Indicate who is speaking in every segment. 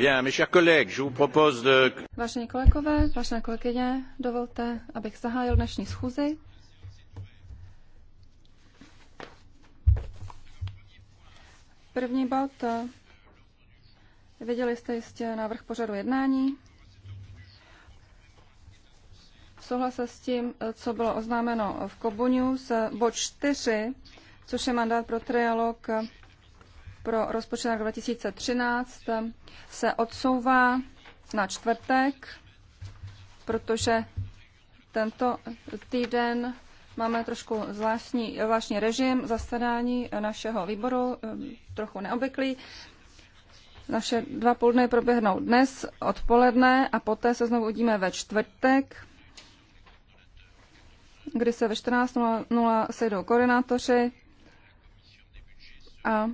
Speaker 1: Vážení
Speaker 2: kolegové, vážené kolegyně, dovolte, abych zahájil dnešní schůzi. První bod. Viděli jste jistě návrh pořadu jednání. V souhlase s tím, co bylo oznámeno v Kobu bod 4, což je mandát pro trialog pro rozpočet na 2013 se odsouvá na čtvrtek, protože tento týden máme trošku zvláštní, zvláštní režim zasedání našeho výboru, ehm, trochu neobvyklý. Naše dva půl dny proběhnou dnes odpoledne a poté se znovu udíme ve čtvrtek, kdy se ve 14.00 sejdou koordinátoři a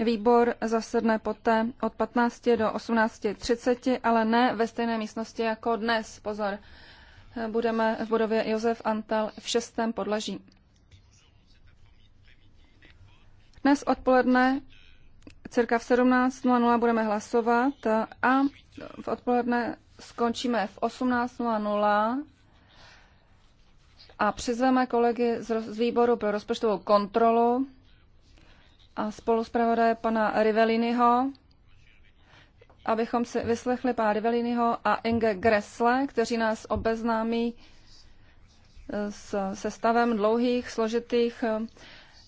Speaker 2: Výbor zasedne poté od 15 do 18.30, ale ne ve stejné místnosti jako dnes. Pozor, budeme v budově Josef Antal v šestém podlaží. Dnes odpoledne cirka v 17.00 budeme hlasovat a v odpoledne skončíme v 18.00 a přizveme kolegy z výboru pro rozpočtovou kontrolu, a spoluzpravodaje pana Riveliniho, abychom si vyslechli pana Riveliniho a Inge Gressle, kteří nás obeznámí eh, s sestavem dlouhých, složitých eh,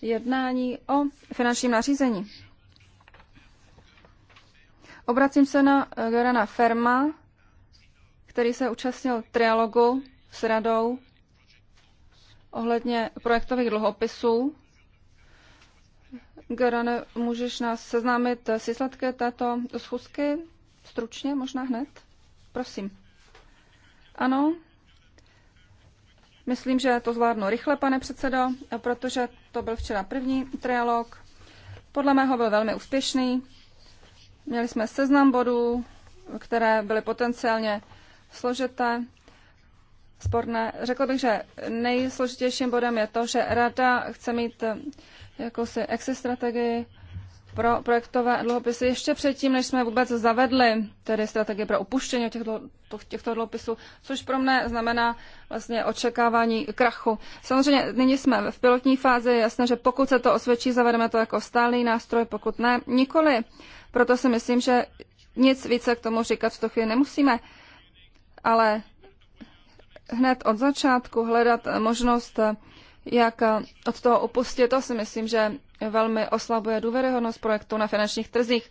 Speaker 2: jednání o finančním nařízení. Obracím se na eh, Gerana Ferma, který se účastnil trialogu s radou ohledně projektových dluhopisů Gerane, můžeš nás seznámit s výsledky této schůzky? Stručně, možná hned? Prosím. Ano. Myslím, že to zvládnu rychle, pane předsedo, protože to byl včera první trialog. Podle mého byl velmi úspěšný. Měli jsme seznam bodů, které byly potenciálně složité, sporné. Řekl bych, že nejsložitějším bodem je to, že Rada chce mít jako se exit strategii pro projektové dluhopisy ještě předtím, než jsme vůbec zavedli tedy strategie pro upuštění těchto, těchto dluhopisů, což pro mne znamená vlastně očekávání krachu. Samozřejmě nyní jsme v pilotní fázi, jasné, že pokud se to osvědčí, zavedeme to jako stálý nástroj, pokud ne, nikoli. Proto si myslím, že nic více k tomu říkat v tu chvíli nemusíme. Ale hned od začátku hledat možnost jak eh, od toho upustit, to si myslím, že velmi oslabuje důvěryhodnost projektu na finančních trzích.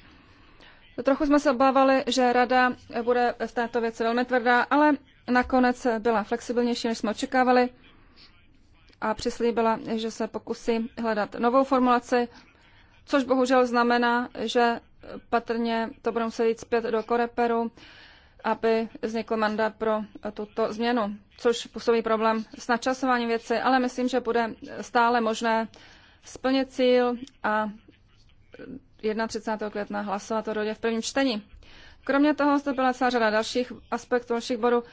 Speaker 2: Trochu jsme se obávali, že rada bude v této věci velmi tvrdá, ale nakonec byla flexibilnější, než jsme očekávali a přislíbila, že se pokusí hledat novou formulaci, což bohužel znamená, že patrně to budou muset jít zpět do koreperu aby vznikl mandát pro tuto změnu, což působí problém s načasováním věci, ale myslím, že bude stále možné splnit cíl a 31. května hlasovat o rodě v prvním čtení. Kromě toho to byla celá řada dalších aspektů, dalších bodů.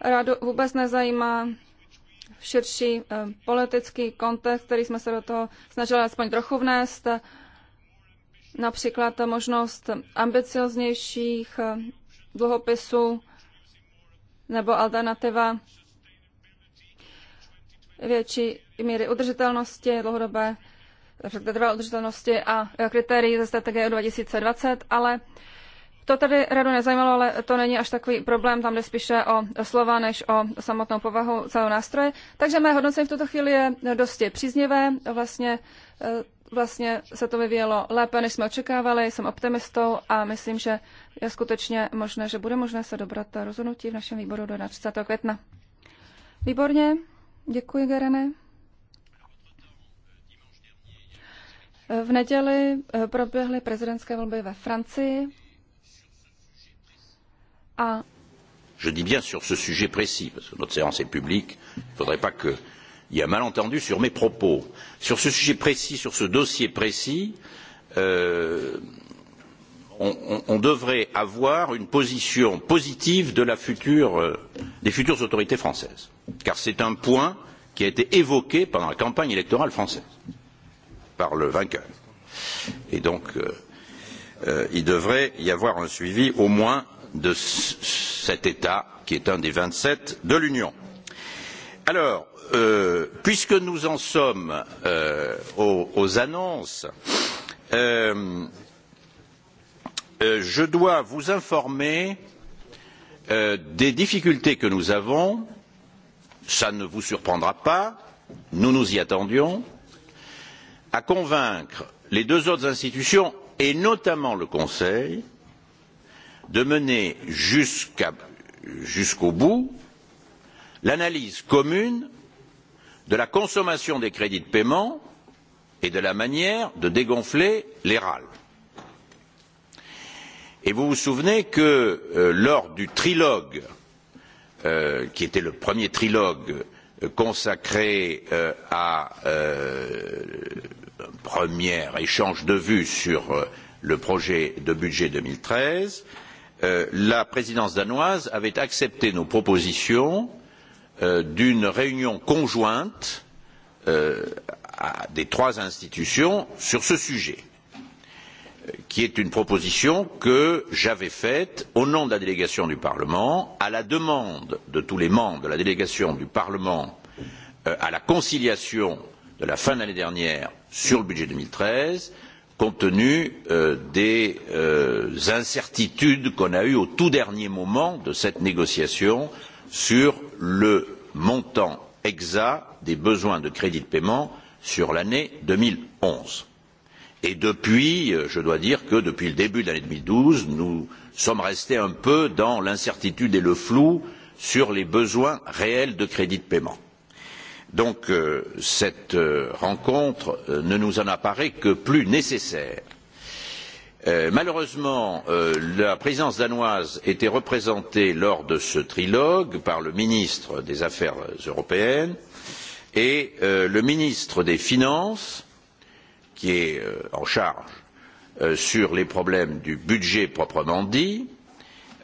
Speaker 2: Radu vůbec nezajímá širší eh, politický kontext, který jsme se do toho snažili aspoň trochu vnést. Například možnost ambicioznějších eh, dluhopisu nebo alternativa větší míry udržitelnosti, dlouhodobé trvalé udržitelnosti a kritérií ze strategie 2020, ale to tady radu nezajímalo, ale to není až takový problém, tam jde spíše o slova než o samotnou povahu celého nástroje. Takže mé hodnocení v tuto chvíli je dosti příznivé. Vlastně eh, vlastně se to vyvíjelo lépe, než jsme očekávali. Jsem optimistou a myslím, že je skutečně možné, že bude možné se dobrat rozhodnutí v našem výboru do 30. května. Výborně, děkuji, Gerene. V neděli eh, proběhly prezidentské volby ve Francii a
Speaker 1: Je dis bien sur ce sujet précis, parce que notre séance est publique, il ne faudrait pas que il y a malentendu sur mes propos. Sur ce sujet précis, sur ce dossier précis, euh, on, on, on devrait avoir une position positive de la future, euh, des futures autorités françaises, car c'est un point qui a été évoqué pendant la campagne électorale française par le vainqueur. Et donc, euh, euh, il devrait y avoir un suivi au moins de cet État qui est un des 27 de l'Union. Alors, Euh, puisque nous en sommes euh, aux, aux annonces, euh, euh, je dois vous informer euh, des difficultés que nous avons. Ça ne vous surprendra pas, nous nous y attendions, à convaincre les deux autres institutions et notamment le Conseil de mener jusqu'au jusqu bout l'analyse commune de la consommation des crédits de paiement et de la manière de dégonfler les râles. Et vous vous souvenez que euh, lors du trilogue, euh, qui était le premier trilogue euh, consacré euh, à euh, un premier échange de vues sur euh, le projet de budget 2013, euh, la présidence danoise avait accepté nos propositions euh, Euh, d'une réunion conjointe euh, à, des trois institutions sur ce sujet, euh, qui est une proposition que j'avais faite au nom de la délégation du Parlement, à la demande de tous les membres de la délégation du Parlement euh, à la conciliation de la fin de l'année dernière sur le budget 2013, compte tenu euh, des euh, incertitudes qu'on a eues au tout dernier moment de cette négociation sur le montant exact des besoins de crédits de paiement sur l'année 2011. Et depuis, euh, je dois dire que depuis le début de l'année 2012, nous sommes restés un peu dans l'incertitude et le flou sur les besoins réels de crédits de paiement. Donc euh, cette euh, rencontre ne nous en apparaît que plus nécessaire Euh, malheureusement euh, la présidence danoise était représentée lors de ce trilogue par le ministre des affaires européennes et euh, le ministre des finances qui est en charge sur les problèmes du budget proprement dit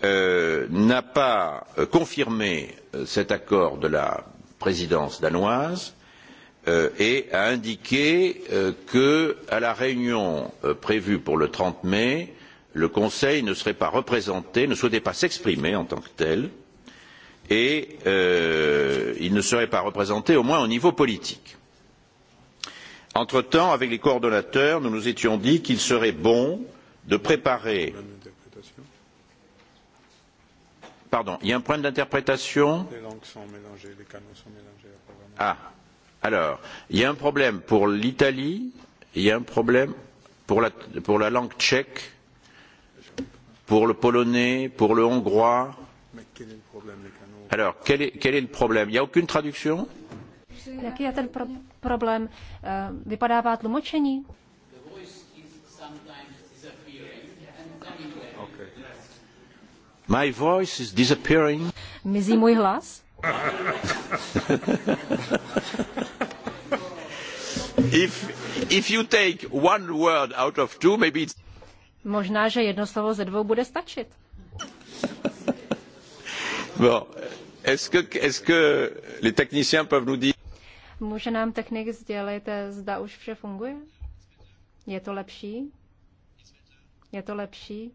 Speaker 1: n'a pas confirmé cet accord de la présidence danoise Euh, et a indiqué euh, que à la réunion euh, prévue pour le trente mai le conseil ne serait pas représenté ne souhaitait pas s'exprimer en tant que tel et euh, il ne serait pas représenté au moins au niveau politique. entre temps avec les coordonnateurs nous nous étions dit qu'il serait bon de préparer pardon il y a un problème d'interprétation les langues sont mélangées les canaux sont mélangés ah Alors, il y a un problème pour l'Italie, il y a un problème pour la, pour la langue tchèque, pour le polonais, pour le hongrois. Alors, quel est, quel est le problème Il n'y a aucune traduction
Speaker 3: Jaký je ten pro- problém? Eh, vypadává tlumočení?
Speaker 1: My voice is disappearing. Mizí můj hlas?
Speaker 3: Možná, že jedno slovo ze dvou bude stačit.
Speaker 1: bon. Est-ce que, est que les techniciens peuvent nous dire...
Speaker 3: Může nám technik sdělit, zda už vše funguje? Je to lepší? Je to lepší?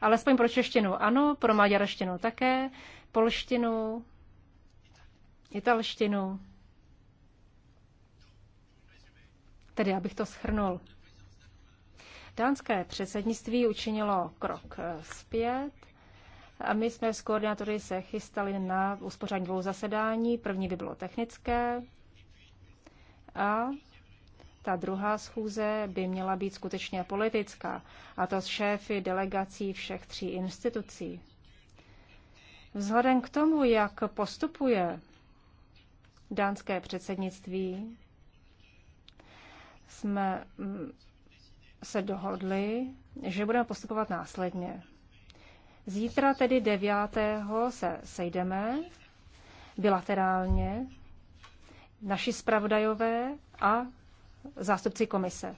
Speaker 3: Alespoň pro češtinu ano, pro maďarštinu také polštinu, italštinu. Tedy, abych to schrnul. Dánské předsednictví učinilo krok eh, zpět a my jsme s koordinátory se chystali na uspořádání dvou zasedání. První by bylo technické a ta druhá schůze by měla být skutečně politická, a to s šéfy delegací všech tří institucí. Vzhledem k tomu, jak postupuje dánské předsednictví, jsme mm, se dohodli, že budeme postupovat následně. Zítra tedy 9. se sejdeme bilaterálně, naši zpravodajové a zástupci komise.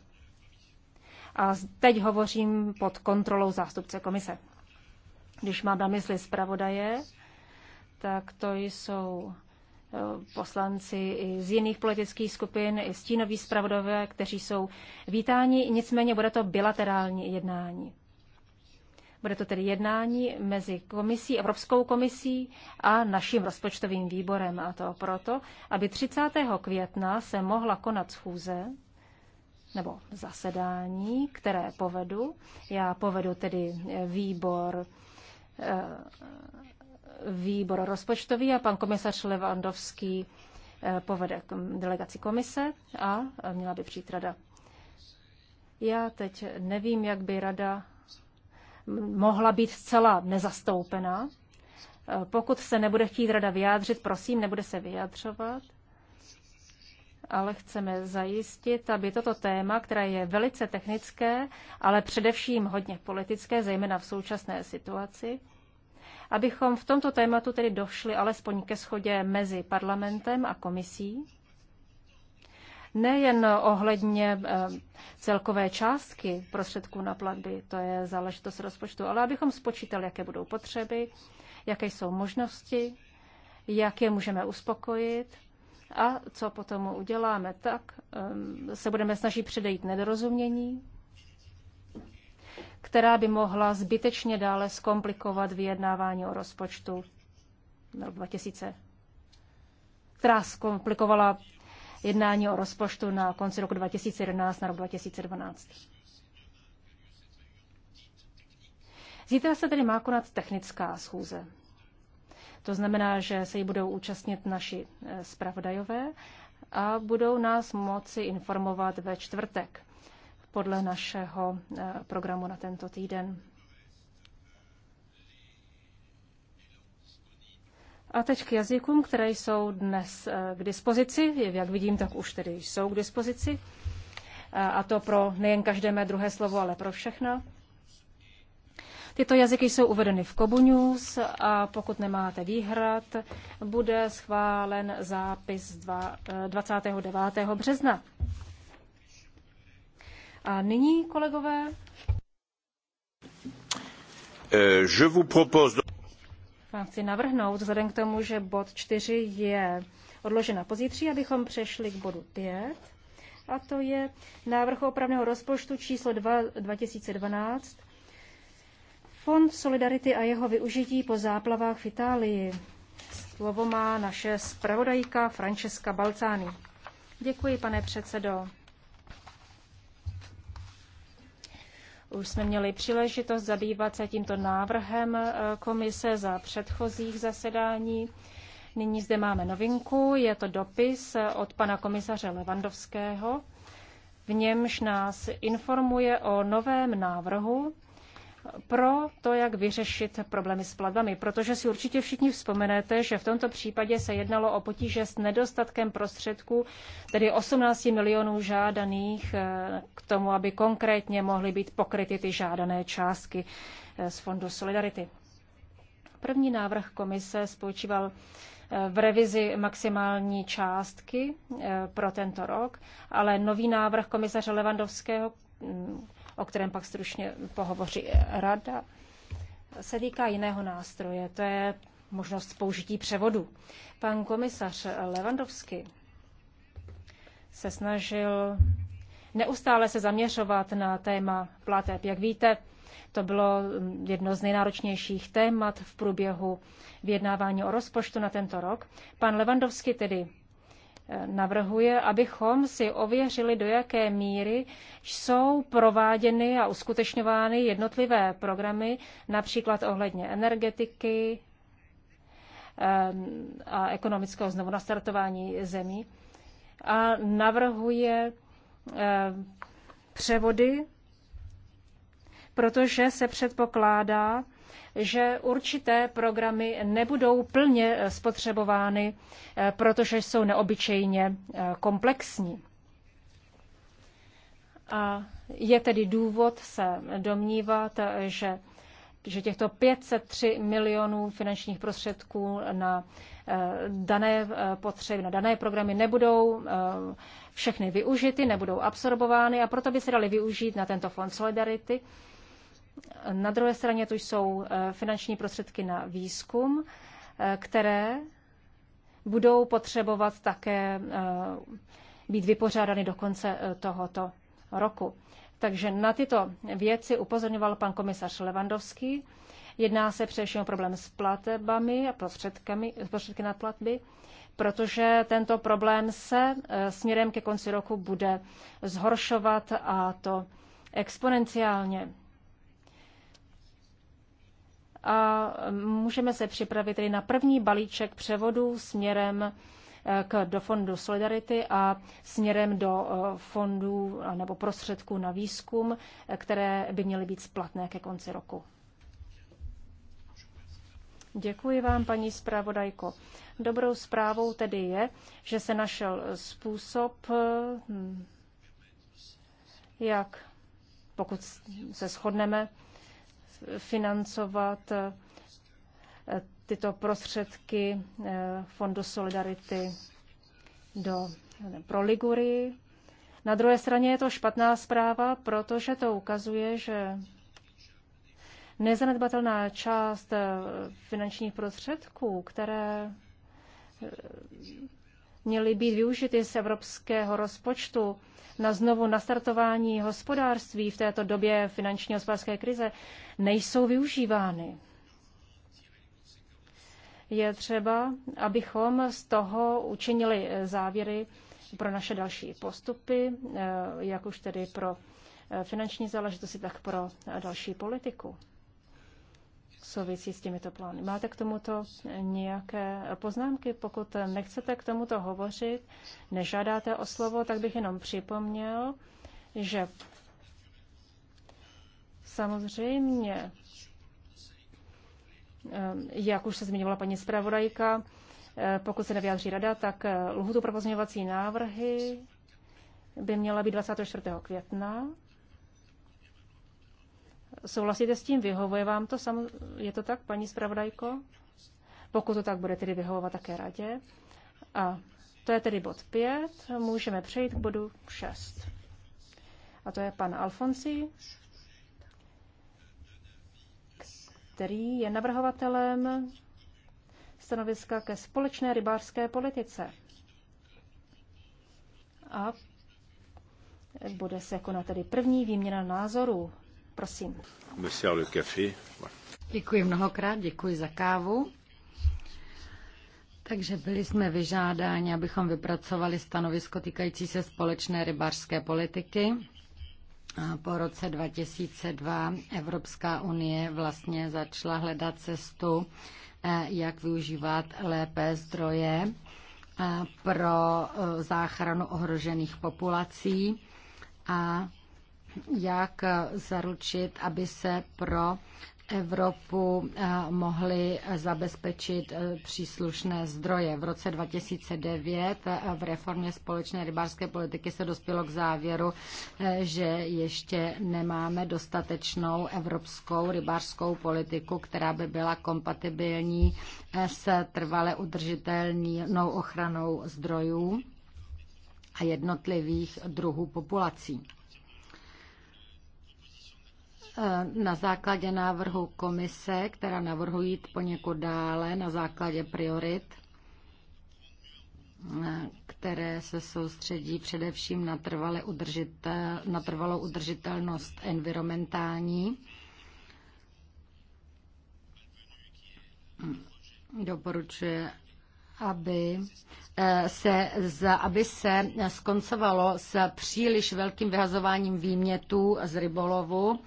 Speaker 3: A teď hovořím pod kontrolou zástupce komise. Když mám na mysli zpravodaje, tak to jsou eh, poslanci i z jiných politických skupin, i stínoví zpravodové, kteří jsou vítáni, nicméně bude to bilaterální jednání. Bude to tedy jednání mezi komisí, Evropskou komisí a naším rozpočtovým výborem. A to proto, aby 30. května se mohla konat schůze nebo zasedání, které povedu. Já povedu tedy výbor výbor rozpočtový a pan komisař Levandovský eh, povede delegaci komise a eh, měla by přijít rada. Já teď nevím, jak by rada mohla být zcela nezastoupená. Eh, pokud se nebude chtít rada vyjádřit, prosím, nebude se vyjadřovat ale chceme zajistit, aby toto téma, které je velice technické, ale především hodně politické, zejména v současné situaci, abychom v tomto tématu tedy došli alespoň ke schodě mezi parlamentem a komisí, nejen ohledně eh, celkové částky prostředků na platby, to je záležitost rozpočtu, ale abychom spočítali, jaké budou potřeby, jaké jsou možnosti, jak je můžeme uspokojit a co potom uděláme, tak ehm, se budeme snažit předejít nedorozumění která by mohla zbytečně dále zkomplikovat vyjednávání o rozpočtu rok 2000, která zkomplikovala jednání o rozpočtu na konci roku 2011 na rok 2012. Zítra se tedy má konat technická schůze. To znamená, že se jí budou účastnit naši eh, zpravodajové a budou nás moci informovat ve čtvrtek podle našeho eh, programu na tento týden. A teď k jazykům, které jsou dnes eh, k dispozici. Jak vidím, tak už tedy jsou k dispozici. Eh, a to pro nejen každé mé druhé slovo, ale pro všechna. Tyto jazyky jsou uvedeny v Kobunius, a pokud nemáte výhrad, bude schválen zápis 29. března. A nyní, kolegové,
Speaker 1: eh, Je vous propose...
Speaker 3: Vám chci navrhnout, vzhledem k tomu, že bod 4 je odložen na pozítří, abychom přešli k bodu 5, a to je návrh opravného rozpočtu číslo 2 2012 Fond Solidarity a jeho využití po záplavách v Itálii. Slovo má naše zpravodajka Francesca Balcány. Děkuji, pane předsedo. Už jsme měli příležitost zabývat se tímto návrhem eh, komise za předchozích zasedání. Nyní zde máme novinku, je to dopis eh, od pana komisaře Levandovského, v němž nás informuje o novém návrhu pro to, jak vyřešit problémy s platbami, protože si určitě všichni vzpomenete, že v tomto případě se jednalo o potíže s nedostatkem prostředků, tedy 18 milionů žádaných eh, k tomu, aby konkrétně mohly být pokryty ty žádané částky eh, z Fondu Solidarity. První návrh komise spočíval eh, v revizi maximální částky pro tento rok, ale nový návrh komisaře Levandovského mm, o kterém pak stručně pohovoří rada, se týká jiného nástroje, to je možnost použití převodu. Pan komisař Levandovský se snažil neustále se zaměřovat na téma plateb. Jak víte, to bylo jedno z nejnáročnějších témat v průběhu vyjednávání o rozpočtu na tento rok. Pan Levandovský tedy navrhuje, abychom si ověřili, do jaké míry jsou prováděny a uskutečňovány jednotlivé programy, například ohledně energetiky eh, a ekonomického znovu nastartování zemí. A navrhuje eh, převody, protože se předpokládá, že určité programy nebudou plně eh, spotřebovány, eh, protože jsou neobyčejně eh, komplexní. A je tedy důvod se domnívat, že že těchto 503 milionů finančních prostředků na dané potřeby, na dané programy nebudou všechny využity, nebudou absorbovány a proto by se daly využít na tento fond Solidarity, na druhé straně tu jsou eh, finanční prostředky na výzkum, eh, které budou potřebovat také eh, být vypořádány do konce tohoto roku. Takže na tyto věci upozorňoval pan komisař Levandovský. Jedná se především o problém s platebami a prostředkami, prostředky na platby, protože tento problém se směrem ke konci roku bude zhoršovat a to exponenciálně a můžeme se připravit tedy na první balíček převodů směrem eh, k, do fondu Solidarity a směrem do eh, fondů nebo prostředků na výzkum, eh, které by měly být splatné ke konci roku. Děkuji vám, paní zpravodajko. Dobrou zprávou tedy je, že se našel způsob, hm, jak, pokud se shodneme, financovat eh, tyto prostředky eh, Fondu Solidarity do, pro Ligurii. Na druhé straně je to špatná zpráva, protože to ukazuje, že nezanedbatelná část eh, finančních prostředků, které měly být využity z evropského rozpočtu na znovu nastartování hospodářství v této době finanční hospodářské krize nejsou využívány. Je třeba, abychom z toho učinili závěry pro naše další postupy, eh, jak už tedy pro eh, finanční záležitosti, tak pro další politiku souvisí s těmito plány. Máte k tomuto nějaké poznámky? Pokud nechcete k tomuto hovořit, nežádáte o slovo, tak bych jenom připomněl, že samozřejmě, eh, jak už se zmiňovala paní zpravodajka, eh, pokud se nevyjádří rada, tak eh, lhutu pro pozměňovací návrhy by měla být 24. května Souhlasíte s tím? Vyhovuje vám to? Sam... Je to tak, paní zpravodajko? Pokud to tak bude tedy vyhovovat také radě. A to je tedy bod 5. Můžeme přejít k bodu 6. A to je pan Alfonsi, který je navrhovatelem stanoviska ke společné rybářské politice. A bude se konat tedy první výměna názorů Prosím. Děkuji mnohokrát, děkuji za kávu. Takže
Speaker 4: byli jsme vyžádáni, abychom vypracovali stanovisko týkající se společné rybářské politiky. Po roce 2002 Evropská unie vlastně začala hledat cestu, eh, jak využívat lépe zdroje eh, pro eh, záchranu ohrožených populací a jak zaručit, aby se pro Evropu eh, mohly zabezpečit eh, příslušné zdroje. V roce 2009 eh, v reformě společné rybářské politiky se dospělo k závěru, že ještě nemáme dostatečnou evropskou rybářskou politiku, která by byla kompatibilní s trvale udržitelnou ochranou zdrojů a jednotlivých druhů populací. Eh, na základě návrhu komise, která navrhují jít poněkud dále na základě priorit, eh, které se soustředí především na, trvale udržitel, na trvalou udržitelnost environmentální. Doporučuje aby eh, se, aby se skoncovalo s příliš velkým vyhazováním výmětů z rybolovu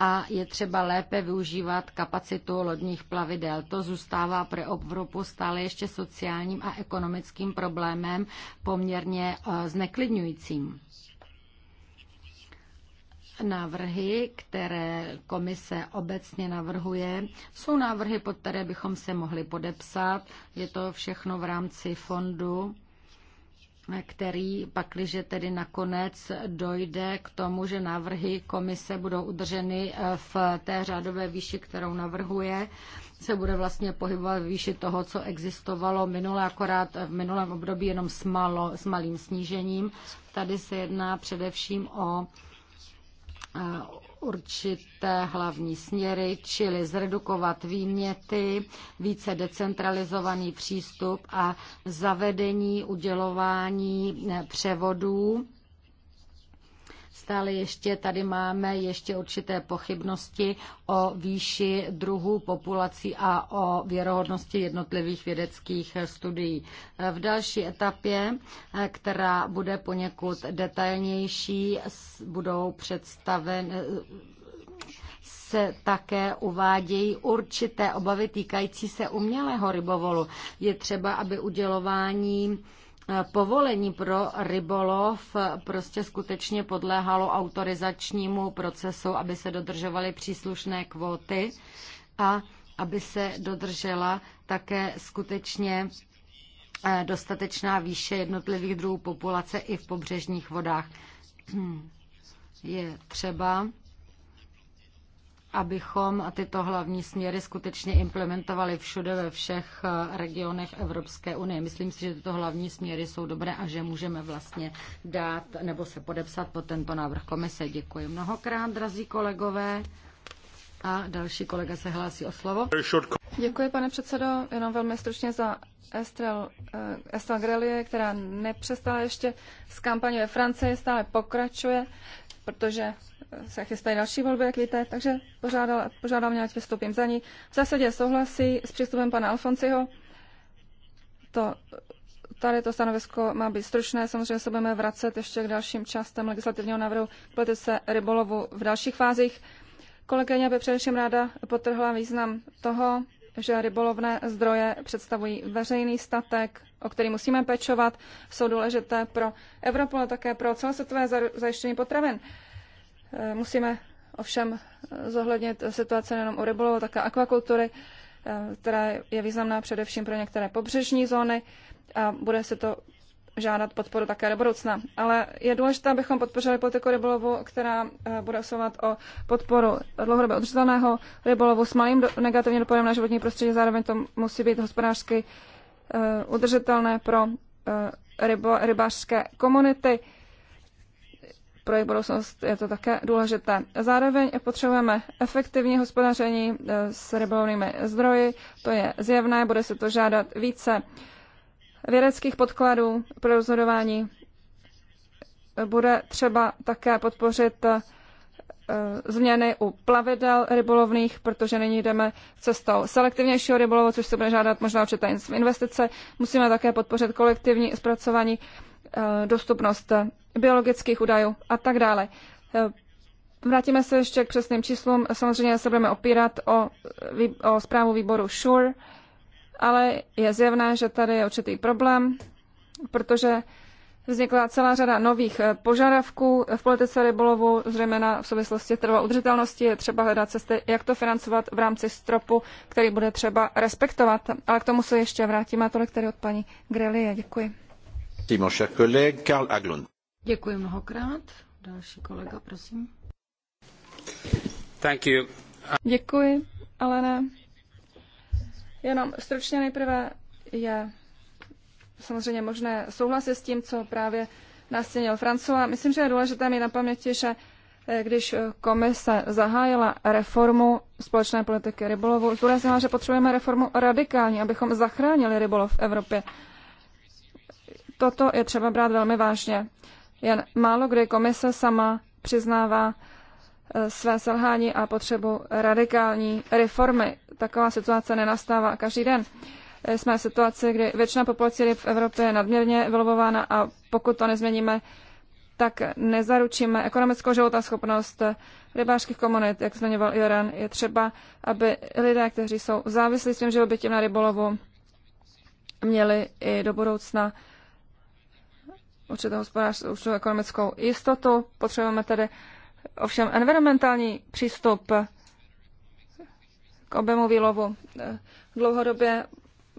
Speaker 4: a je třeba lépe využívat kapacitu lodních plavidel. To zůstává pro Evropu stále ještě sociálním a ekonomickým problémem poměrně eh, zneklidňujícím návrhy, které komise obecně navrhuje, jsou návrhy, pod které bychom se mohli podepsat. Je to všechno v rámci fondu který pakliže tedy nakonec dojde k tomu, že návrhy komise budou udrženy eh, v té řádové výši, kterou navrhuje, se bude vlastně pohybovat výši toho, co existovalo minule, akorát v minulém období jenom s, malo, s malým snížením. Tady se jedná především o eh, určité hlavní směry, čili zredukovat výměty, více decentralizovaný přístup a zavedení udělování převodů Stále ještě tady máme ještě určité pochybnosti o výši druhů populací a o věrohodnosti jednotlivých vědeckých studií. V další etapě, eh, která bude poněkud detailnější, budou představeny eh, se také uvádějí určité obavy týkající se umělého rybovolu. Je třeba, aby udělování povolení pro rybolov prostě skutečně podléhalo autorizačnímu procesu, aby se dodržovaly příslušné kvóty a aby se dodržela také skutečně eh, dostatečná výše jednotlivých druhů populace i v pobřežních vodách. Je třeba abychom tyto hlavní směry skutečně implementovali všude ve všech eh, regionech Evropské unie. Myslím si, že tyto hlavní směry jsou dobré a že můžeme vlastně dát nebo se podepsat pod tento návrh komise. Děkuji mnohokrát, drazí kolegové. A další kolega se hlásí o slovo.
Speaker 2: Děkuji, pane předsedo. Jenom velmi stručně za Estrel, eh, Estrel Grelie, která nepřestala ještě s kampaní ve Francii, stále pokračuje, protože se chystají další volby, jak víte, takže požádal, požádal mě, ať vystoupím za ní. V zásadě souhlasí s přístupem pana Alfonciho. To, tady to stanovisko má být stručné, samozřejmě se budeme vracet ještě k dalším částem legislativního návrhu k politice rybolovu v dalších fázích. Kolegyně by především ráda potrhla význam toho, že rybolovné zdroje představují veřejný statek, o který musíme pečovat, jsou důležité pro Evropu, ale také pro celosvětové zajištění potravin. Eh, musíme ovšem zohlednit situaci nejenom u rybolovu, také akvakultury, eh, která je významná především pro některé pobřežní zóny a bude se to žádat podporu také do budoucna. Ale je důležité, abychom podpořili politiku rybolovu, která eh, bude usilovat o podporu dlouhodobě udržitelného rybolovu s malým do, negativním dopadem na životní prostředí. Zároveň to musí být hospodářsky uh, udržitelné pro uh, rybo, rybářské komunity. Pro jejich budoucnost je to také důležité. Zároveň potřebujeme efektivní hospodaření s rybolovnými zdroji. To je zjevné, bude se to žádat více. Uh, vědeckých podkladů pro rozhodování. Bude třeba také podpořit eh, změny u plavidel rybolovných, protože nyní jdeme cestou selektivnějšího rybolovu, což se bude žádat možná určitá investice. Musíme také podpořit kolektivní zpracování, eh, dostupnost biologických údajů a tak dále. Eh, vrátíme se ještě k přesným číslům. Samozřejmě se budeme opírat o, o zprávu výboru SURE ale je zjevné, že tady je určitý problém, protože vznikla celá řada nových eh, požadavků v politice rybolovu, zřejmě v souvislosti trvalou udržitelnosti. Je třeba hledat cesty, jak to financovat v rámci stropu, který bude třeba respektovat. Ale k tomu se ještě vrátíme. Tolik tedy od paní Grelie. Děkuji. Děkuji mnohokrát. Další kolega, prosím. Thank you. Děkuji, Alena. Jenom stručně nejprve je samozřejmě možné souhlasit s tím, co právě nastěnil Francova. Myslím, že je důležité mít na paměti, že eh, když eh, komise zahájila reformu společné politiky rybolovu, zdůraznila, že potřebujeme reformu radikální, abychom zachránili rybolov v Evropě. Toto je třeba brát velmi vážně. Jen málo kdy komise sama přiznává eh, své selhání a potřebu radikální reformy taková situace nenastává každý den. Eh, jsme v situaci, kdy většina populace v Evropě je nadměrně vylovována a pokud to nezměníme, tak nezaručíme ekonomickou životaschopnost rybářských komunit, jak zmiňoval Joran. Je třeba, aby lidé, kteří jsou závislí svým živobytím na rybolovu, měli i do budoucna určitou hospodářskou, určitou ekonomickou jistotu. Potřebujeme tedy ovšem environmentální přístup k objemu výlovu. Eh, dlouhodobě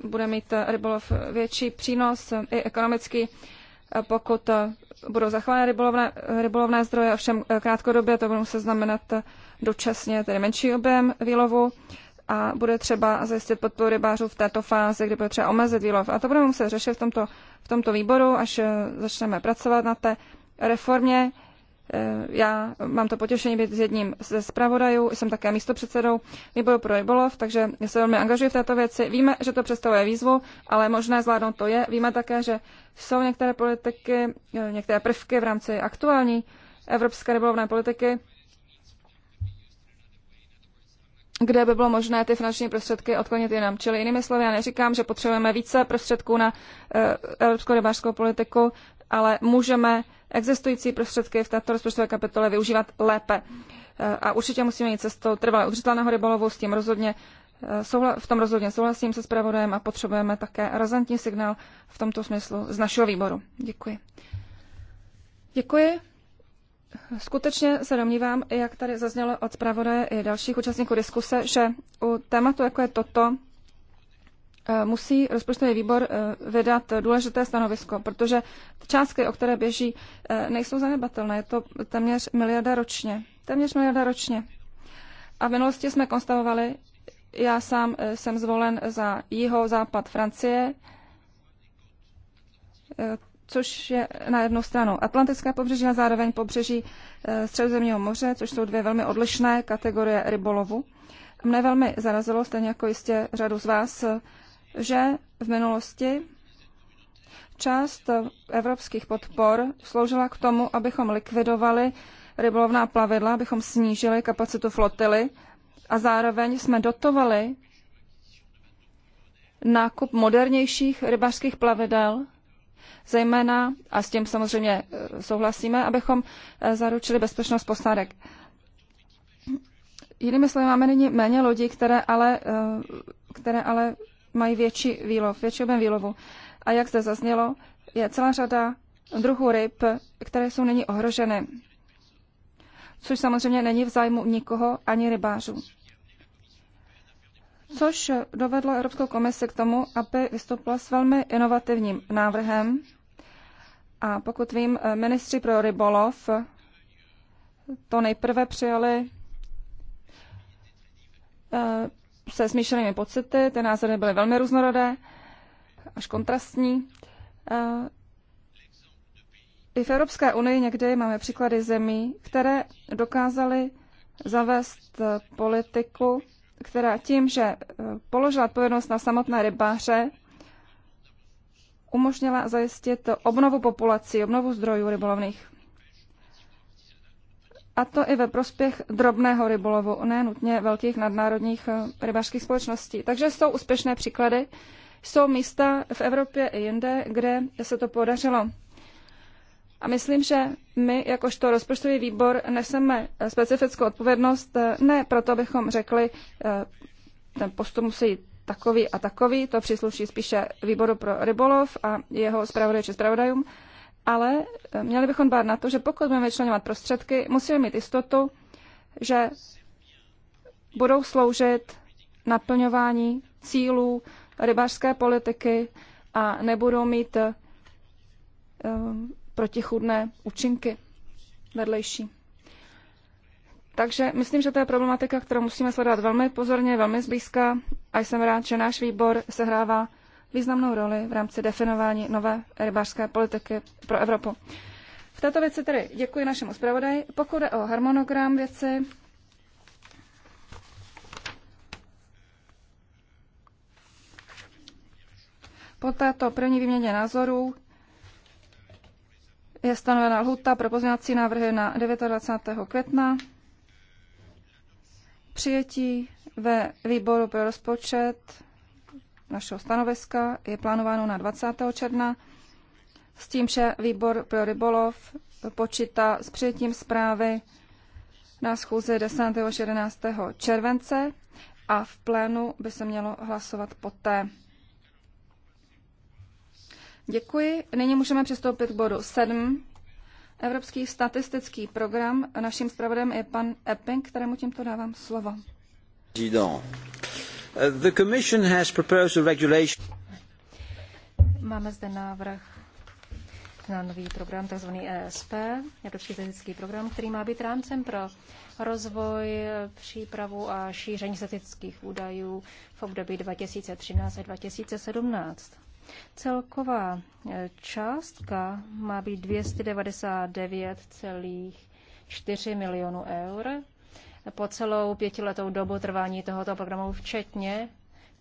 Speaker 2: bude mít rybolov větší přínos eh, i ekonomický, eh, pokud budou zachovány rybolovné, rybolovné zdroje, ovšem krátkodobě to bude muset znamenat dočasně tedy menší objem výlovu a bude třeba zajistit podporu rybářů v této fázi, kdy bude třeba omezit výlov. A to budeme muset řešit v tomto, v tomto výboru, až začneme pracovat na té reformě Eh, já mám to potěšení být s jedním ze zpravodajů, jsem také místopředsedou výboru pro rybolov, takže se velmi angažuji v této věci. Víme, že to představuje výzvu, ale možné zvládnout to je. Víme také, že jsou některé politiky, eh, některé prvky v rámci aktuální evropské rybolovné politiky, kde by bylo možné ty finanční prostředky odklonit jinam. Čili jinými slovy, já neříkám, že potřebujeme více prostředků na eh, evropskou rybářskou politiku, ale můžeme existující prostředky v této rozpočtové kapitole využívat lépe. Eh, a určitě musíme jít cestou trvalé udržitelného rybolovu, s tím rozhodně eh, v tom rozhodně souhlasím se zpravodajem a potřebujeme také razantní signál v tomto smyslu z našeho výboru. Děkuji. Děkuji. Skutečně se domnívám, jak tady zaznělo od zpravodaje i dalších účastníků diskuse, že u tématu, jako je toto, Eh, musí rozpočtový výbor eh, vydat důležité stanovisko, protože částky, o které běží, eh, nejsou zanebatelné. Je to téměř miliarda ročně. Téměř miliarda ročně. A v minulosti jsme konstatovali, já sám jsem zvolen za jeho západ Francie, což je na jednu stranu Atlantické pobřeží a zároveň pobřeží Středozemního moře, což jsou dvě velmi odlišné kategorie rybolovu. Mne velmi zarazilo, stejně jako jistě řadu z vás, že v minulosti část evropských podpor sloužila k tomu, abychom likvidovali rybolovná plavidla, abychom snížili kapacitu flotily a zároveň jsme dotovali nákup modernějších rybářských plavidel, zejména, a s tím samozřejmě eh, souhlasíme, abychom eh, zaručili bezpečnost posádek. Jinými slovy, máme nyní méně lodí, které ale, eh, které ale mají větší výlov, větší objem výlovu. A jak zde zaznělo, je celá řada druhů ryb, které jsou nyní ohroženy. Což samozřejmě není v zájmu nikoho ani rybářů. Což dovedlo Evropskou komisi k tomu, aby vystoupila s velmi inovativním návrhem. A pokud vím, ministři pro rybolov to nejprve přijali eh, se smíšenými pocity, ty názory byly velmi různorodé, až kontrastní. I v Evropské unii někdy máme příklady zemí, které dokázaly zavést politiku, která tím, že e, položila odpovědnost na samotné rybáře, umožnila zajistit obnovu populací, obnovu zdrojů rybolovných a to i ve prospěch drobného rybolovu, ne nutně velkých nadnárodních eh, rybářských společností. Takže jsou úspěšné příklady. Jsou místa v Evropě i jinde, kde se to podařilo. A myslím, že my, jakožto rozpočtový výbor, neseme specifickou odpovědnost eh, ne proto, abychom řekli, eh, ten postup musí jít takový a takový, to přísluší spíše výboru pro rybolov a jeho zpravodaj či zpravodajům, ale eh, měli bychom bát na to, že pokud budeme vyčlenovat prostředky, musíme mít jistotu, že budou sloužit naplňování cílů rybářské politiky a nebudou mít eh, protichudné účinky vedlejší. Takže myslím, že to je problematika, kterou musíme sledovat velmi pozorně, velmi zblízka a jsem rád, že náš výbor sehrává významnou roli v rámci definování nové rybářské politiky pro Evropu. V této věci tedy děkuji našemu zpravodaji. Pokud jde o harmonogram věci, po této první výměně názorů je stanovena lhuta pro pozměňovací návrhy na 29. května. Přijetí ve výboru pro rozpočet našeho stanoviska je plánováno na 20. června s tím, že výbor pro rybolov počítá s přijetím zprávy na schůzi 10. až 11. července a v plénu by se mělo hlasovat poté. Děkuji. Nyní můžeme přistoupit k bodu 7. Evropský statistický program. Naším zpravodem je pan Epping, kterému tímto dávám slovo.
Speaker 1: Dídon. Uh, the Commission has proposed a regulation.
Speaker 3: Máme zde návrh na nový program, takzvaný ESP, Evropský statistický program, který má být rámcem pro rozvoj, přípravu a šíření statistických údajů v období 2013 a 2017. Celková eh, částka má být 299,4 milionů eur po celou pětiletou dobu trvání tohoto programu, včetně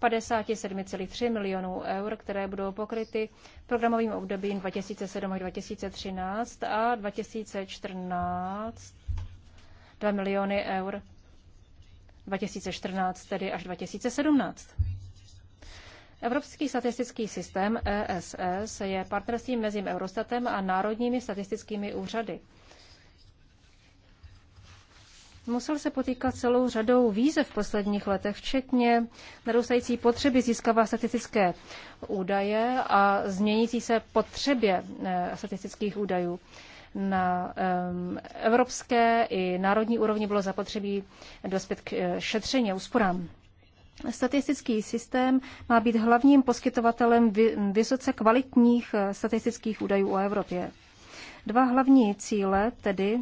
Speaker 3: 57,3 milionů eur, které budou pokryty programovým obdobím 2007 až 2013 a 2014 2 miliony eur 2014 tedy až 2017. Evropský statistický systém ESS je partnerstvím mezi Eurostatem a národními statistickými úřady musel se potýkat celou řadou výzev v posledních letech, včetně narůstající potřeby získává statistické údaje a změnící se potřebě eh, statistických údajů. Na um, evropské i národní úrovni bylo zapotřebí dospět k eh, šetření a úsporám. Statistický systém má být hlavním poskytovatelem vysoce kvalitních eh, statistických údajů o Evropě. Dva hlavní cíle tedy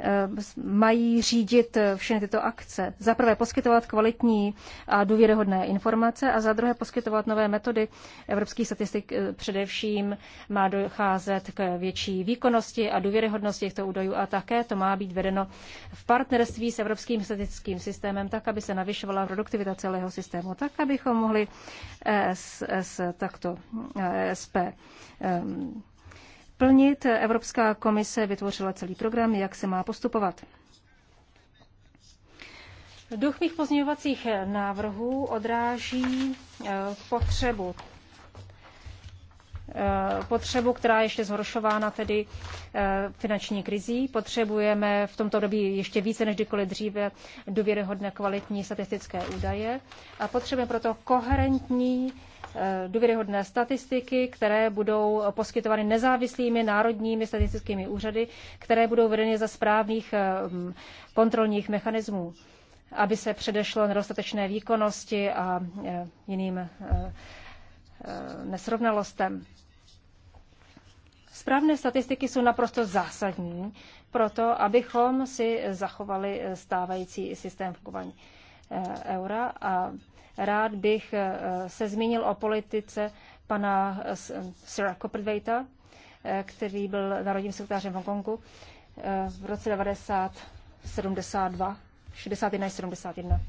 Speaker 3: Eh, mají řídit eh, všechny tyto akce. Za prvé poskytovat kvalitní a důvěryhodné informace a za druhé poskytovat nové metody Evropský statistik. Eh, především má docházet k větší výkonnosti a důvěryhodnosti těchto údajů a také to má být vedeno v partnerství s evropským statistickým systémem, tak aby se navyšovala produktivita celého systému, tak abychom mohli s, s takto SP um, plnit. Evropská komise vytvořila celý program, jak se má postupovat. Duch mých pozměňovacích návrhů odráží eh, potřebu eh, potřebu, která je ještě zhoršována tedy eh, finanční krizí. Potřebujeme v tomto době ještě více než kdykoliv dříve důvěryhodné kvalitní statistické údaje a potřebujeme proto koherentní Eh, důvěryhodné statistiky, které budou poskytovány nezávislými národními statistickými úřady, které budou vedeny za správných eh, kontrolních mechanismů, aby se předešlo nedostatečné výkonnosti a eh, jiným nesrovnalostem. Správné statistiky jsou naprosto zásadní pro to, abychom si zachovali stávající systém fungování. Eh, eura a rád bych eh, se zmínil o politice pana eh, Sir Copperdwaita, který byl národním sekretářem v Hongkongu v roce 1971. 71.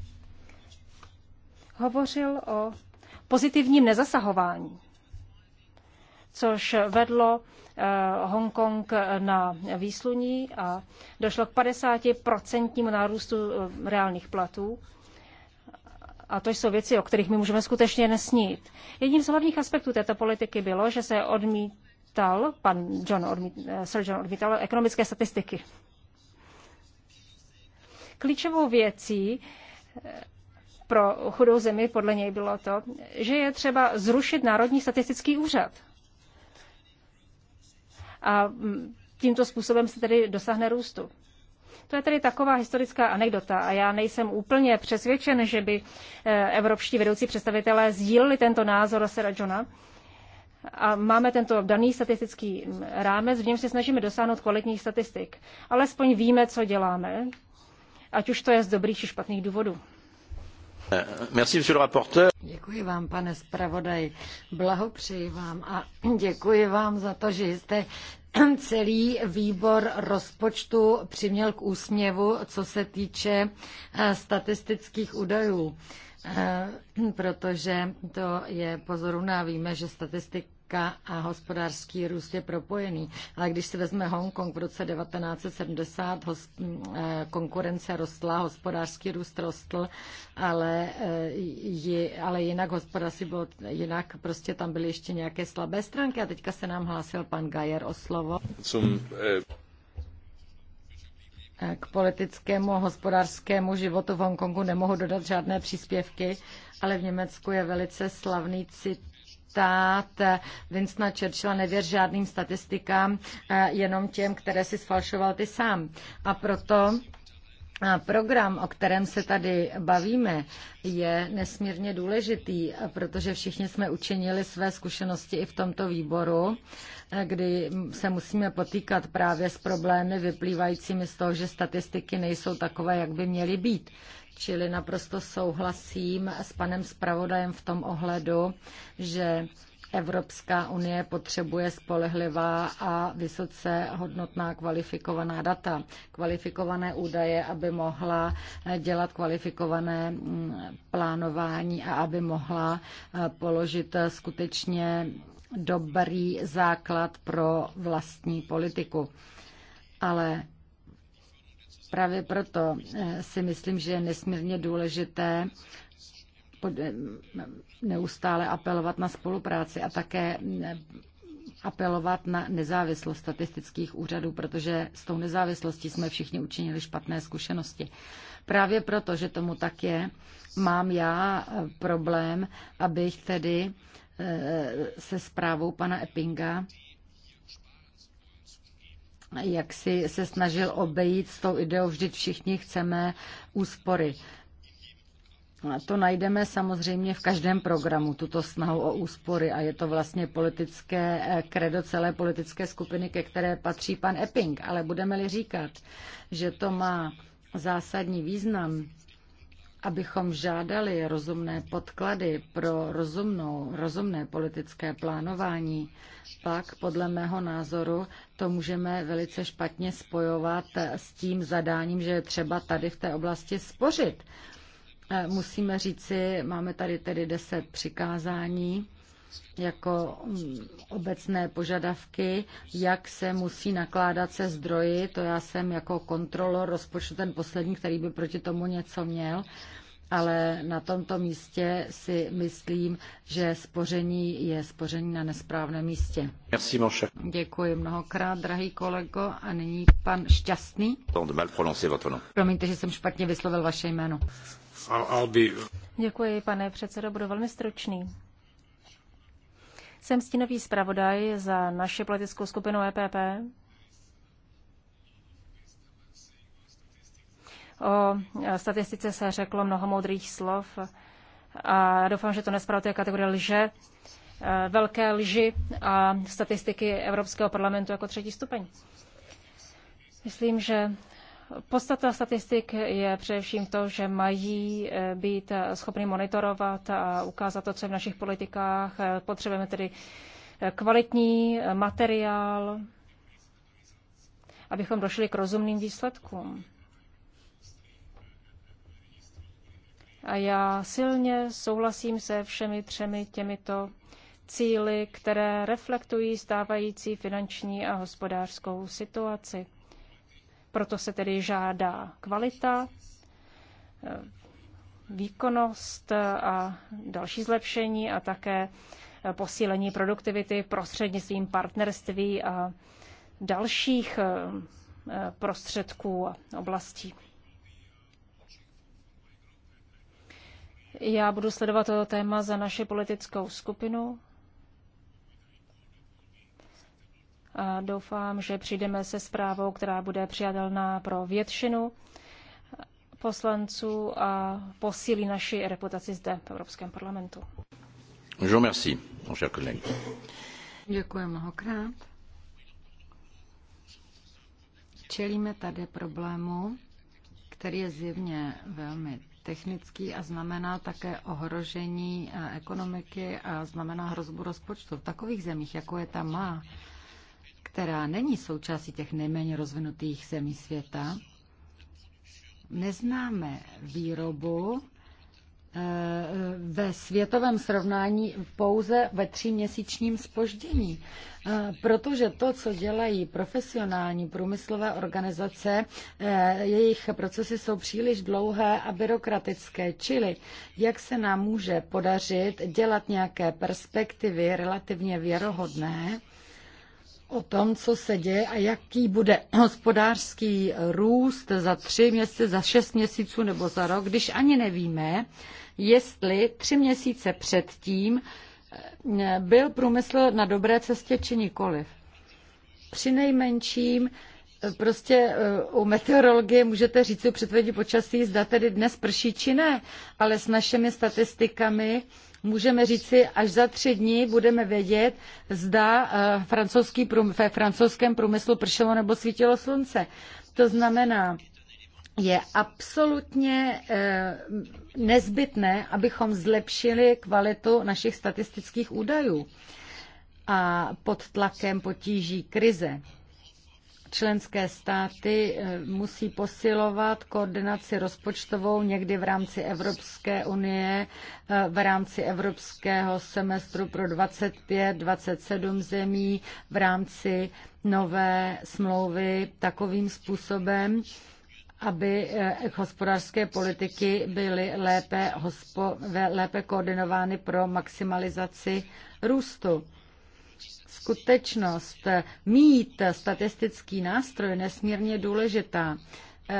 Speaker 3: Hovořil o pozitivním nezasahování, což vedlo Hongkong na výsluní a došlo k 50% nárůstu reálných platů a to jsou věci, o kterých my můžeme skutečně nesnít. Jedním z hlavních aspektů této politiky bylo, že se odmítal, pan John odmít, eh, Sir John odmítal ekonomické statistiky. Klíčovou věcí eh, pro chudou zemi podle něj bylo to, že je třeba zrušit Národní statistický úřad. A mm, tímto způsobem se tedy dosáhne růstu. To je tedy taková historická anekdota a já nejsem úplně přesvědčen, že by eh, evropští vedoucí představitelé sdíleli tento názor Sera Johna. A máme tento daný statistický rámec, v něm se snažíme dosáhnout kvalitních statistik. Alespoň víme, co děláme, ať už to je z dobrých či špatných důvodů. Eh, děkuji vám, pane zpravodaj. Blahopřeji vám a
Speaker 4: děkuji vám za to, že jste celý výbor rozpočtu přiměl k úsměvu, co se týče eh, statistických údajů, eh, protože to je pozoruná. No víme, že statistik ekonomika a hospodářský růst je propojený. Ale když si vezme Hongkong v roce 1970, eh, konkurence rostla, hospodářský růst rostl, ale, eh, ale jinak hospodářství bylo, jinak prostě tam byly ještě nějaké slabé stránky. A teďka se nám hlásil pan Gajer o slovo.
Speaker 1: Zum, eh
Speaker 4: k politickému a hospodářskému životu v Hongkongu nemohu dodat žádné příspěvky, ale v Německu je velice slavný cit citát Winstona Churchilla nevěř žádným statistikám, eh, jenom těm, které si sfalšoval ty sám. A proto eh, program, o kterém se tady bavíme, je nesmírně důležitý, eh, protože všichni jsme učinili své zkušenosti i v tomto výboru, kdy se musíme potýkat právě s problémy vyplývajícími z toho, že statistiky nejsou takové, jak by měly být. Čili naprosto souhlasím s panem zpravodajem v tom ohledu, že Evropská unie potřebuje spolehlivá a vysoce hodnotná kvalifikovaná data, kvalifikované údaje, aby mohla dělat kvalifikované mm, plánování a aby mohla eh, položit eh, skutečně dobrý základ pro vlastní politiku. Ale Právě proto eh, si myslím, že je nesmírně důležité eh, neustále apelovat na spolupráci a také eh, apelovat na nezávislost statistických úřadů, protože s tou nezávislostí jsme všichni učinili špatné zkušenosti. Právě proto, že tomu tak je, mám já problém, abych tedy se zprávou pana Eppinga jak si se snažil obejít s tou ideou, vždyť všichni chceme úspory. To najdeme samozřejmě v každém programu, tuto snahu o úspory a je to vlastně politické kredo eh, celé politické skupiny, ke které patří pan Epping. Ale budeme-li říkat, že to má zásadní význam, abychom žádali rozumné podklady pro rozumnou, rozumné politické plánování, pak podle mého názoru to můžeme velice špatně spojovat s tím zadáním, že je třeba tady v té oblasti spořit. E, musíme říci, máme tady tedy deset přikázání, jako mm, obecné požadavky, jak se musí nakládat se zdroji. To já jsem jako kontrolor rozpočtu ten poslední, který by proti tomu něco měl ale na tomto místě si myslím, že spoření je spoření na nesprávném místě. Merci, mon cher. Děkuji mnohokrát, drahý kolego. A nyní pan Šťastný.
Speaker 3: Promiňte, že jsem špatně vyslovil vaše jméno. Děkuji, pane předsedo, budu velmi stručný. Jsem stínový zpravodaj za naše politickou skupinu EPP. O statistice se řeklo mnoho moudrých slov a doufám, že to nespadá té kategorie lže, eh, velké lži a statistiky Evropského parlamentu jako třetí stupeň. Myslím, že Podstata statistik je především to, že mají eh, být eh, schopni monitorovat a ukázat to, co je v našich politikách. Eh, potřebujeme tedy kvalitní materiál, abychom došli k rozumným výsledkům. A já silně souhlasím se všemi třemi těmito cíly, které reflektují stávající finanční a hospodářskou situaci. Proto se tedy žádá kvalita, eh, výkonnost eh, a další zlepšení a také eh, posílení produktivity prostřednictvím partnerství a dalších prostředků a oblastí. Já budu sledovat toto téma za naši politickou skupinu a doufám, že přijdeme se zprávou, která bude přijatelná pro většinu poslanců a posílí naši reputaci zde v Evropském parlamentu. Děkuji mnohokrát. Čelíme tady
Speaker 4: problému, který je zjevně velmi technický a znamená také ohrožení eh, ekonomiky a znamená hrozbu rozpočtu. V takových zemích, jako je ta má, která není součástí těch nejméně rozvinutých zemí světa, neznáme výrobu eh, ve světovém srovnání pouze ve tříměsíčním spoždění. Eh, protože to, co dělají profesionální průmyslové organizace, eh, jejich procesy jsou příliš dlouhé a byrokratické. Čili jak se nám může podařit dělat nějaké perspektivy relativně věrohodné, o tom, co se děje a jaký bude hospodářský růst za tři měsíce, za šest měsíců nebo za rok, když ani nevíme, jestli tři měsíce předtím eh, byl průmysl na dobré cestě či nikoliv. Při nejmenším eh, prostě eh, u meteorologie můžete říct, co předvědí počasí, zda tedy dnes prší či ne, ale s našimi statistikami můžeme říci, až za tři dny budeme vědět, zda eh, francouzský prům, ve francouzském průmyslu pršelo nebo svítilo slunce. To znamená, je absolutně eh, nezbytné, abychom zlepšili kvalitu našich statistických údajů a pod tlakem potíží krize členské státy eh, musí posilovat koordinaci rozpočtovou někdy v rámci Evropské unie, eh, v rámci evropského semestru pro 25-27 zemí, v rámci nové smlouvy takovým způsobem, aby eh, hospodářské politiky byly lépe, lépe koordinovány pro maximalizaci růstu skutečnost mít statistický nástroj nesmírně důležitá.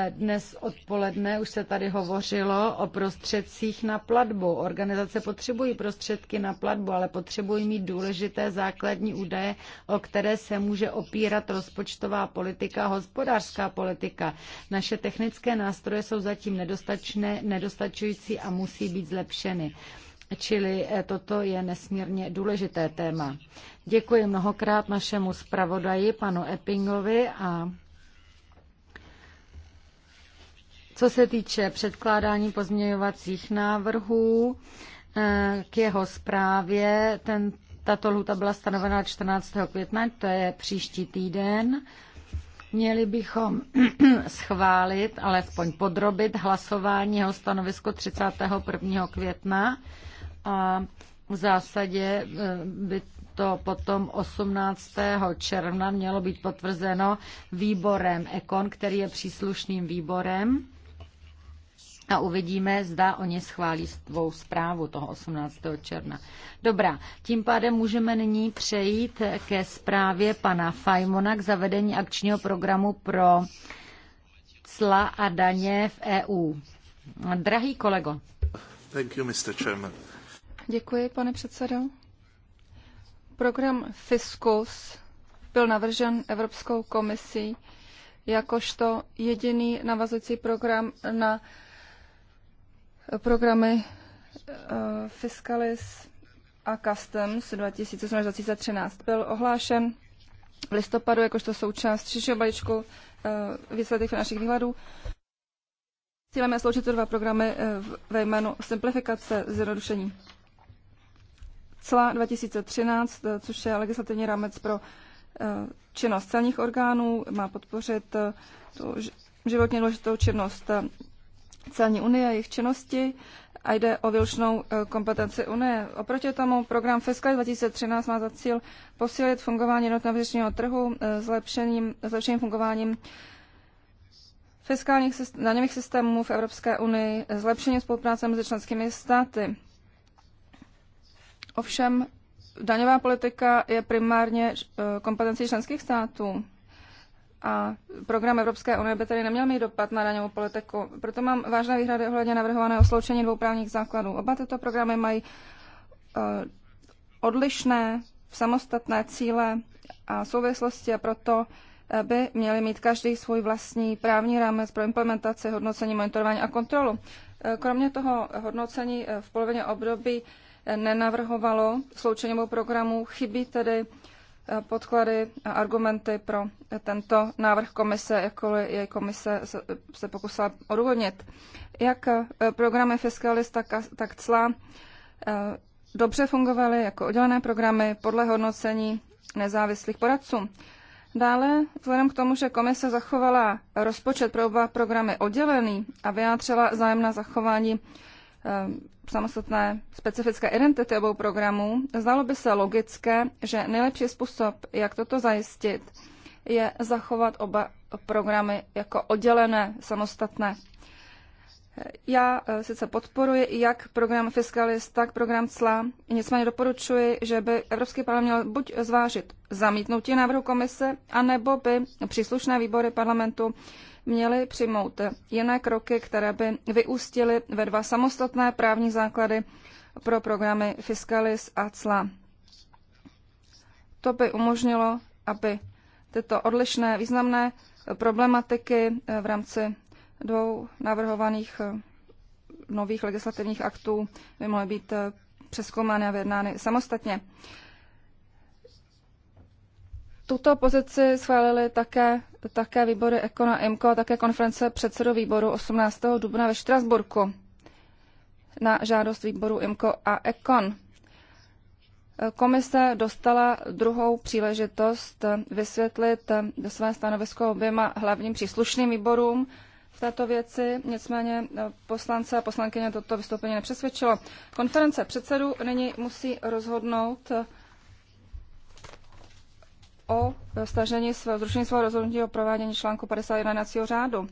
Speaker 4: Dnes odpoledne už se tady hovořilo o prostředcích na platbu. Organizace potřebují prostředky na platbu, ale potřebují mít důležité základní údaje, o které se může opírat rozpočtová politika a hospodářská politika. Naše technické nástroje jsou zatím nedostačné, nedostačující a musí být zlepšeny. Čili eh, toto je nesmírně důležité téma. Děkuji mnohokrát našemu zpravodaji, panu Eppingovi a co se týče předkládání pozměňovacích návrhů eh, k jeho zprávě, ten, tato lhuta byla stanovena 14. května, to je příští týden. Měli bychom schválit, alespoň podrobit hlasování jeho stanovisko 31. května a v zásadě eh, by to potom 18. června mělo být potvrzeno výborem EKON, který je příslušným výborem. A uvidíme, zda oni schválí svou zprávu toho 18. června. Dobrá, tím pádem můžeme nyní přejít ke zprávě pana Fajmona k zavedení akčního programu pro cla a daně v EU. Drahý kolego.
Speaker 1: Thank
Speaker 5: you, Mr. Chairman.
Speaker 2: Děkuji, pane předsedo. Program Fiskus byl navržen Evropskou komisí jakožto jediný navazující program na programy eh, Fiscalis a Customs 2013 byl ohlášen v listopadu jakožto součást širšího balíčku eh, výsledek finančních výhledů. Cílem je sloučit dva programy eh, ve jménu simplifikace zjednodušení. CLA 2013, eh, což je legislativní rámec pro eh, činnost celních orgánů, má podpořit eh, tu životně důležitou činnost celní unie, jejich činnosti a jde o vylšnou kompetenci Unie. Oproti tomu program FESCA 2013 má za cíl posílit fungování jednotného vnitřního trhu zlepšením, zlepšením fungováním fiskálních daňových systémů v Evropské unii, zlepšením spolupráce mezi členskými státy. Ovšem daňová politika je primárně eh, kompetencí členských států a program Evropské unie by tedy neměl mít dopad na daňovou politiku. Proto mám vážné výhrady ohledně navrhovaného sloučení dvou právních základů. Oba tyto programy mají eh, odlišné samostatné cíle a souvislosti a proto eh, by měli mít každý svůj vlastní právní rámec pro implementaci, hodnocení, monitorování a kontrolu. Kromě toho hodnocení v polovině období nenavrhovalo sloučenému programu. Chybí tedy eh, podklady a argumenty pro tento návrh komise, jakkoliv jej komise se pokusila odůvodnit. Jak eh, programy Fiscalis, tak, tak cla eh, dobře fungovaly jako oddělené programy podle hodnocení nezávislých poradců. Dále, vzhledem k tomu, že komise zachovala rozpočet pro oba programy oddělený a vyjádřila zájem na zachování Eh, samostatné specifické identity obou programů, zdálo by se logické, že nejlepší způsob, jak toto zajistit, je zachovat oba programy jako oddělené, samostatné. Já eh, sice podporuji jak program Fiscalis, tak program CLA, nicméně doporučuji, že by Evropský parlament měl buď zvážit zamítnutí návrhu komise, anebo by příslušné výbory parlamentu měly přijmout jiné kroky, které by vyústily ve dva samostatné právní základy pro programy Fiscalis a CLA. To by umožnilo, aby tyto odlišné významné problematiky v rámci dvou navrhovaných eh, nových legislativních aktů by mohly být eh, přeskoumány a vyjednány samostatně. Tuto pozici schválili také, také výbory Ekona IMCO a také konference předsedů výboru 18. dubna ve Štrasburku na žádost výboru IMCO a Ekon. Komise dostala druhou příležitost vysvětlit své stanovisko oběma hlavním příslušným výborům v této věci, nicméně poslance a poslankyně toto vystoupení nepřesvědčilo. Konference předsedů nyní musí rozhodnout, o stažení svého, zrušení svého rozhodnutí o provádění článku 51 jednacího řádu.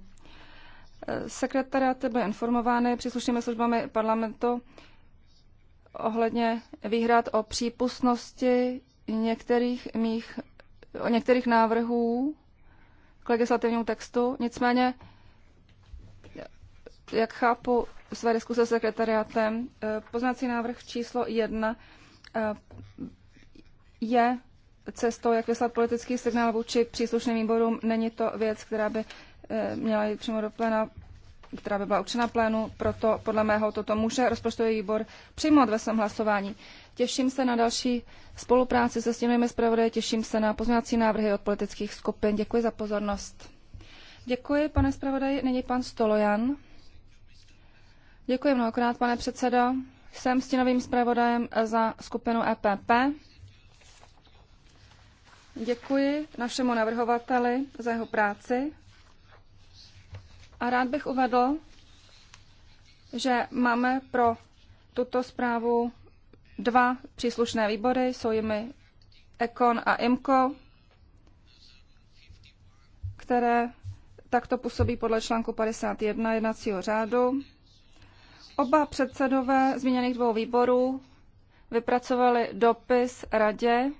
Speaker 2: Sekretariáty byly informovány příslušnými službami parlamentu ohledně výhrad o přípustnosti některých mých, o některých návrhů k legislativnímu textu. Nicméně, jak chápu své diskuse s sekretariátem, eh, poznací návrh číslo 1 eh, je cestou, jak vyslat politický signál vůči příslušným výborům. Není to věc, která by eh, měla jít přímo do pléna, která by byla určena plénu, proto podle mého toto může rozpočtový výbor přijmout ve svém hlasování. Těším se na další spolupráci se stěnujeme zpravodaje, těším se na pozměňovací návrhy od politických skupin. Děkuji za pozornost. Děkuji, pane zpravodaji. Nyní pan Stolojan. Děkuji mnohokrát, pane předsedo. Jsem stínovým zpravodajem za skupinu EPP. Děkuji našemu navrhovateli za jeho práci a rád bych uvedl, že máme pro tuto zprávu dva příslušné výbory, jsou jimi Econ a IMCO, které takto působí podle článku 51 jednacího řádu. Oba předsedové zmíněných dvou výborů vypracovali dopis radě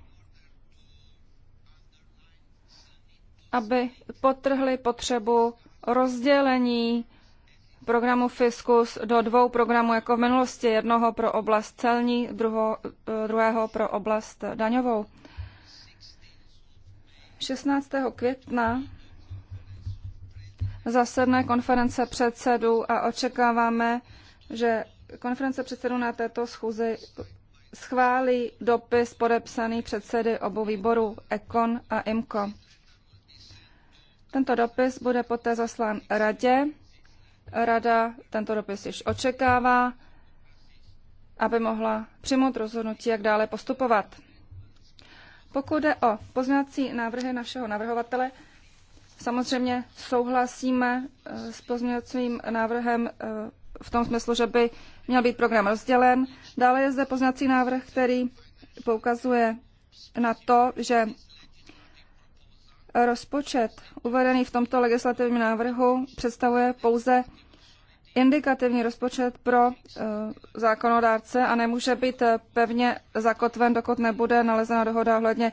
Speaker 2: aby potrhli potřebu rozdělení programu Fiskus do dvou programů jako v minulosti, jednoho pro oblast celní, druho, eh, druhého pro oblast daňovou. 16. května zasedne konference předsedů a očekáváme, že konference předsedů na této schůzi schválí dopis podepsaný předsedy obou výborů ECON a IMCO. Tento dopis bude poté zaslán radě. Rada tento dopis již očekává, aby mohla přijmout rozhodnutí, jak dále postupovat. Pokud jde o pozměňovací návrhy našeho navrhovatele, samozřejmě souhlasíme eh, s pozměňovacím návrhem eh, v tom smyslu, že by měl být program rozdělen. Dále je zde poznací návrh, který poukazuje na to, že Rozpočet uvedený v tomto legislativním návrhu představuje pouze indikativní rozpočet pro uh, zákonodárce a nemůže být eh, pevně zakotven, dokud nebude nalezena dohoda ohledně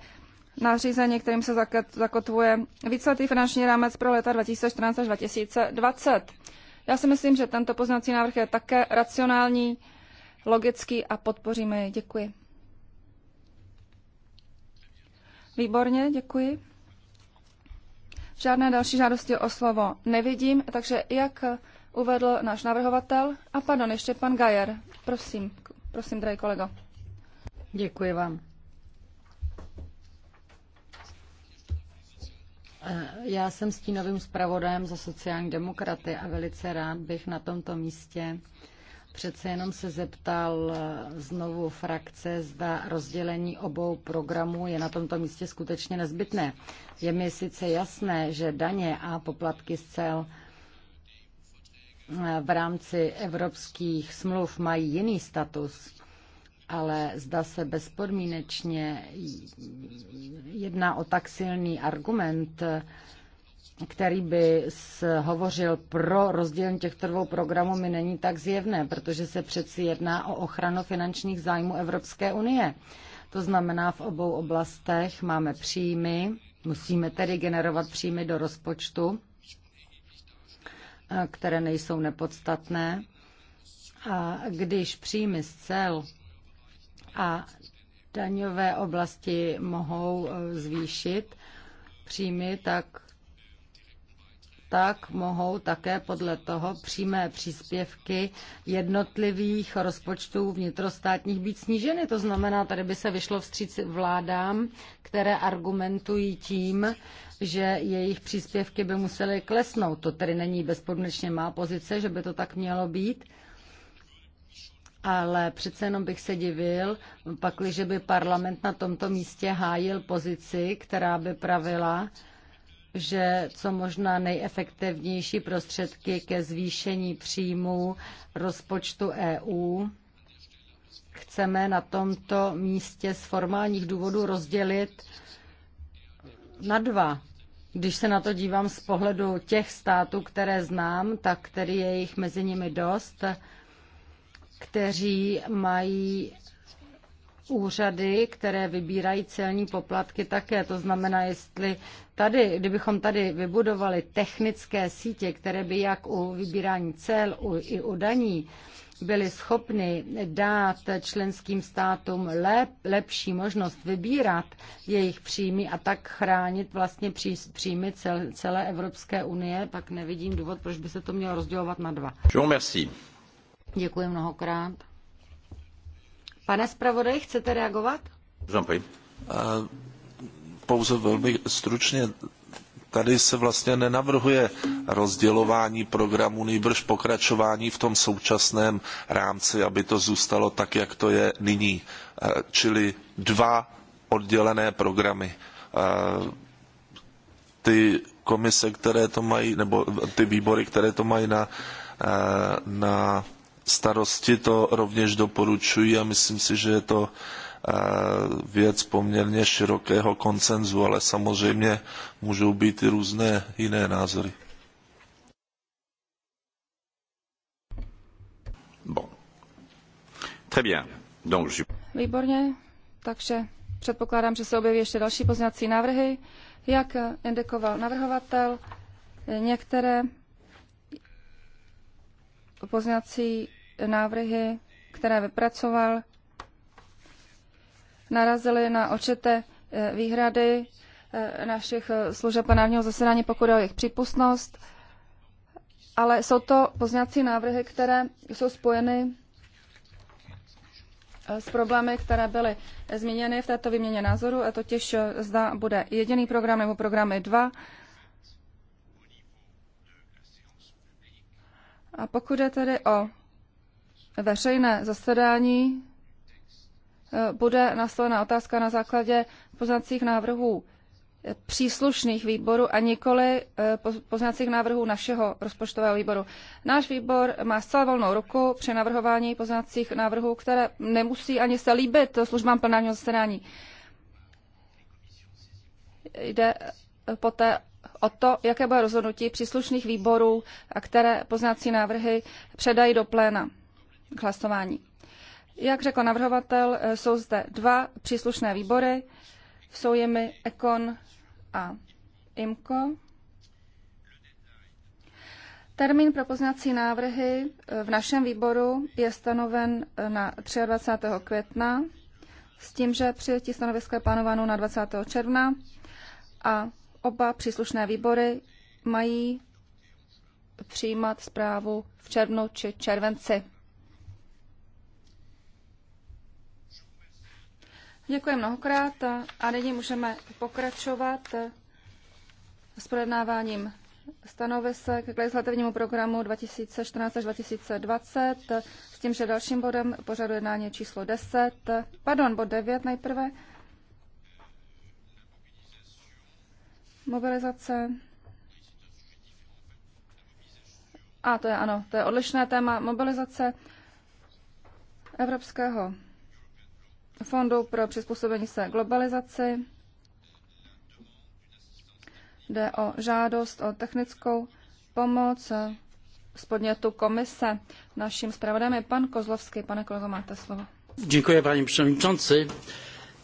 Speaker 2: nařízení, kterým se zakotvuje víceletý finanční rámec pro leta 2014 až 2020. Já si myslím, že tento poznací návrh je také racionální, logický a podpoříme jej. Děkuji. Výborně, děkuji. Žádné další žádosti o slovo nevidím, takže jak uvedl náš navrhovatel, a pardon, ještě pan Gajer, prosím, prosím, drahý kolego.
Speaker 4: Děkuji vám. Eh, já jsem stínovým zpravodajem za sociální demokraty a velice rád bych na tomto místě Přece jenom se zeptal znovu frakce, zda rozdělení obou programů je na tomto místě skutečně nezbytné. Je mi sice jasné, že daně a poplatky z cel v rámci evropských smluv mají jiný status, ale zda se bezpodmínečně jedná o tak silný argument, který by hovořil pro rozdělení těchto dvou programů, mi není tak zjevné, protože se přeci jedná o ochranu finančních zájmů Evropské unie. To znamená, v obou oblastech máme příjmy, musíme tedy generovat příjmy do rozpočtu, eh, které nejsou nepodstatné. A když příjmy z cel a daňové oblasti mohou eh, zvýšit příjmy, tak tak mohou také podle toho přímé příspěvky jednotlivých rozpočtů vnitrostátních být sníženy. To znamená, tady by se vyšlo vstříc vládám, které argumentují tím, že jejich příspěvky by musely klesnout. To tedy není bezpodmínečně má pozice, že by to tak mělo být ale přece jenom bych se divil, pakliže by parlament na tomto místě hájil pozici, která by pravila, že co možná nejefektivnější prostředky ke zvýšení příjmů rozpočtu EU chceme na tomto místě z formálních důvodů rozdělit na dva. Když se na to dívám z pohledu těch států, které znám, tak který je jich mezi nimi dost, kteří mají úřady, které vybírají celní poplatky také. To znamená, jestli tady, kdybychom tady vybudovali technické sítě, které by jak u vybírání cel u, i u daní byly schopny dát členským státům lep, lepší možnost vybírat jejich příjmy a tak chránit vlastně pří, příjmy cel, celé Evropské unie, pak nevidím důvod, proč by se to mělo rozdělovat na dva. Děkuji mnohokrát. Pane zpravodaj, chcete reagovat?
Speaker 1: Zampej.
Speaker 5: Pouze velmi stručně. Tady se vlastně nenavrhuje rozdělování programu, nejbrž pokračování v tom současném rámci, aby to zůstalo tak, jak to je nyní. E, čili dva oddělené programy.
Speaker 4: E, ty komise, které to mají, nebo ty výbory, které to mají na, e, na starosti to rovněž doporučují a myslím si, že je to eh, věc poměrně širokého
Speaker 5: koncenzu, ale samozřejmě můžou být i různé jiné názory.
Speaker 1: Bon. Très bien. Donc, je...
Speaker 2: Výborně, takže předpokládám, že se objeví ještě další pozněcí návrhy. Jak indikoval navrhovatel, některé pozněcí návrhy, které vypracoval, narazily na určité eh, výhrady eh, našich eh, služeb plenárního zasedání, pokud o jejich přípustnost, ale jsou to pozněcí návrhy, které jsou spojeny s problémy, které byly zmíněny v této výměně názoru, a totiž zda bude jediný program nebo programy dva. A pokud je tedy o veřejné zasedání eh, bude nastolena otázka na základě poznacích návrhů eh, příslušných výborů a nikoli eh, poznacích návrhů našeho rozpočtového výboru. Náš výbor má zcela volnou ruku při navrhování poznacích návrhů, které nemusí ani se líbit službám plného zasedání. Jde poté o to, jaké bude rozhodnutí příslušných výborů a které poznací návrhy předají do pléna k hlasování. Jak řekl navrhovatel, eh, jsou zde dva příslušné výbory. Jsou jimi Ekon a IMCO. Termín pro poznací návrhy eh, v našem výboru je stanoven eh, na 23. května s tím, že přijetí stanoviska je plánováno na 20. června a oba příslušné výbory mají přijímat zprávu v červnu či červenci. Děkuji mnohokrát a nyní můžeme pokračovat s projednáváním stanovisek k legislativnímu programu 2014 až 2020 s tím, že dalším bodem pořadu jednání je číslo 10, pardon, bod 9 nejprve. Mobilizace. A to je ano, to je odlišné téma mobilizace Evropského Fondu pro přizpůsobení se globalizaci. Jde o žádost o technickou pomoc z podnětu komise. Naším zpravodajem je pan Kozlovský. Pane kolego, máte
Speaker 3: slovo.
Speaker 1: Děkuji, paní předsedající.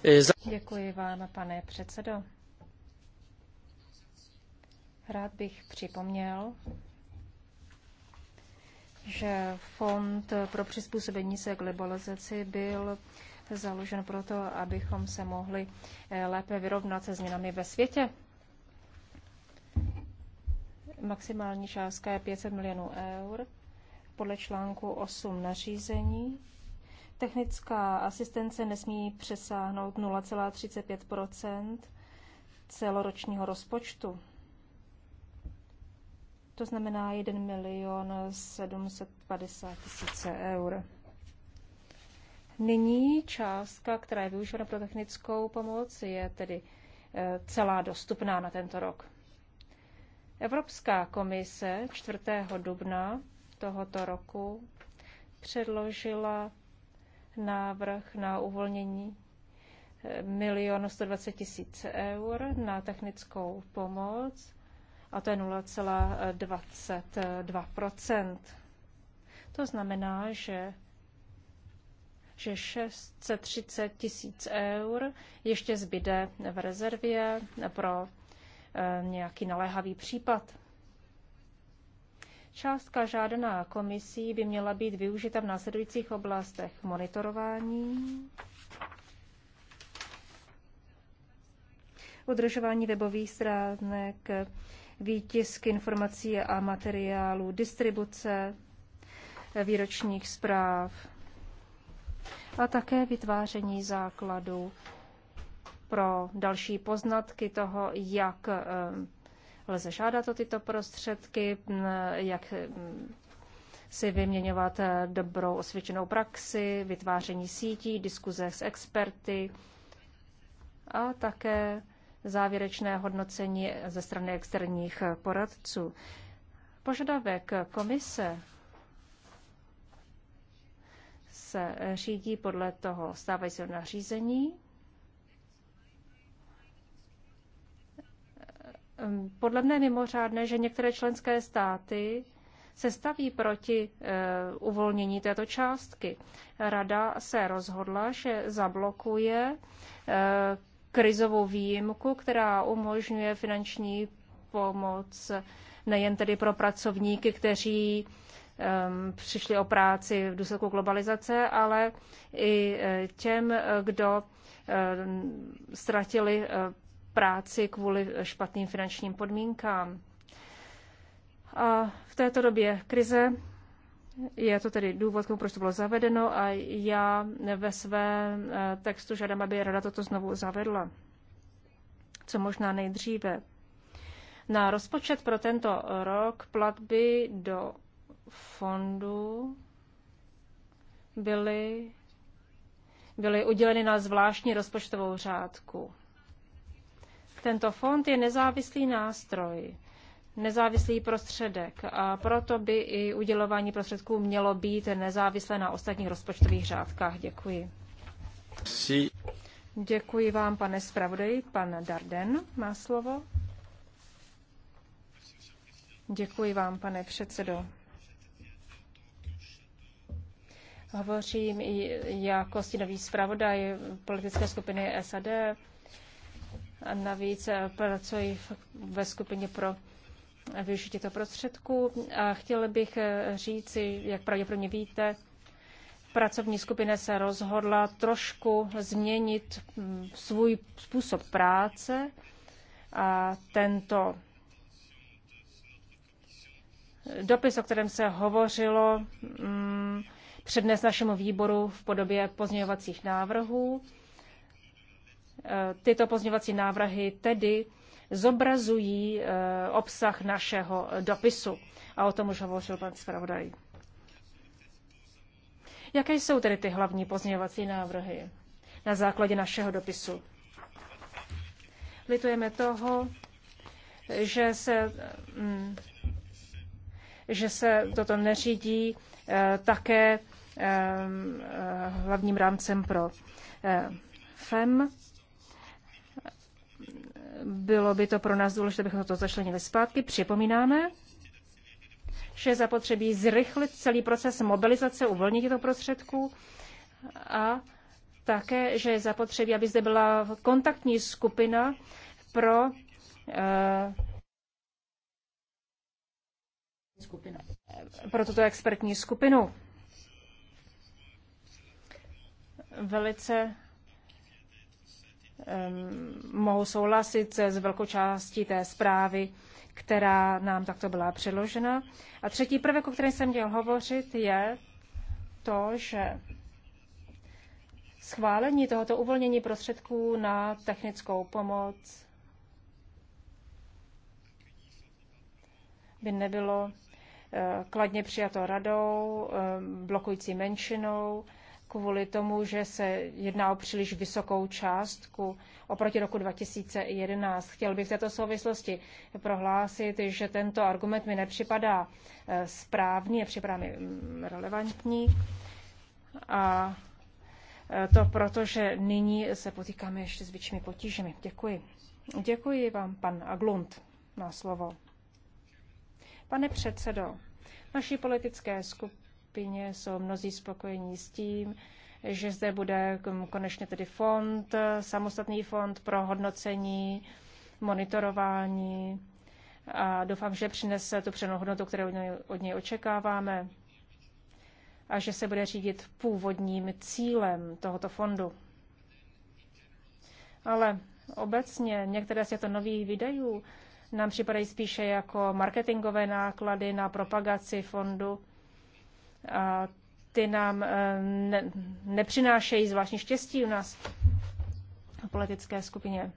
Speaker 1: E,
Speaker 3: Děkuji vám, pane předsedo. Rád bych připomněl, že Fond pro přizpůsobení se globalizaci byl založen proto, abychom se mohli eh, lépe vyrovnat se změnami ve světě. Maximální částka je 500 milionů eur podle článku 8 nařízení. Technická asistence nesmí přesáhnout 0,35 celoročního rozpočtu. To znamená 1 milion 750 tisíce eur. Nyní částka, která je využívána pro technickou pomoc, je tedy eh, celá dostupná na tento rok. Evropská komise 4. dubna tohoto roku předložila návrh na uvolnění 1 120 000 eur na technickou pomoc a to je 0,22 eh, To znamená, že že 630 tisíc eur ještě zbyde v rezervě pro eh, nějaký naléhavý případ. Částka žádná komisí by měla být využita v následujících oblastech monitorování, udržování webových stránek, výtisk informací a materiálů, distribuce výročních zpráv, a také vytváření základů pro další poznatky toho, jak eh, lze žádat o tyto prostředky, mm, jak mm, si vyměňovat eh, dobrou osvědčenou praxi, vytváření sítí, diskuze s experty a také závěrečné hodnocení ze strany externích poradců. Požadavek komise se řídí podle toho stávajícího nařízení. Podle mne mimořádné, že některé členské státy se staví proti eh, uvolnění této částky. Rada se rozhodla, že zablokuje eh, krizovou výjimku, která umožňuje finanční pomoc nejen tedy pro pracovníky, kteří Um, přišli o práci v důsledku globalizace, ale i eh, těm, eh, kdo eh, ztratili práci kvůli špatným finančním podmínkám. A v této době krize je to tedy důvod, proč to bylo zavedeno a já ve svém textu žádám, aby Rada toto znovu zavedla, co možná nejdříve. Na rozpočet pro tento rok platby do fondu byly, byly uděleny na zvláštní rozpočtovou řádku. Tento fond je nezávislý nástroj, nezávislý prostředek a proto by i udělování prostředků mělo být nezávislé na ostatních rozpočtových řádkách. Děkuji. Si. Děkuji vám, pane zpravodaji. Pan Darden má slovo. Děkuji vám, pane předsedo. Hovořím i jako stínový zpravodaj politické skupiny SAD. A navíc eh, pracuji ve skupině pro využití těchto prostředků. A chtěl bych eh, říci, jak pravděpodobně víte, pracovní skupina se rozhodla trošku změnit mm, svůj způsob práce a tento dopis, o kterém se hovořilo, mm, přednes našemu výboru v podobě pozměňovacích návrhů. Eh, tyto pozměňovací návrhy tedy zobrazují eh, obsah našeho dopisu. A o tom už hovořil pan zpravodaj. Jaké jsou tedy ty hlavní pozměňovací návrhy na základě našeho dopisu? Litujeme toho, že se, mm, že se toto neřídí eh, také Eh, eh, hlavním rámcem pro eh, FEM. Bylo by to pro nás důležité, abychom to začlenili zpátky. Připomínáme, že je zapotřebí zrychlit celý proces mobilizace, uvolnit těchto prostředků a také, že je zapotřebí, aby zde byla kontaktní skupina pro eh, pro tuto expertní skupinu velice um, mohu souhlasit se s velkou částí té zprávy, která nám takto byla přeložena. A třetí prvek, o kterém jsem měl hovořit, je to, že schválení tohoto uvolnění prostředků na technickou pomoc by nebylo eh, kladně přijato radou, eh, blokující menšinou, kvůli tomu, že se jedná o příliš vysokou částku oproti roku 2011. Chtěl bych v této souvislosti prohlásit, že tento argument mi nepřipadá eh, správný, nepřipadá mi mm, relevantní. A eh, to proto, že nyní se potýkáme ještě s většími potížemi. Děkuji. Děkuji vám, pan Aglund, na slovo. Pane předsedo, naší politické skup skupině jsou mnozí spokojení s tím, že zde bude konečně tedy fond, samostatný fond pro hodnocení, monitorování a doufám, že přinese tu přenou hodnotu, kterou od něj očekáváme a že se bude řídit původním cílem tohoto fondu. Ale obecně některé z těchto nových výdajů nám připadají spíše jako marketingové náklady na propagaci fondu a ty nám eh, ne, nepřinášejí zvláštní štěstí u nás v politické skupině.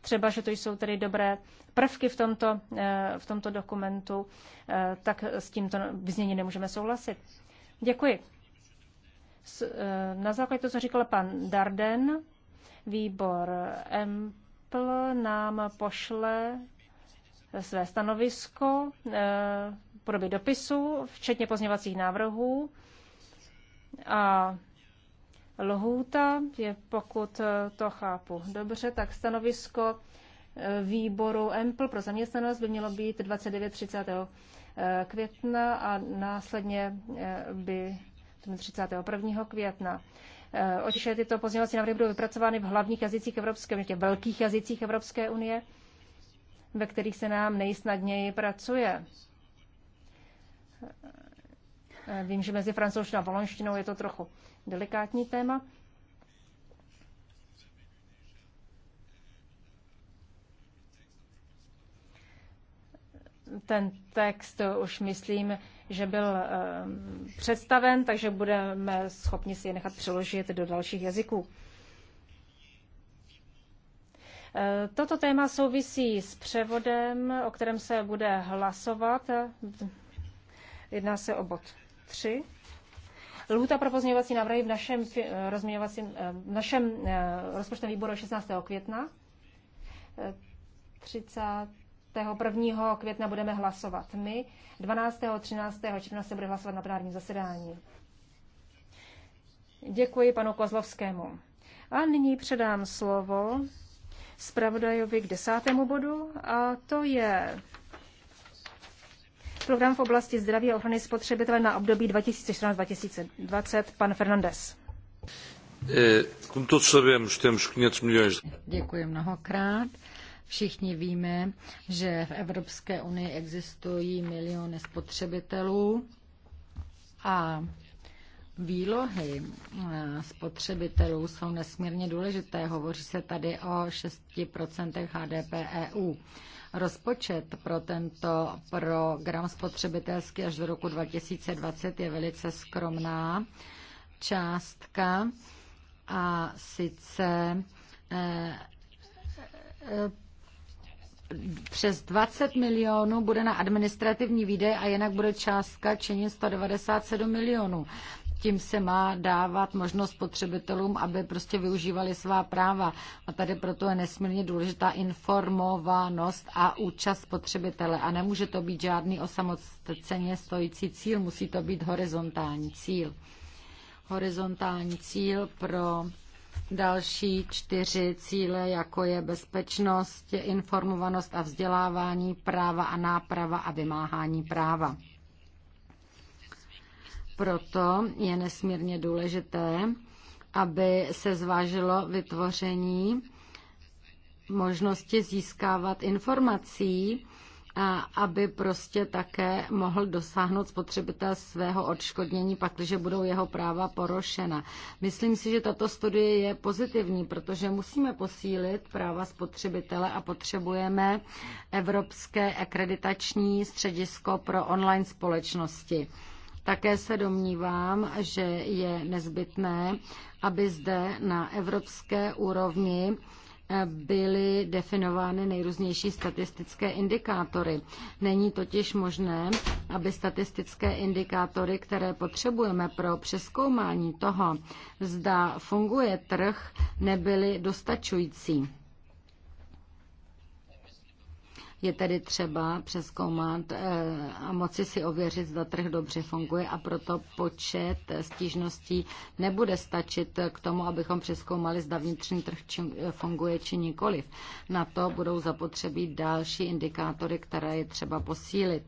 Speaker 3: Třeba, že to jsou tedy dobré prvky v tomto, eh, v tomto dokumentu, eh, tak s tímto vyznění nemůžeme souhlasit. Děkuji. Na základě toho, co říkal pan Darden, výbor EMPL nám pošle své stanovisko podobě dopisu, včetně pozněvacích návrhů. A lhůta je, pokud to chápu dobře, tak stanovisko eh, výboru EMPL pro zaměstnanost by mělo být 29.30. Eh, května a následně eh, by 31. května. Očiště tyto pozměňovací návrhy budou vypracovány v hlavních jazycích Evropské unie, těch velkých jazycích Evropské unie, ve kterých se nám nejsnadněji pracuje. Eh, vím, že mezi francouzštinou a valonštinou je to trochu delikátní téma. Ten text už myslím, že byl eh, představen, takže budeme schopni si je nechat přeložit do dalších jazyků. Eh, toto téma souvisí s převodem, o kterém se bude hlasovat Jedná se o bod 3. Lhuta pro pozměňovací návrhy v našem, eh, rozměňovacím, eh, v našem eh, rozpočtovém výboru 16. května. 31. května budeme hlasovat my. 12. 13. června se bude hlasovat na plenárním zasedání. Děkuji panu Kozlovskému. A nyní předám slovo zpravodajovi k desátému bodu a to je program v oblasti zdraví a ochrany spotřebitele na období 2014-2020. Pan Fernandez.
Speaker 5: Eh, Como Děkuji
Speaker 4: mnohokrát. Všichni víme, že v Evropské unii existují miliony spotřebitelů a Výlohy eh, spotřebitelů jsou nesmírně důležité. Hovoří se tady o 6% HDP EU. Rozpočet pro tento program spotřebitelský až do roku 2020 je velice skromná částka a sice eh, přes 20 milionů bude na administrativní výdaje a jinak bude částka činit 197 milionů tím se má dávat možnost spotřebitelům, aby prostě využívali svá práva. A tady proto je nesmírně důležitá informovanost a účast spotřebitele. A nemůže to být žádný osamoceně stojící cíl, musí to být horizontální cíl. Horizontální cíl pro další čtyři cíle, jako je bezpečnost, informovanost a vzdělávání, práva a náprava a vymáhání práva. Proto je nesmírně důležité, aby se zvážilo vytvoření možnosti získávat informací, a aby prostě také mohl dosáhnout spotřebitel svého odškodnění, pakliže budou jeho práva porošena. Myslím si, že tato studie je pozitivní, protože musíme posílit práva spotřebitele a potřebujeme Evropské akreditační středisko pro online společnosti. Také se domnívám, že je nezbytné, aby zde na evropské úrovni eh, byly definovány nejrůznější statistické indikátory. Není totiž možné, aby statistické indikátory, které potřebujeme pro přeskoumání toho, zda funguje trh, nebyly dostačující. Je tedy třeba přeskoumat eh, a moci si ověřit, zda trh dobře funguje a proto počet stížností nebude stačit k tomu, abychom přeskoumali, zda vnitřní trh eh, funguje či nikoliv. Na to budou zapotřebí další indikátory, které je třeba posílit.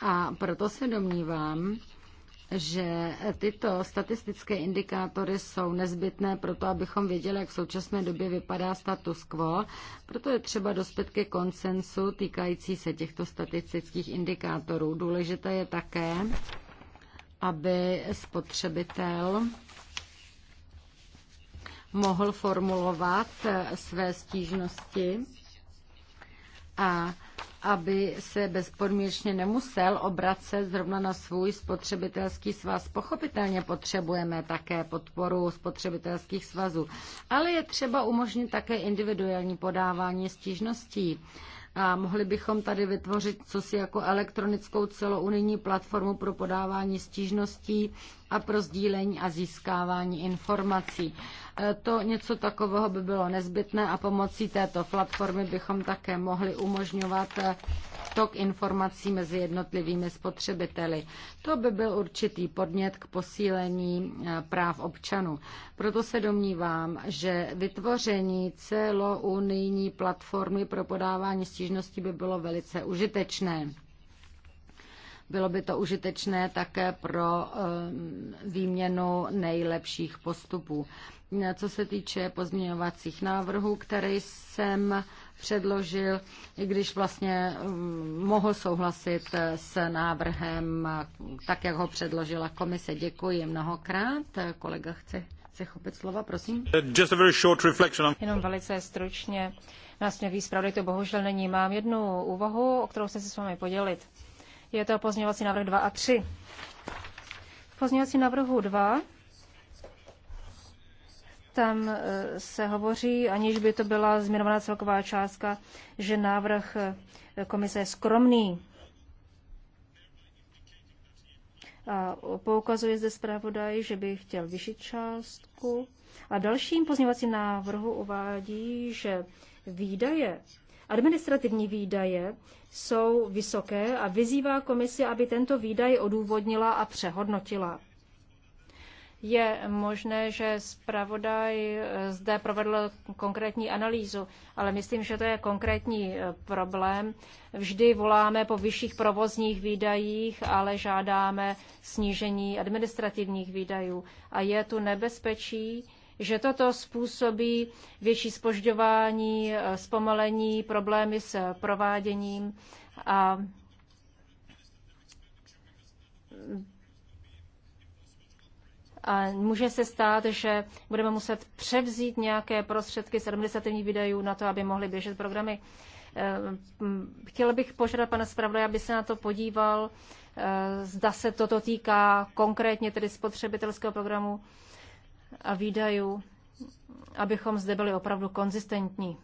Speaker 4: A proto se domnívám, že tyto statistické indikátory jsou nezbytné pro to, abychom věděli, jak v současné době vypadá status quo. Proto je třeba dospět ke konsensu týkající se těchto statistických indikátorů. Důležité je také, aby spotřebitel mohl formulovat své stížnosti a aby se bezpodmínečně nemusel obracet zrovna na svůj spotřebitelský svaz. Pochopitelně potřebujeme také podporu spotřebitelských svazů, ale je třeba umožnit také individuální podávání stížností. A mohli bychom tady vytvořit cosi jako elektronickou celounijní platformu pro podávání stížností a pro sdílení a získávání informací. To něco takového by bylo nezbytné a pomocí této platformy bychom také mohli umožňovat eh, tok informací mezi jednotlivými spotřebiteli. To by byl určitý podnět k posílení eh, práv občanů. Proto se domnívám, že vytvoření celounijní platformy pro podávání stížností by bylo velice užitečné. Bylo by to užitečné také pro eh, výměnu nejlepších postupů co se týče pozměňovacích návrhů, které jsem předložil, i když vlastně mm, mohl souhlasit s návrhem, tak jak ho předložila komise. Děkuji mnohokrát. Kolega chce
Speaker 3: se chopit slova, prosím.
Speaker 1: Just a very short reflection.
Speaker 3: Jenom velice stručně. Vlastně mě zpravodaj to bohužel není. Mám jednu úvahu, o kterou se s vámi podělit. Je to pozměňovací návrh 2 a 3. V pozměňovací návrhu 2 tam eh, se hovoří, aniž by to byla změnovaná celková částka, že návrh eh, komise je skromný. A poukazuje zde zpravodaj, že by chtěl vyšší částku. A dalším pozměňovacím návrhu uvádí, že výdaje, administrativní výdaje jsou vysoké a vyzývá komisi, aby tento výdaj odůvodnila a přehodnotila. Je možné, že zpravodaj eh, zde provedl konkrétní analýzu, ale myslím, že to je konkrétní eh, problém. Vždy voláme po vyšších provozních výdajích, ale žádáme snížení administrativních výdajů. A je tu nebezpečí, že toto způsobí větší spožďování, eh, zpomalení, problémy s prováděním a a může se stát, že budeme muset převzít nějaké prostředky z administrativních výdajů na to, aby mohly běžet programy. Eh, chtěla bych požádat pana zpravodaje, aby se na to podíval, eh, zda se toto týká konkrétně tedy spotřebitelského programu a výdajů, abychom zde byli opravdu konzistentní.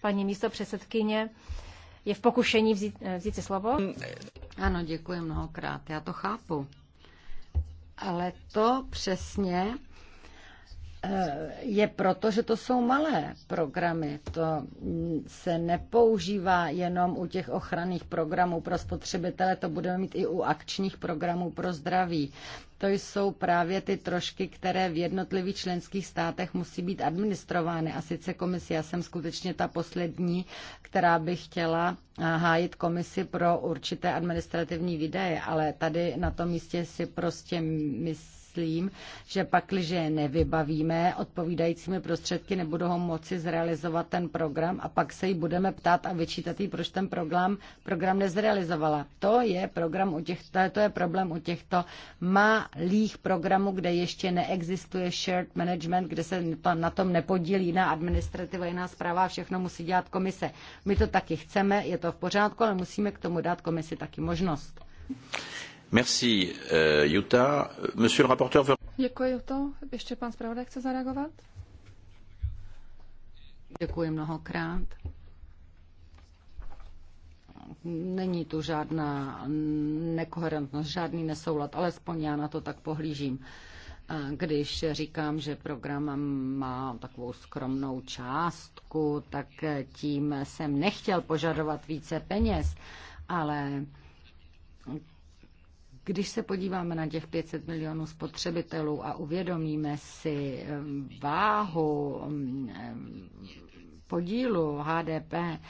Speaker 3: Paní místo předsedkyně,
Speaker 4: je v pokušení vzít, eh, vzít si slovo. Ano, děkuji mnohokrát, já to chápu. Ale to přesně Eh, je proto, že to jsou malé programy. To mm, se nepoužívá jenom u těch ochranných programů pro spotřebitele, to budeme mít i u akčních programů pro zdraví. To jsou právě ty trošky, které v jednotlivých členských státech musí být administrovány. A sice komisi, já jsem skutečně ta poslední, která by chtěla eh, hájit komisi pro určité administrativní výdaje, ale tady na tom místě si prostě myslím, myslím, že když je nevybavíme odpovídajícími prostředky, nebudou ho moci zrealizovat ten program a pak se jí budeme ptát a vyčítat jí, proč ten program, program nezrealizovala. To je, program u těch, to, je, to je problém u těchto malých programů, kde ještě neexistuje shared management, kde se to, na tom nepodílí jiná administrativa, jiná zpráva, všechno musí dělat komise. My to taky chceme, je to v pořádku, ale musíme k tomu dát komisi taky možnost.
Speaker 1: Merci, euh, Jutta. Monsieur le rapporteur veut...
Speaker 2: Děkuji, Ještě pan zpravodaj chce zareagovat?
Speaker 4: Děkuji mnohokrát. Není tu žádná nekoherentnost, žádný nesoulad, alespoň já na to tak pohlížím. Když říkám, že program má takovou skromnou částku, tak tím jsem nechtěl požadovat více peněz, ale když se podíváme na těch 500 milionů spotřebitelů a uvědomíme si váhu podílu HDP, eh,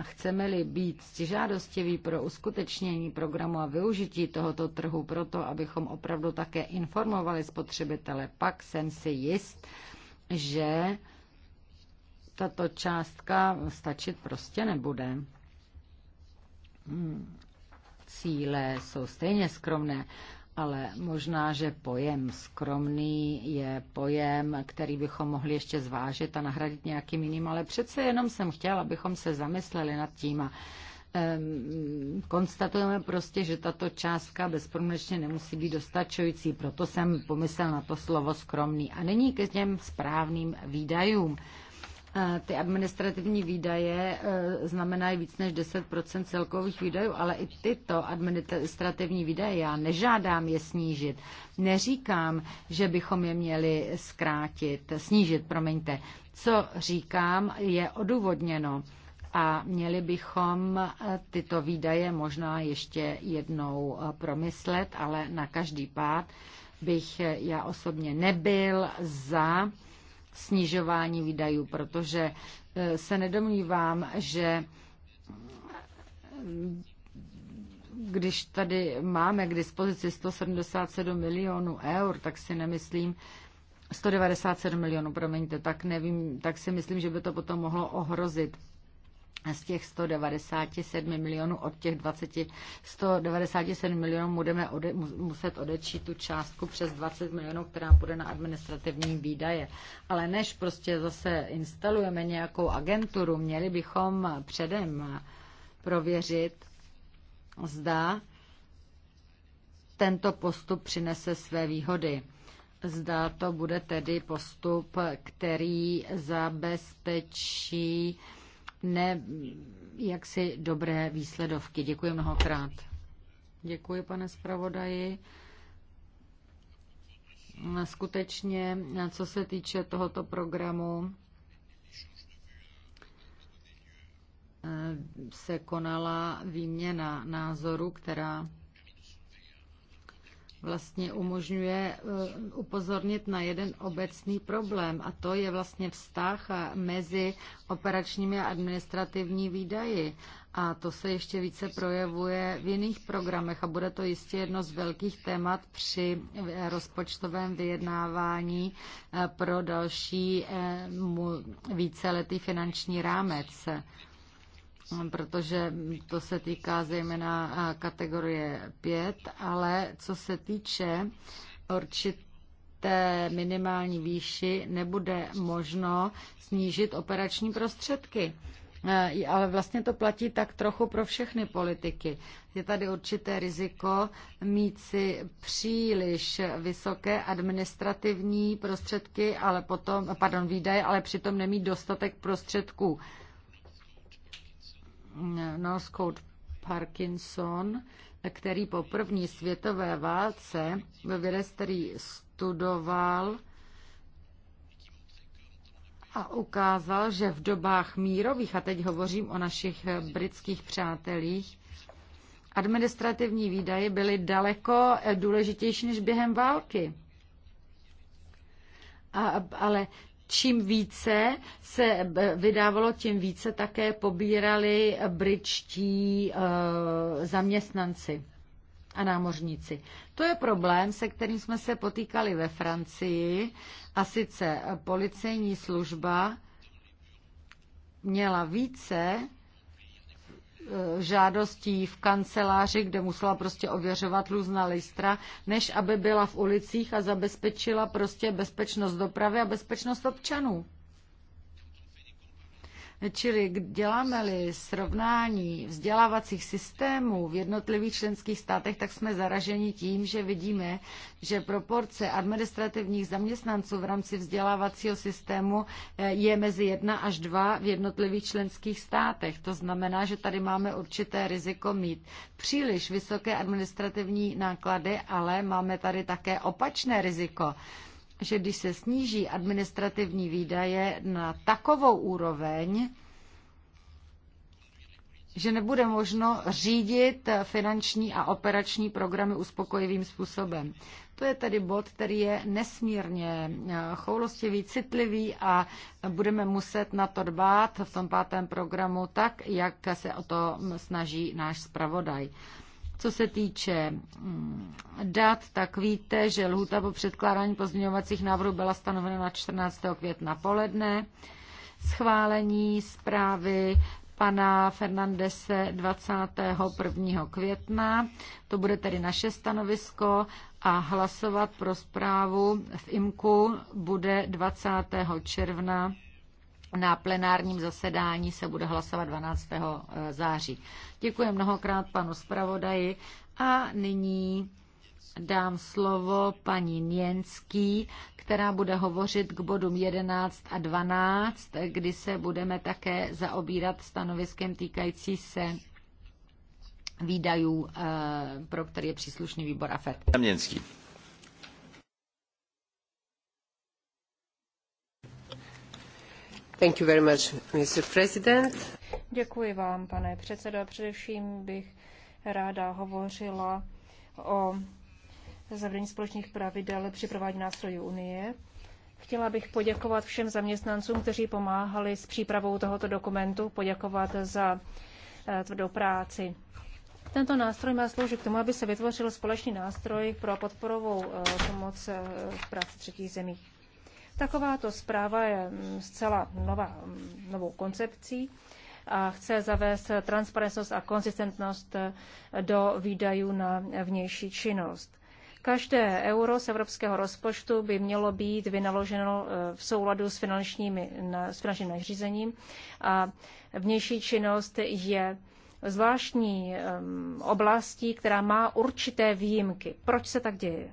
Speaker 4: chceme-li být žádostiví pro uskutečnění programu a využití tohoto trhu proto, abychom opravdu také informovali spotřebitele, pak jsem si jist, že tato částka stačit prostě nebude. Hmm cíle jsou stejně skromné, ale možná, že pojem skromný je pojem, který bychom mohli ještě zvážit a nahradit nějakým jiným, ale přece jenom jsem chtěla, abychom se zamysleli nad tím a um, konstatujeme prostě, že tato částka bezprůmečně nemusí být dostačující, proto jsem pomyslel na to slovo skromný. A není ke těm správným výdajům. Ty administrativní výdaje eh, znamenají víc než 10 celkových výdajů, ale i tyto administrativní výdaje já nežádám je snížit. Neříkám, že bychom je měli zkrátit, snížit, promiňte. Co říkám, je odůvodněno a měli bychom eh, tyto výdaje možná ještě jednou eh, promyslet, ale na každý pád bych já osobně nebyl za snižování výdajů, protože eh, se nedomnívám, že mm, když tady máme k dispozici 177 milionů eur, tak si nemyslím, 197 milionů, promiňte, tak nevím, tak si myslím, že by to potom mohlo ohrozit z těch 197 milionů, od těch 20, 197 milionů budeme ode, muset odečít tu částku přes 20 milionů, která půjde na administrativní výdaje. Ale než prostě zase instalujeme nějakou agenturu, měli bychom předem prověřit, zda tento postup přinese své výhody. Zda to bude tedy postup, který zabezpečí ne jaksi dobré výsledovky. Děkuji mnohokrát. Děkuji, pane zpravodaji. Skutečně, co se týče tohoto programu, eh, se konala výměna názoru, která vlastně umožňuje eh, upozornit na jeden obecný problém a to je vlastně vztah eh, mezi operačními a administrativní výdaji. A to se ještě více projevuje v jiných programech a bude to jistě jedno z velkých témat při eh, rozpočtovém vyjednávání pro další víceletý finanční rámec protože to se týká zejména kategorie 5, ale co se týče určité minimální výši, nebude možno snížit operační prostředky. Ale vlastně to platí tak trochu pro všechny politiky. Je tady určité riziko mít si příliš vysoké administrativní prostředky, ale potom, pardon, výdaje, ale přitom nemít dostatek prostředků Northcote Parkinson, který po první světové válce ve Vědestří studoval a ukázal, že v dobách mírových, a teď hovořím o našich britských přátelích, administrativní výdaje byly daleko důležitější než během války. A, ale čím více se vydávalo, tím více také pobírali bričtí eh, zaměstnanci a námořníci. To je problém, se kterým jsme se potýkali ve Francii, a sice policejní služba měla více žádostí v kanceláři, kde musela prostě ověřovat různá listra, než aby byla v ulicích a zabezpečila prostě bezpečnost dopravy a bezpečnost občanů. Čili děláme-li srovnání vzdělávacích systémů v jednotlivých členských státech, tak jsme zaraženi tím, že vidíme, že proporce administrativních zaměstnanců v rámci vzdělávacího systému eh, je mezi jedna až dva v jednotlivých členských státech. To znamená, že tady máme určité riziko mít příliš vysoké administrativní náklady, ale máme tady také opačné riziko že když se sníží administrativní výdaje na takovou úroveň, že nebude možno řídit finanční a operační programy uspokojivým způsobem. To je tedy bod, který je nesmírně eh, choulostivý, citlivý a budeme muset na to dbát v tom pátém programu tak, jak se o to snaží náš zpravodaj. Co se týče mm, dat, tak víte, že lhůta po předkládání pozměňovacích návrhů byla stanovena na 14. května poledne. Schválení zprávy pana Fernandese 21. května. To bude tedy naše stanovisko a hlasovat pro zprávu v IMKU bude 20. června na plenárním zasedání se bude hlasovat 12. Eh, září. Děkuji mnohokrát panu zpravodaji a nyní dám slovo paní Něnský, která bude hovořit k bodům 11 a 12, kdy se budeme také zaobírat stanoviskem týkající se výdajů, eh, pro který je příslušný výbor AFET.
Speaker 1: Něnský.
Speaker 3: Děkuji vám, pane předsedo. Především bych ráda hovořila o zavedení společných pravidel při provádění nástrojů Unie. Chtěla bych poděkovat všem zaměstnancům, kteří pomáhali s přípravou tohoto dokumentu, poděkovat za eh, tvrdou práci. Tento nástroj má sloužit k tomu, aby se vytvořil společný nástroj pro podporovou eh, pomoc eh, v práci třetích zemích. Takováto zpráva je mm, zcela nová, mm, novou koncepcí a chce zavést transparentnost a konzistentnost eh, do výdajů na vnější činnost. Každé euro z evropského rozpočtu by mělo být vynaloženo eh, v souladu s, finančními, s finančním nařízením a vnější činnost je zvláštní ehm, oblastí, která má určité výjimky. Proč se tak děje?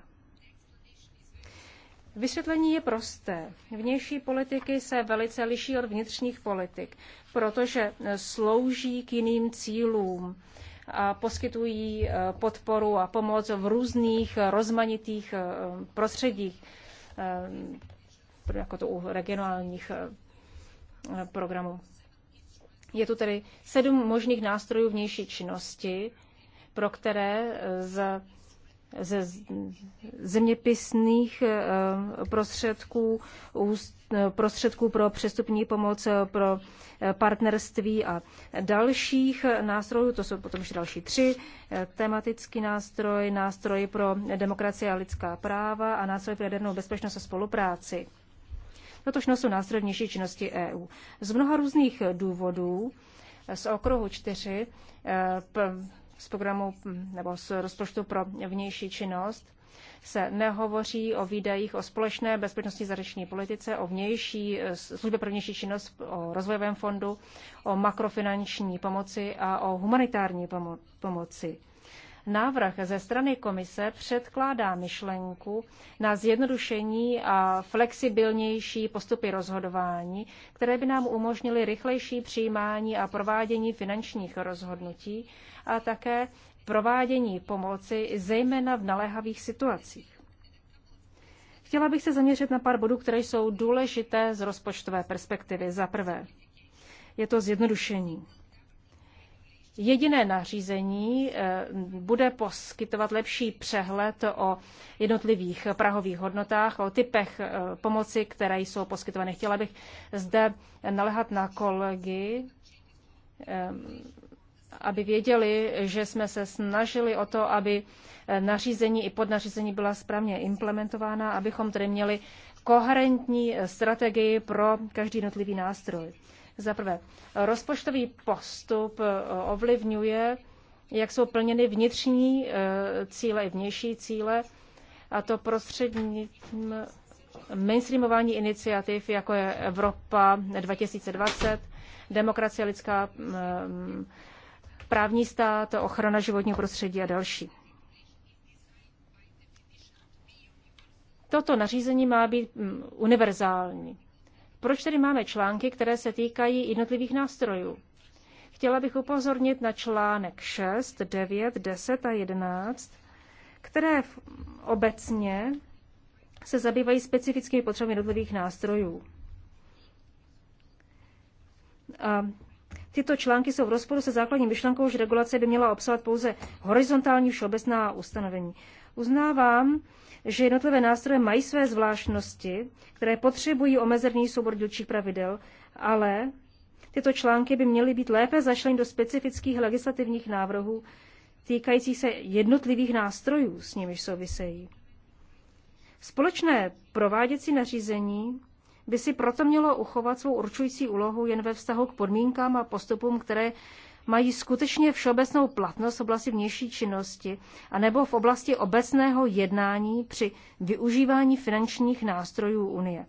Speaker 3: Vysvětlení je prosté. Vnější politiky se velice liší od vnitřních politik, protože slouží k jiným cílům a poskytují eh, podporu a pomoc v různých eh, rozmanitých eh, prostředích, jako to u regionálních programů. Je tu tedy sedm možných nástrojů vnější činnosti, pro které z ze zeměpisných eh, prostředků, prostředků pro přestupní pomoc, eh, pro eh, partnerství a dalších nástrojů. To jsou potom ještě další tři. Tematický nástroj, nástroj pro demokracii a lidská práva a nástroj pro jadernou bezpečnost a spolupráci. všechno jsou nástroje vnější činnosti EU. Z mnoha různých důvodů z okruhu čtyři z programu nebo z rozpočtu pro vnější činnost se nehovoří o výdajích o společné bezpečnostní zahraniční politice, o vnější, službě pro vnější činnost, o rozvojovém fondu, o makrofinanční pomoci a o humanitární pomo- pomoci. Návrh ze strany komise předkládá myšlenku na zjednodušení a flexibilnější postupy rozhodování, které by nám umožnily rychlejší přijímání a provádění finančních rozhodnutí a také provádění pomoci, zejména v naléhavých situacích. Chtěla bych se zaměřit na pár bodů, které jsou důležité z rozpočtové perspektivy. Za prvé, je to zjednodušení. Jediné nařízení eh, bude poskytovat lepší přehled o jednotlivých prahových hodnotách, o typech eh, pomoci, které jsou poskytovány. Chtěla bych zde nalehat na kolegy, eh, aby věděli, že jsme se snažili o to, aby eh, nařízení i podnařízení byla správně implementována, abychom tedy měli koherentní eh, strategii pro každý jednotlivý nástroj. Za prvé, rozpočtový postup eh, ovlivňuje, jak jsou plněny vnitřní cíle i vnější cíle, a to prostřednictvím mainstreamování iniciativ, jako je Evropa 2020, demokracie lidská mm, právní stát, ochrana životního prostředí a další. Toto nařízení má být mm, univerzální. Proč tedy máme články, které se týkají jednotlivých nástrojů? Chtěla bych upozornit na článek 6, 9, 10 a 11, které obecně se zabývají specifickými potřebami jednotlivých nástrojů. A Tyto články jsou v rozporu se základní myšlenkou, že regulace by měla obsahovat pouze horizontální všeobecná ustanovení. Uznávám, že jednotlivé nástroje mají své zvláštnosti, které potřebují omezený soubor dílčích pravidel, ale tyto články by měly být lépe zašleny do specifických legislativních návrhů týkajících se jednotlivých nástrojů, s nimiž souvisejí. Společné prováděcí nařízení by si proto mělo uchovat svou určující úlohu jen ve vztahu k podmínkám a postupům, které mají skutečně všeobecnou platnost v oblasti vnější činnosti anebo v oblasti obecného jednání při využívání finančních nástrojů Unie.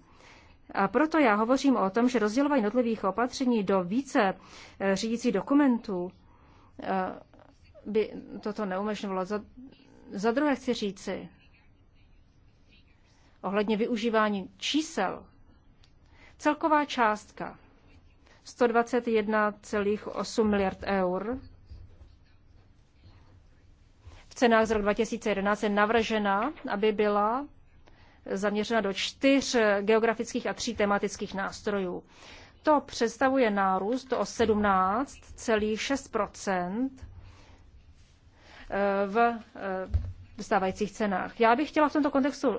Speaker 3: A proto já hovořím o tom, že rozdělování jednotlivých opatření do více eh, řídících dokumentů eh, by toto neumožňovalo. Za, za druhé chci říci, ohledně využívání čísel, Celková částka 121,8 miliard eur v cenách z roku 2011 je navržena, aby byla zaměřena do čtyř geografických a tří tematických nástrojů. To představuje nárůst o 17,6 eh, v eh, stávajících cenách. Já bych chtěla v tomto kontextu eh,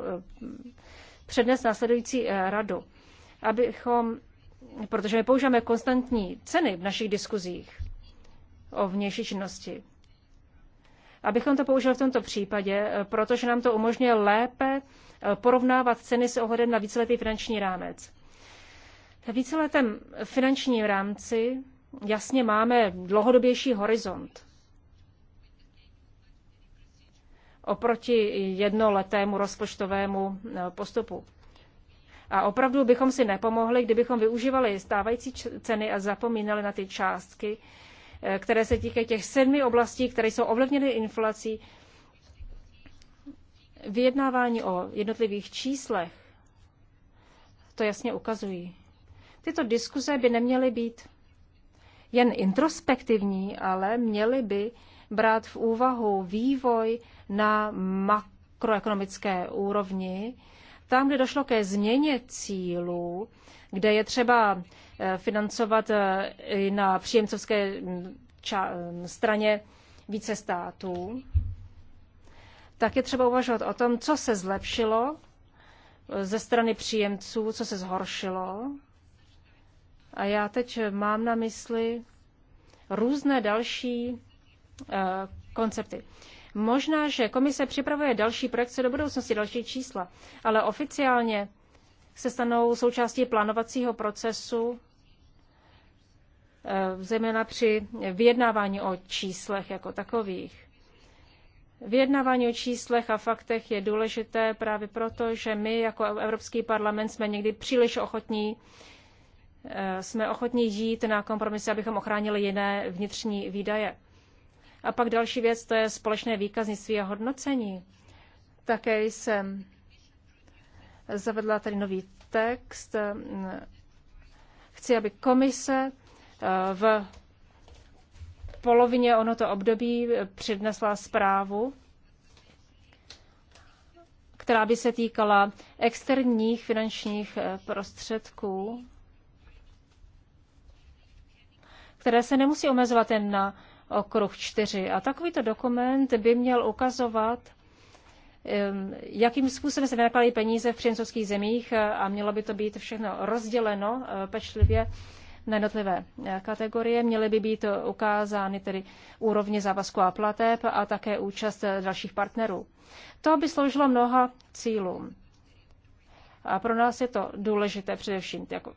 Speaker 3: přednes následující radu abychom, protože my používáme konstantní ceny v našich diskuzích o vnější činnosti, abychom to použili v tomto případě, protože nám to umožňuje lépe eh, porovnávat ceny s ohledem na víceletý finanční rámec. V víceletém finančním rámci jasně máme dlouhodobější horizont oproti jednoletému rozpočtovému eh, postupu. A opravdu bychom si nepomohli, kdybychom využívali stávající ceny a zapomínali na ty částky, eh, které se týkají těch sedmi oblastí, které jsou ovlivněny inflací. Vyjednávání o jednotlivých číslech to jasně ukazují. Tyto diskuze by neměly být jen introspektivní, ale měly by brát v úvahu vývoj na makroekonomické úrovni, tam, kde došlo ke změně cílů, kde je třeba eh, financovat eh, i na příjemcovské mm, mm, straně více států, tak je třeba uvažovat o tom, co se zlepšilo eh, ze strany příjemců, co se zhoršilo. A já teď mám na mysli různé další koncepty. Možná, že komise připravuje další projekce do budoucnosti, další čísla, ale oficiálně se stanou součástí plánovacího procesu, eh, zejména při vyjednávání o číslech jako takových. Vyjednávání o číslech a faktech je důležité právě proto, že my jako Evropský parlament jsme někdy příliš ochotní eh, jsme ochotní jít na kompromisy, abychom ochránili jiné vnitřní výdaje. A pak další věc, to je společné výkaznictví a hodnocení. Také jsem zavedla tady nový text. Chci, aby komise eh, v polovině onoto období eh, přednesla zprávu, která by se týkala externích finančních eh, prostředků, které se nemusí omezovat jen na okruh 4. A takovýto dokument by měl ukazovat, jakým způsobem se vynakládají peníze v příjemcovských zemích eh, a mělo by to být všechno rozděleno eh, pečlivě na jednotlivé eh, kategorie. Měly by být ukázány tedy úrovně závazku a plateb a také účast dalších partnerů. To by sloužilo mnoha cílům. A pro nás je to důležité především jako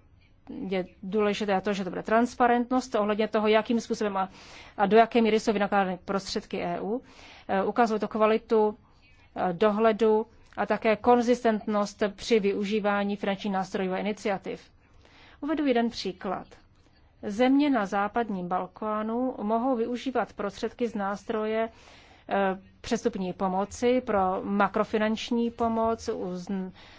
Speaker 3: je důležité to, že to bude transparentnost ohledně toho, jakým způsobem a, a do jaké míry jsou vynakládány prostředky EU. E, ukazuje to kvalitu e, dohledu a také konzistentnost při využívání finančních nástrojů a iniciativ. Uvedu jeden příklad. Země na západním Balkánu mohou využívat prostředky z nástroje e, přestupní pomoci, pro makrofinanční pomoc,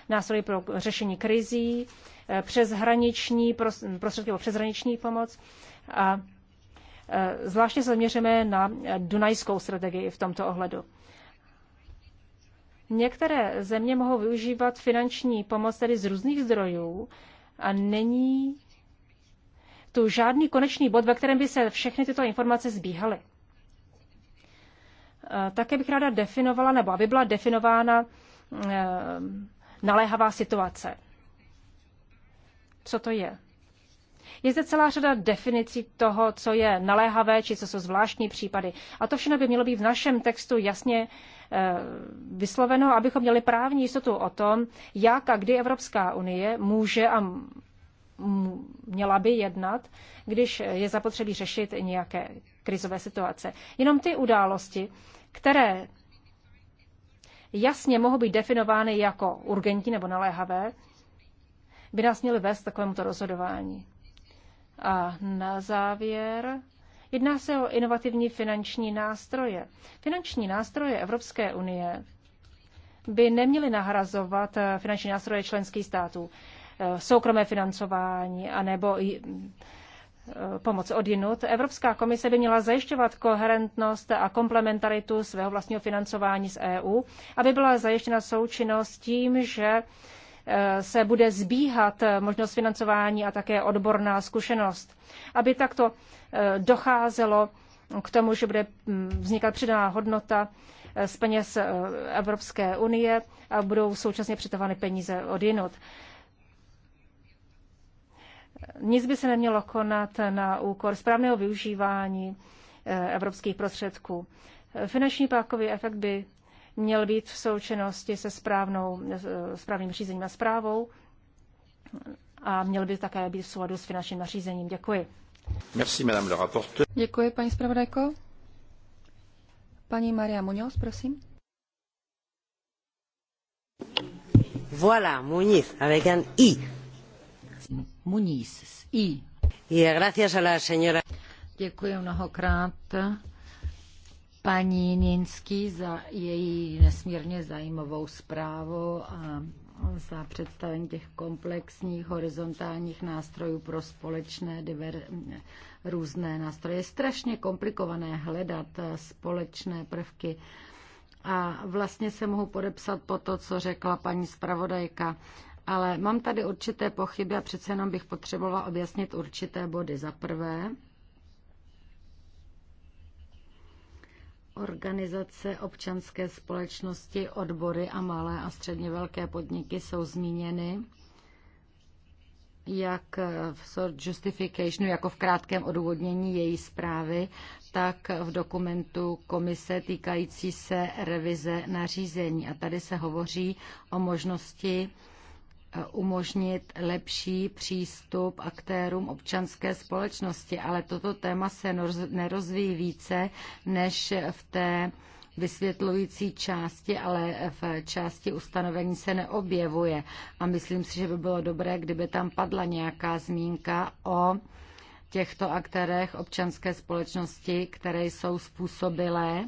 Speaker 3: nástroje pro řešení krizí, eh, přeshraniční prostředky pro přeshraniční pomoc a eh, zvláště se zaměříme na eh, dunajskou strategii v tomto ohledu. Některé země mohou využívat finanční pomoc tedy z různých zdrojů a není tu žádný konečný bod, ve kterém by se všechny tyto informace zbíhaly. Eh, také bych ráda definovala, nebo aby byla definována eh, naléhavá situace. Co to je? Je zde celá řada definicí toho, co je naléhavé, či co jsou zvláštní případy. A to všechno by mělo být v našem textu jasně eh, vysloveno, abychom měli právní jistotu o tom, jak a kdy Evropská unie může a měla by jednat, když je zapotřebí řešit nějaké krizové situace. Jenom ty události, které jasně mohou být definovány jako urgentní nebo naléhavé, by nás měly vést takovémuto rozhodování. A na závěr jedná se o inovativní finanční nástroje. Finanční nástroje Evropské unie by neměly nahrazovat finanční nástroje členských států. Eh, soukromé financování anebo eh, pomoc odinut. Evropská komise by měla zajišťovat koherentnost a komplementaritu svého vlastního financování z EU, aby byla zajištěna součinnost tím, že eh, se bude zbíhat možnost financování a také odborná zkušenost. Aby takto docházelo k tomu, že bude mm, vznikat přidaná hodnota z peněz Evropské unie a budou současně přitovány peníze od jinot. Nic by se nemělo konat na úkor správného využívání eh, evropských prostředků. Finanční pákový efekt by měl být v součinnosti se správnou, eh, správným řízením a zprávou a měl by také být v souladu s finančním nařízením. Děkuji.
Speaker 1: Merci, madame la
Speaker 3: Děkuji, paní zpravodajko. Paní Maria Muñoz, prosím.
Speaker 4: Voilà, Muñiz, avec un I. Muniz z I. Děkuji mnohokrát paní Ninský za její nesmírně zajímavou zprávu a za představení těch komplexních horizontálních nástrojů pro společné diver, různé nástroje. Je strašně komplikované hledat společné prvky. A vlastně se mohu podepsat po to, co řekla paní zpravodajka. Ale mám tady určité pochyby a přece jenom bych potřebovala objasnit určité body. Za prvé, organizace občanské společnosti, odbory a malé a středně velké podniky jsou zmíněny jak v justificationu, jako v krátkém odůvodnění její zprávy, tak v dokumentu komise týkající se revize nařízení. A tady se hovoří o možnosti umožnit lepší přístup aktérům občanské společnosti, ale toto téma se nerozvíjí více než v té vysvětlující části, ale v části ustanovení se neobjevuje. A myslím si, že by bylo dobré, kdyby tam padla nějaká zmínka o těchto aktérech občanské společnosti, které jsou způsobilé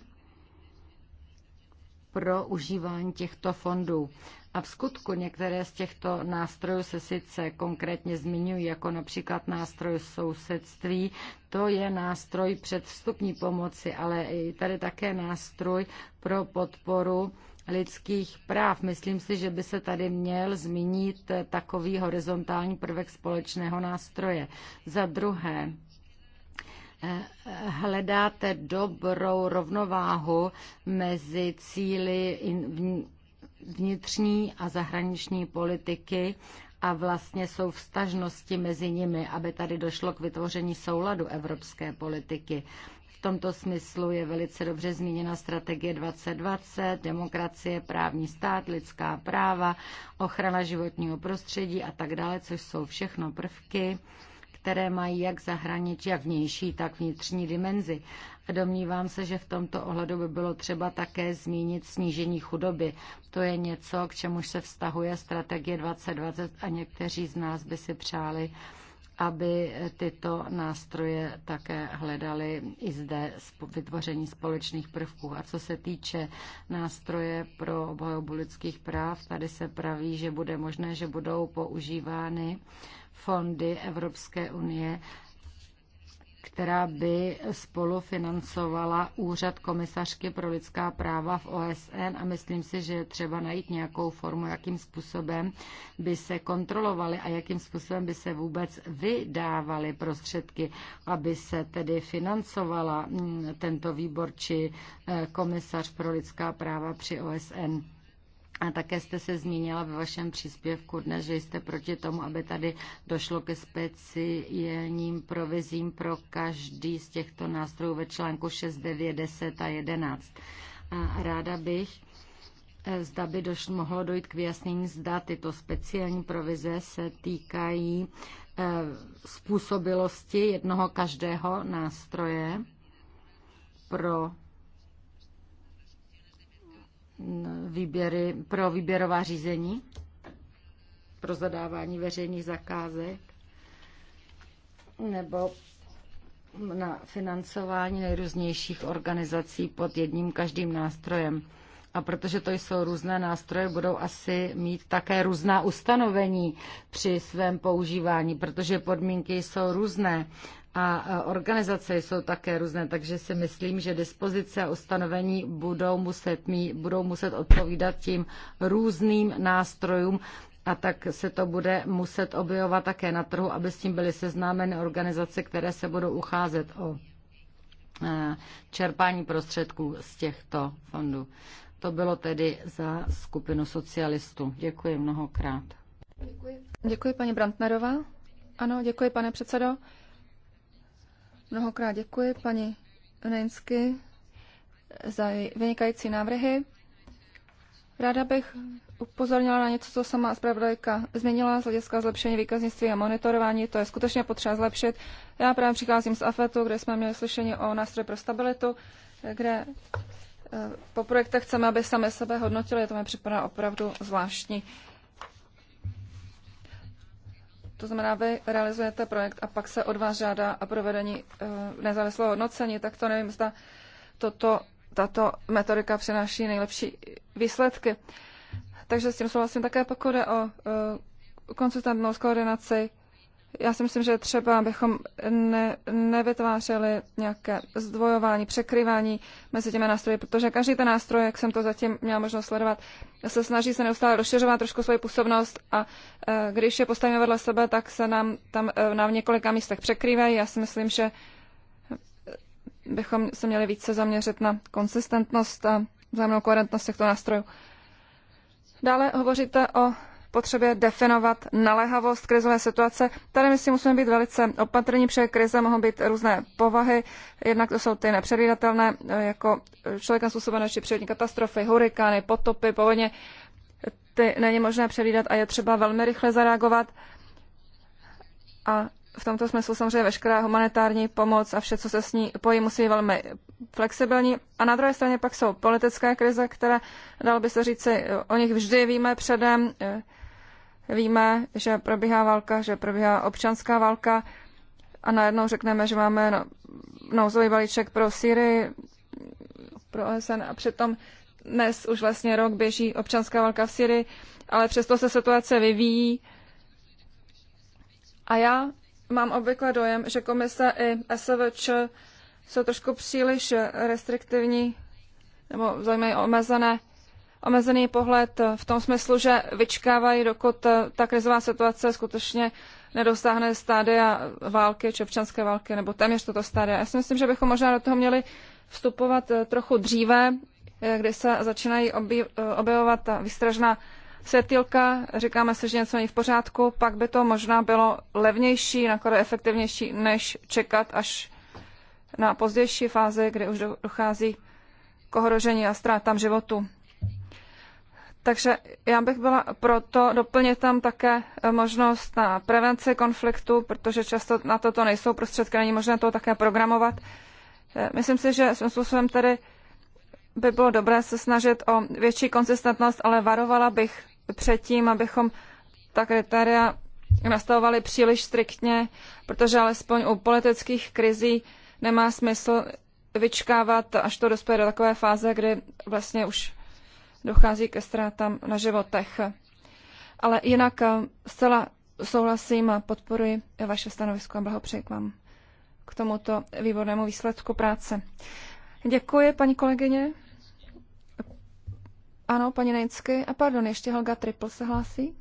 Speaker 4: pro užívání těchto fondů. A v skutku některé z těchto nástrojů se sice konkrétně zmiňují, jako například nástroj sousedství, to je nástroj předvstupní pomoci, ale i tady také nástroj pro podporu lidských práv. Myslím si, že by se tady měl zmínit takový horizontální prvek společného nástroje. Za druhé, eh, hledáte dobrou rovnováhu mezi cíly vnitřní a zahraniční politiky a vlastně jsou vztažnosti mezi nimi, aby tady došlo k vytvoření souladu evropské politiky. V tomto smyslu je velice dobře zmíněna strategie 2020, demokracie, právní stát, lidská práva, ochrana životního prostředí a tak dále, což jsou všechno prvky, které mají jak zahraniční, jak vnější, tak vnitřní dimenzi. Domnívám se, že v tomto ohledu by bylo třeba také zmínit snížení chudoby. To je něco, k čemuž se vztahuje strategie 2020 a někteří z nás by si přáli, aby tyto nástroje také hledali i zde vytvoření společných prvků. A co se týče nástroje pro obhajobu lidských práv, tady se praví, že bude možné, že budou používány fondy Evropské unie která by spolufinancovala úřad komisařky pro lidská práva v OSN a myslím si, že je třeba najít nějakou formu, jakým způsobem by se kontrolovaly a jakým způsobem by se vůbec vydávaly prostředky, aby se tedy financovala mm, tento výbor či eh, komisař pro lidská práva při OSN. A také jste se zmínila ve vašem příspěvku dnes, že jste proti tomu, aby tady došlo ke speciálním provizím pro každý z těchto nástrojů ve článku 6, 9, 10 a 11. A ráda bych, eh, zda by došlo mohlo dojít k vyjasnění, zda tyto speciální provize se týkají eh, způsobilosti jednoho každého nástroje pro výběry, pro výběrová řízení, pro zadávání veřejných zakázek nebo na financování nejrůznějších organizací pod jedním každým nástrojem. A protože to jsou různé nástroje, budou asi mít také různá ustanovení při svém používání, protože podmínky jsou různé a e, organizace jsou také různé, takže si myslím, že dispozice a ustanovení budou muset, mít, budou muset odpovídat tím různým nástrojům, a tak se to bude muset objevovat také na trhu, aby s tím byly seznámeny organizace, které se budou ucházet o e, čerpání prostředků z těchto fondů. To bylo tedy za skupinu socialistů. Děkuji mnohokrát.
Speaker 2: Děkuji. Děkuji paní Brantnerová. Ano, děkuji pane předsedo. Mnohokrát děkuji paní Nensky za její vynikající návrhy. Ráda bych upozornila na něco, co sama zpravodajka změnila z hlediska zlepšení výkaznictví a monitorování. To je skutečně potřeba zlepšit. Já právě přicházím z AFETu, kde jsme měli slyšení o nástroji pro stabilitu, kde eh, po projektech chceme, aby sami sebe hodnotili. To mi připadá opravdu zvláštní. To znamená, vy realizujete projekt a pak se od vás žádá a provedení eh, nezávislého hodnocení, tak to nevím, zda toto, tato metodika přináší nejlepší výsledky. Takže s tím souhlasím také, pokud jde o eh, konzistentnou koordinaci já si myslím, že třeba, bychom ne, nevytvářeli nějaké zdvojování, překryvání mezi těmi nástroji, protože každý ten nástroj, jak jsem to zatím měla možnost sledovat, se snaží se neustále rozšiřovat trošku svoji působnost a e, když je postavíme vedle sebe, tak se nám tam e, na několika místech překrývají. Já si myslím, že bychom se měli více zaměřit na konsistentnost a vzájemnou koherentnost těchto nástrojů. Dále hovoříte o potřebuje definovat naléhavost krizové situace. Tady my si musíme být velice opatrní, protože krize mohou být různé povahy. Jednak to jsou ty nepředvídatelné, jako člověkem způsobené či přírodní katastrofy, hurikány, potopy, povodně. Ty není možné předvídat a je třeba velmi rychle zareagovat. A v tomto smyslu samozřejmě veškerá humanitární pomoc a vše, co se s ní pojí, musí být velmi flexibilní. A na druhé straně pak jsou politické krize, které, dalo by se říci, o nich vždy víme předem, Víme, že probíhá válka, že probíhá občanská válka a najednou řekneme, že máme no, nouzový balíček pro Syrii, pro OSN a přitom dnes už vlastně rok běží občanská válka v Syrii, ale přesto se situace vyvíjí. A já mám obvykle dojem, že komise i SVČ jsou trošku příliš restriktivní nebo zajímají omezené omezený pohled eh, v tom smyslu, že vyčkávají, dokud eh, ta krizová situace skutečně nedosáhne stádia války či občanské války, nebo téměř toto stádia. Já si myslím, že bychom možná do toho měli vstupovat eh, trochu dříve, kdy se začínají objevovat ta výstražná světilka, říkáme se, že něco není v pořádku, pak by to možná bylo levnější, nakonec efektivnější, než čekat až na pozdější fázi, kdy už dochází k ohrožení a ztrátám životu. Takže já bych byla proto doplnit tam také eh, možnost na prevenci konfliktu, protože často na toto nejsou prostředky, není možné to také programovat. Eh, myslím si, že svým způsobem tedy by bylo dobré se snažit o větší konzistentnost, ale varovala bych předtím, abychom ta kritéria nastavovali příliš striktně, protože alespoň u politických krizí nemá smysl vyčkávat, až to dospěje do takové fáze, kdy vlastně už dochází ke ztrátám na životech. Ale jinak eh, zcela souhlasím a podporuji vaše stanovisko a blahopřeji k vám k tomuto výbornému výsledku práce. Děkuji, paní kolegyně. Ano, paní Nejcky. A pardon, ještě Helga Triple se hlásí.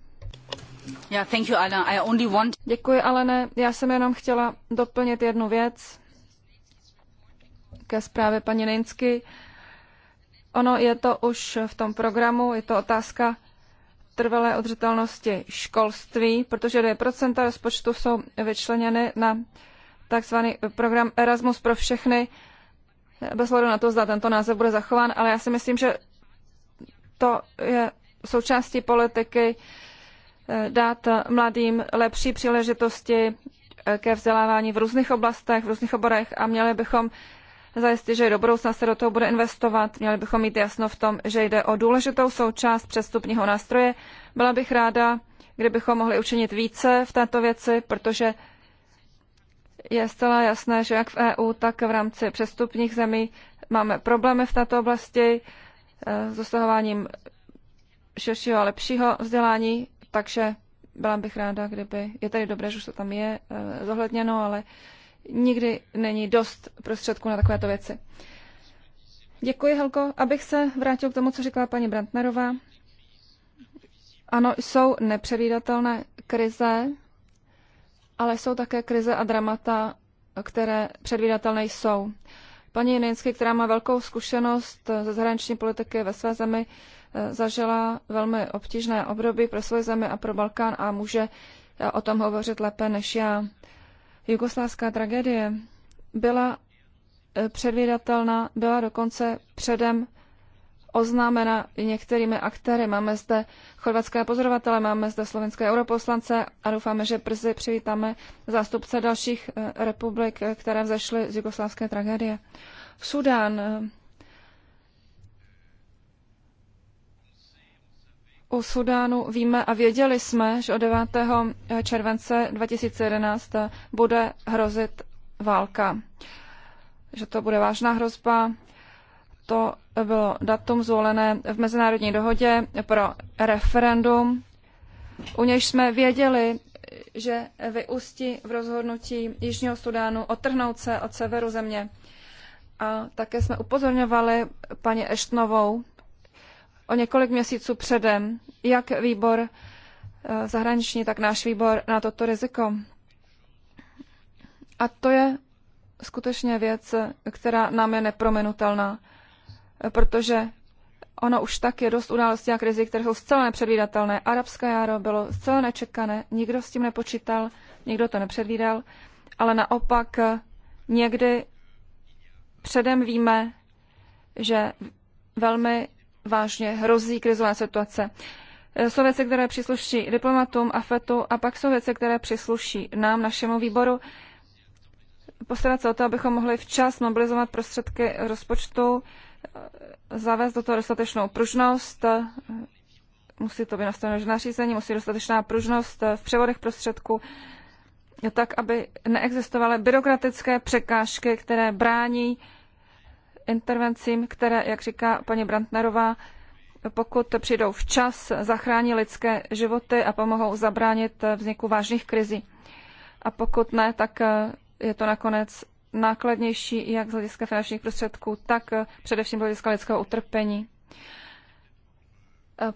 Speaker 2: Yeah, thank you, Anna. I only want... Děkuji, Alene. Já jsem jenom chtěla doplnit jednu věc ke zprávě paní Nejcky. Uh, Ono je to už v tom programu, je to otázka trvalé odřetelnosti školství, protože 2% rozpočtu jsou vyčleněny na takzvaný program Erasmus pro všechny, bez hledu na to, zda tento název bude zachován, ale já si myslím, že to je součástí politiky eh, dát mladým lepší příležitosti eh, ke vzdělávání v různých oblastech, v různých oborech a měli bychom zajistit, že do budoucna se do toho bude investovat. Měli bychom mít jasno v tom, že jde o důležitou součást přestupního nástroje. Byla bych ráda, kdybychom mohli učinit více v této věci, protože je zcela jasné, že jak v EU, tak v rámci přestupních zemí máme problémy v této oblasti eh, s dosahováním širšího a lepšího vzdělání, takže byla bych ráda, kdyby, je tady dobré, že už to tam je eh, zohledněno, ale nikdy není dost prostředků na takovéto věci. Děkuji, Helko. Abych se vrátil k tomu, co říkala paní Brantnerová. Ano, jsou nepředvídatelné krize, ale jsou také krize a dramata, které předvídatelné jsou. Paní Jeninsky, která má velkou zkušenost ze zahraniční politiky ve své zemi, eh, zažila velmi obtížné období pro svoje zemi a pro Balkán a může o tom hovořit lépe než já jugoslávská tragédie byla eh, předvídatelná, byla dokonce předem oznámena některými aktéry. Máme zde chorvatské pozorovatele, máme zde slovenské europoslance a doufáme, že brzy přivítáme zástupce dalších eh, republik, eh, které vzešly z jugoslávské tragédie. Sudán, u Sudánu víme a věděli jsme, že od 9. července 2011 bude hrozit válka. Že to bude vážná hrozba. To bylo datum zvolené v mezinárodní dohodě pro referendum, u něž jsme věděli, že vyústí v rozhodnutí Jižního Sudánu otrhnout se od severu země. A také jsme upozorňovali paní Eštnovou o několik měsíců předem, jak výbor eh, zahraniční, tak náš výbor na toto riziko. A to je skutečně věc, která nám je neprominutelná, eh, protože ono už tak je dost událostí a krizi, které jsou zcela nepředvídatelné. Arabské jaro bylo zcela nečekané, nikdo s tím nepočítal, nikdo to nepředvídal, ale naopak eh, někdy předem víme, že velmi vážně hrozí krizová situace. Eh, jsou věci, které přísluší diplomatům, FETu a pak jsou věci, které přísluší nám, našemu výboru. Postarat se o to, abychom mohli včas mobilizovat prostředky rozpočtu, eh, zavést do toho dostatečnou pružnost, eh, musí to být nastaveno nařízení, musí dostatečná pružnost v převodech prostředků, tak, aby neexistovaly byrokratické překážky, které brání intervencím, které, jak říká paní Brantnerová, pokud přijdou včas, zachrání lidské životy a pomohou zabránit vzniku vážných krizí. A pokud ne, tak eh, je to nakonec nákladnější jak z hlediska finančních prostředků, tak eh, především z hlediska lidského utrpení. Eh,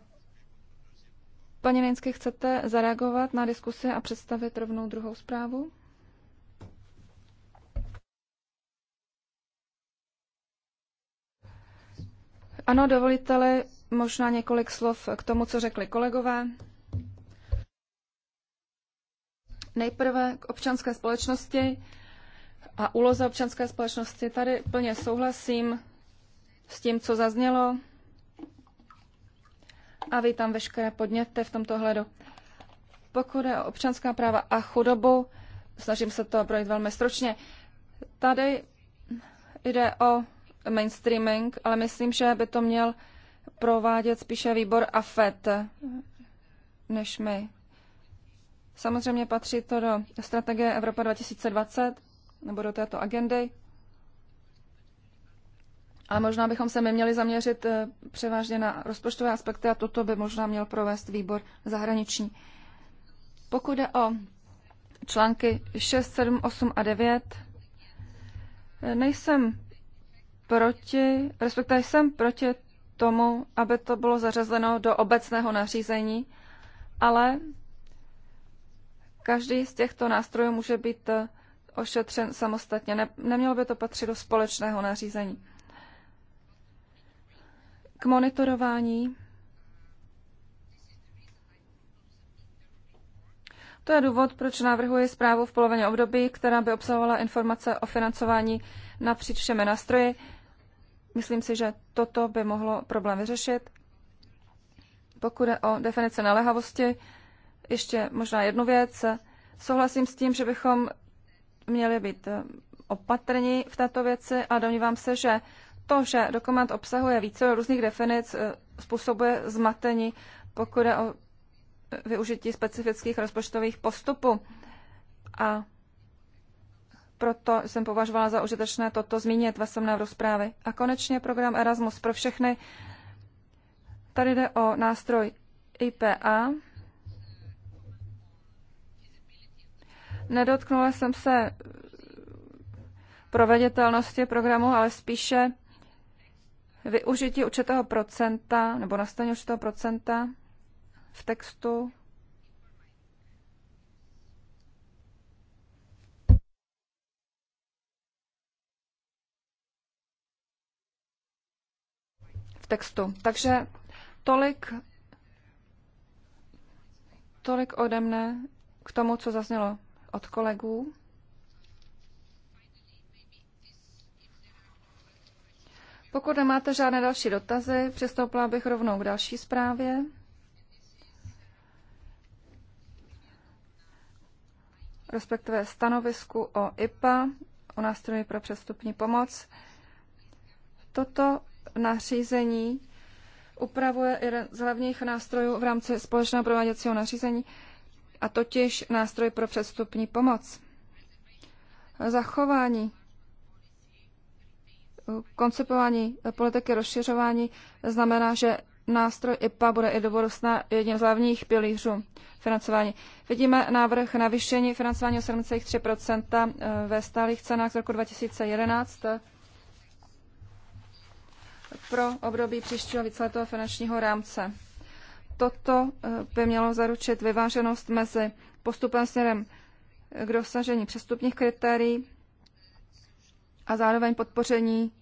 Speaker 2: paní Nejnsky, chcete zareagovat na diskusi a představit rovnou druhou zprávu? Ano, dovolíte-li možná několik slov k tomu, co řekli kolegové. Nejprve k občanské společnosti a úloze občanské společnosti. Tady plně souhlasím s tím, co zaznělo a vítám veškeré podněty v tomto hledu. Pokud je o občanská práva a chudobu, snažím se to projít velmi stručně. Tady jde o mainstreaming, ale myslím, že by to měl provádět spíše výbor AFET než my. Samozřejmě patří to do strategie Evropa 2020 nebo do této agendy. Ale možná bychom se my měli zaměřit eh, převážně na rozpočtové aspekty a toto by možná měl provést výbor zahraniční. Pokud jde o články 6, 7, 8 a 9, eh, nejsem proti, respektive jsem proti tomu, aby to bylo zařazeno do obecného nařízení, ale každý z těchto nástrojů může být eh, ošetřen samostatně. Ne, nemělo by to patřit do společného nařízení. K monitorování. To je důvod, proč navrhuji zprávu v polovině období, která by obsahovala informace o financování napříč všemi nástroji. Myslím si, že toto by mohlo problém vyřešit. Pokud je o definici naléhavosti, ještě možná jednu věc. Souhlasím s tím, že bychom měli být eh, opatrní v této věci a domnívám se, že to, že dokument obsahuje více různých definic, eh, způsobuje zmatení, pokud je o eh, využití specifických rozpočtových postupů. A proto jsem považovala za užitečné toto zmínit ve svém návrhu zprávy. A konečně program Erasmus pro všechny. Tady jde o nástroj IPA. Nedotknula jsem se proveditelnosti programu, ale spíše využití určitého procenta nebo nastavení určitého procenta v textu textu. Takže tolik, tolik ode mne k tomu, co zaznělo od kolegů. Pokud nemáte žádné další dotazy, přistoupila bych rovnou k další zprávě. respektive stanovisku o IPA, o nástroji pro přestupní pomoc. Toto nařízení upravuje jeden z hlavních nástrojů v rámci společného prováděcího nařízení, a totiž nástroj pro předstupní pomoc. Zachování koncepování politiky rozšiřování znamená, že nástroj IPA bude i do budoucna jedním z hlavních pilířů financování. Vidíme návrh navýšení financování o 7,3 eh, ve stálých cenách z roku 2011 pro období příštího víceletého finančního rámce. Toto eh, by mělo zaručit vyváženost mezi postupem směrem eh, k dosažení přestupních kritérií a zároveň podpoření,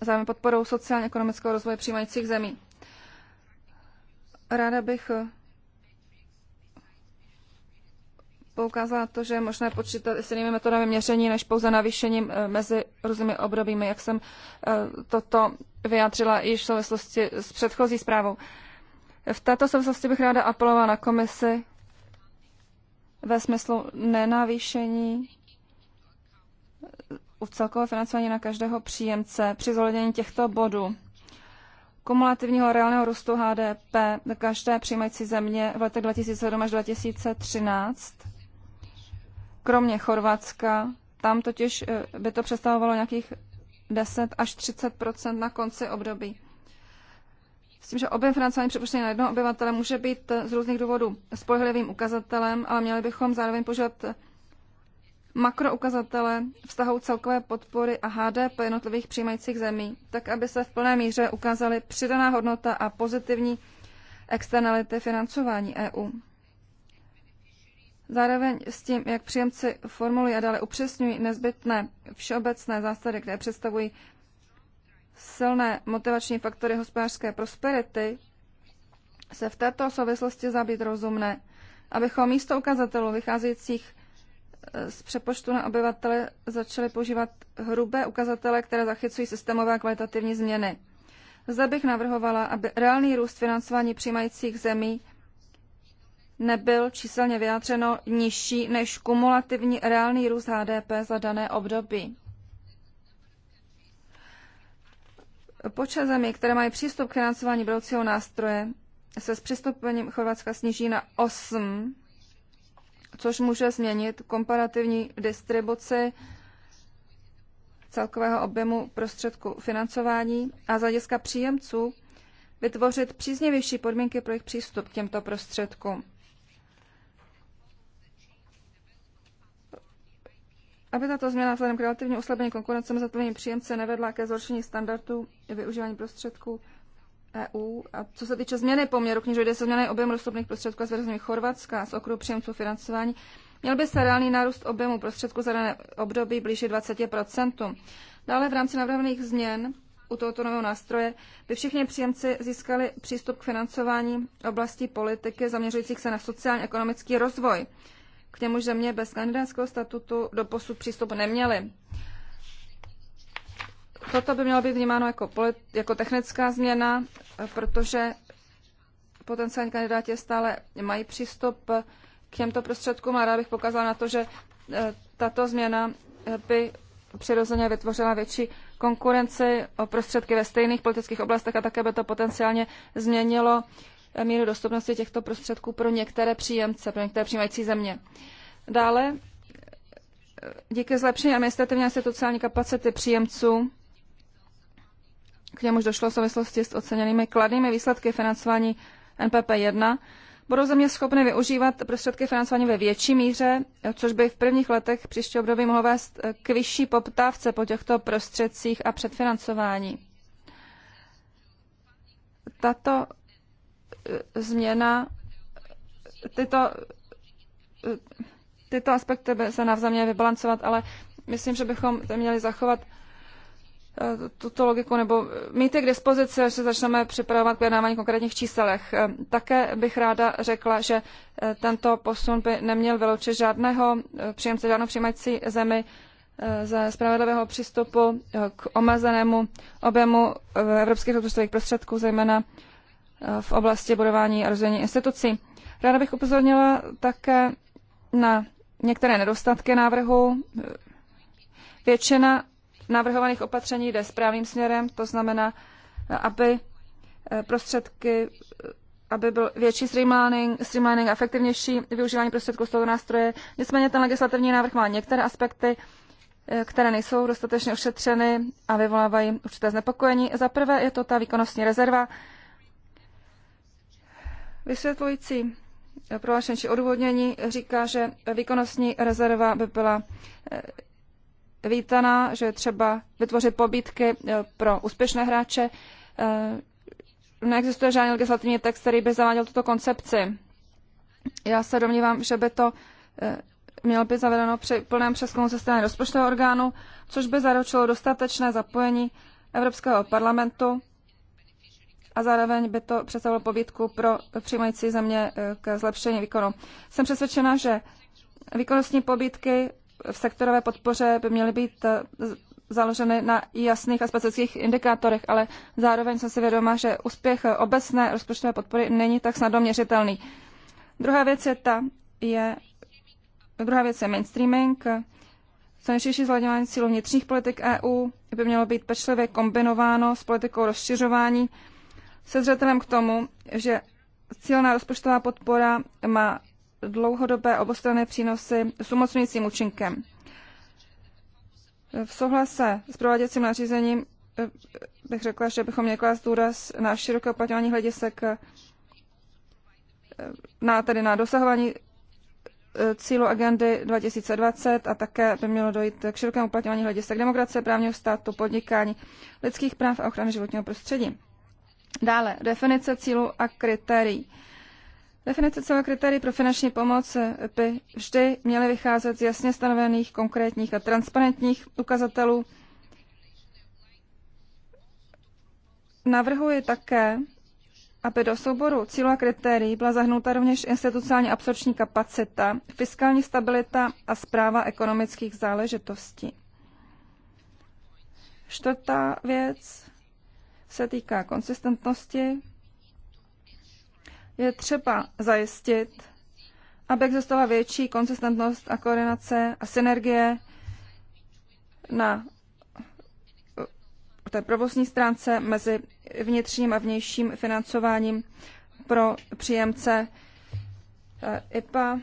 Speaker 2: zároveň podporou sociálně-ekonomického rozvoje přijímajících zemí. Ráda bych eh, poukázala na to, že je možné počítat s jinými metodami měření než pouze navýšením eh, mezi různými obdobími, jak jsem eh, toto vyjádřila již v souvislosti s předchozí zprávou. V této souvislosti bych ráda apelovala na komisi ve smyslu nenavýšení eh, u celkové financování na každého příjemce při zohlednění těchto bodů kumulativního reálného růstu HDP každé přijímající země v letech 2007 až 2013 kromě Chorvatska. Tam totiž eh, by to představovalo nějakých 10 až 30 na konci období. S tím, že objem financování přepuštění na jednoho obyvatele může být eh, z různých důvodů spolehlivým ukazatelem, ale měli bychom zároveň požadovat eh, makroukazatele vztahou celkové podpory a HDP jednotlivých přijímajících zemí, tak aby se v plné míře ukázaly přidaná hodnota a pozitivní externality financování EU. Zároveň s tím, jak příjemci formulují a dále upřesňují nezbytné všeobecné zásady, které představují silné motivační faktory hospodářské prosperity, se v této souvislosti zabít rozumné, abychom místo ukazatelů vycházejících eh, z přepočtu na obyvatele začali používat hrubé ukazatele, které zachycují systémové a kvalitativní změny. Zde bych navrhovala, aby reálný růst financování přijímajících zemí nebyl číselně vyjádřeno nižší než kumulativní reálný růst HDP za dané období. Počet zemí, které mají přístup k financování budoucího nástroje, se s přistoupením Chorvatska sníží na 8, což může změnit komparativní distribuci celkového objemu prostředku financování a z hlediska příjemců vytvořit příznivější podmínky pro jejich přístup k těmto prostředkům. Aby tato změna vzhledem k relativně oslabení konkurence mezi zatvoreným příjemce nevedla ke zhoršení standardu využívání prostředků EU. A co se týče změny poměru, níž jde se změny objemu dostupných prostředků a zveřejnění Chorvatska z okruhu příjemců financování, měl by se reálný nárůst objemu prostředků za dané období blíže 20 Dále v rámci navrhovaných změn u tohoto nového nástroje by všichni příjemci získali přístup k financování oblasti politiky zaměřujících se na sociálně-ekonomický rozvoj k němuž země bez kandidátského statutu do posud přístup neměly. Toto by mělo být vnímáno jako, jako technická změna, protože potenciální kandidáti stále mají přístup k těmto prostředkům a rád bych pokázala na to, že e, tato změna e, by přirozeně vytvořila větší konkurenci o prostředky ve stejných politických oblastech a také by to potenciálně změnilo míru dostupnosti těchto prostředků pro některé příjemce, pro některé přijímající země. Dále, díky zlepšení administrativní a sociální kapacity příjemců, k němuž došlo v souvislosti s oceněnými kladnými výsledky financování NPP 1, budou země schopny využívat prostředky financování ve větší míře, což by v prvních letech příštího období mohlo vést k vyšší poptávce po těchto prostředcích a předfinancování. Tato změna tyto, tyto aspekty by se měly vybalancovat, ale myslím, že bychom měli zachovat eh, tuto logiku, nebo mít je k dispozici, až se začneme připravovat k vyjednávání konkrétních číselech. Eh, také bych ráda řekla, že eh, tento posun by neměl vyloučit žádného příjemce, žádnou přijímající zemi ze spravedlivého přístupu k omezenému objemu evropských rozpočtových prostředků, zejména v oblasti budování a rozvíjení institucí. Ráda bych upozornila také na některé nedostatky návrhu. Většina navrhovaných opatření jde správným směrem, to znamená, aby eh, prostředky, eh, aby byl větší streamlining, streamlining efektivnější využívání prostředků z tohoto nástroje. Nicméně ten legislativní návrh má některé aspekty, eh, které nejsou dostatečně ošetřeny a vyvolávají určité znepokojení. Za prvé je to ta výkonnostní rezerva, Vysvětlující prohlášení či odůvodnění říká, že výkonnostní rezerva by byla eh, vítaná, že je třeba vytvořit pobídky eh, pro úspěšné hráče. Eh, neexistuje žádný legislativní text, který by zaváděl tuto koncepci. Já se domnívám, že by to mělo být zavedeno při plném přeskumu ze strany rozpočtového orgánu, což by zaručilo dostatečné zapojení Evropského parlamentu a zároveň by to představilo povídku pro přijímající země eh, k zlepšení výkonu. Jsem přesvědčena, že výkonnostní pobytky v sektorové podpoře by měly být eh, založeny na jasných a specifických indikátorech, ale zároveň jsem si vědoma, že úspěch eh, obecné rozpočtové podpory není tak snadno měřitelný. Druhá věc je ta, je, druhá věc je mainstreaming, co nejširší zladěvání cílů vnitřních politik EU by mělo být pečlivě kombinováno s politikou rozšiřování se zřetelem k tomu, že cílná rozpočtová podpora má dlouhodobé obostranné přínosy s umocňujícím účinkem. V souhlase s prováděcím nařízením eh, bych řekla, že bychom měli klást důraz na široké uplatňování hledisek, eh, na, tedy na dosahování eh, cílu agendy 2020 a také by mělo dojít k širokému uplatňování hledisek demokracie, právního státu, podnikání, lidských práv a ochrany životního prostředí. Dále, definice cílů a kritérií. Definice cílů a kritérií pro finanční pomoc by vždy měly vycházet z jasně stanovených, konkrétních a transparentních ukazatelů. Navrhuji také, aby do souboru cílů a kritérií byla zahrnuta rovněž institucionální absorpční kapacita, fiskální stabilita a zpráva ekonomických záležitostí. Čtvrtá věc se týká konsistentnosti. Je třeba zajistit, aby existovala větší konsistentnost a koordinace a synergie na té provozní stránce mezi vnitřním a vnějším financováním pro příjemce eh, IPA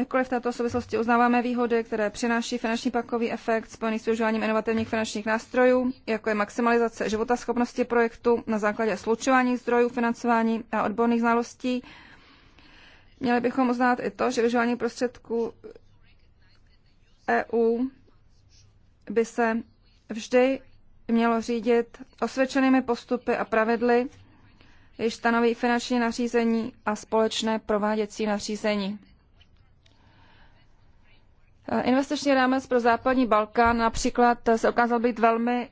Speaker 2: Jakkoliv v této souvislosti uznáváme výhody, které přináší finanční pakový efekt spojený s využíváním inovativních finančních nástrojů, jako je maximalizace životaschopnosti projektu na základě slučování zdrojů financování a odborných znalostí, měli bychom uznat i to, že využívání prostředků EU by se vždy mělo řídit osvědčenými postupy a pravidly, jež stanoví finanční nařízení a společné prováděcí nařízení. Eh, investiční rámec pro západní Balkán například eh, se ukázal být velmi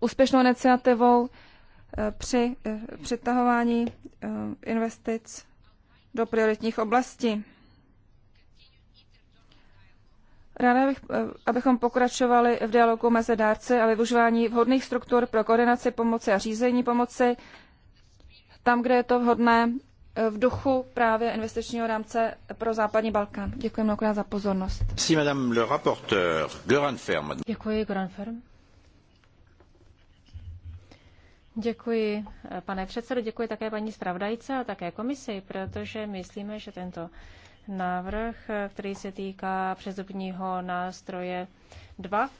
Speaker 2: úspěšnou iniciativou eh, při přitahování investic do prioritních oblastí. Ráda bych, abychom pokračovali v dialogu mezi dárci a využívání vhodných struktur pro koordinaci pomoci a řízení pomoci tam, kde je to vhodné v duchu právě investičního rámce pro západní Balkán. Děkuji mnohokrát za pozornost.
Speaker 1: Si, madame le rapporteur, Göran
Speaker 3: Děkuji, Göran Děkuji, pane předsedo, děkuji také paní zpravodajce a také komisi, protože myslíme, že tento návrh, který se týká přezubního nástroje 2,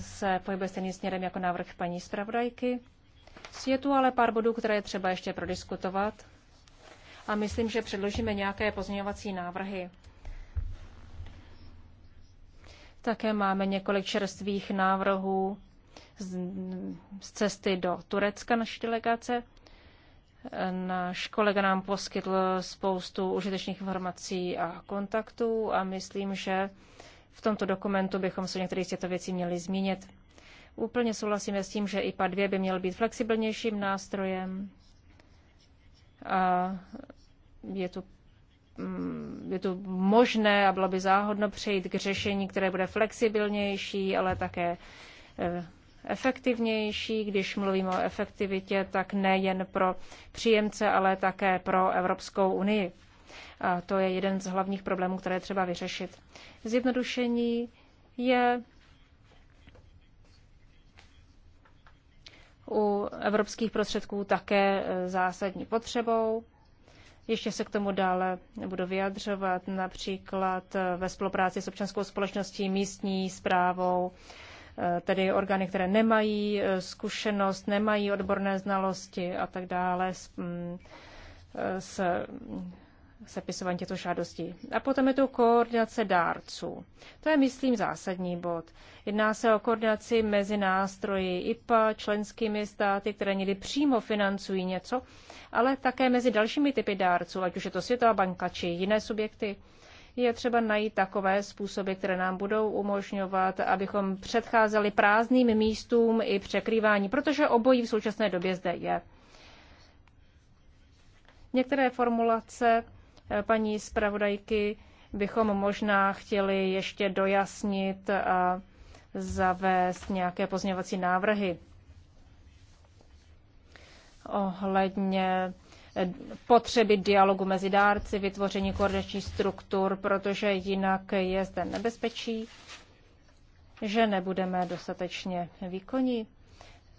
Speaker 3: se pohybuje stejným směrem jako návrh paní zpravodajky. Je tu ale pár bodů, které je třeba ještě prodiskutovat a myslím, že předložíme nějaké pozměňovací návrhy. Také máme několik čerstvých návrhů z, z cesty do Turecka naší delegace. Náš kolega nám poskytl spoustu užitečných informací a kontaktů a myslím, že v tomto dokumentu bychom se některých z těchto věcí měli zmínit. Úplně souhlasíme s tím, že IPA 2 by měl být flexibilnějším nástrojem a je to mm, je to možné a bylo by záhodno přejít k řešení, které bude flexibilnější, ale také eh, efektivnější. Když mluvím o efektivitě, tak nejen pro příjemce, ale také pro Evropskou unii. A to je jeden z hlavních problémů, které třeba vyřešit. Zjednodušení je u evropských prostředků také eh, zásadní potřebou. Ještě se k tomu dále budu vyjadřovat, například eh, ve spolupráci s občanskou společností, místní zprávou, eh, tedy orgány, které nemají eh, zkušenost, nemají odborné znalosti a tak dále s, mm, s sepisování těchto žádostí. A potom je tu koordinace dárců. To je, myslím, zásadní bod. Jedná se o koordinaci mezi nástroji IPA, členskými státy, které někdy přímo financují něco, ale také mezi dalšími typy dárců, ať už je to Světová banka či jiné subjekty. Je třeba najít takové způsoby, které nám budou umožňovat, abychom předcházeli prázdným místům i překrývání, protože obojí v současné době zde je. Některé formulace Eh, paní zpravodajky bychom možná chtěli ještě dojasnit a zavést nějaké pozměňovací návrhy ohledně eh, potřeby dialogu mezi dárci, vytvoření koordinačních struktur, protože jinak je zde nebezpečí, že nebudeme dostatečně výkonní.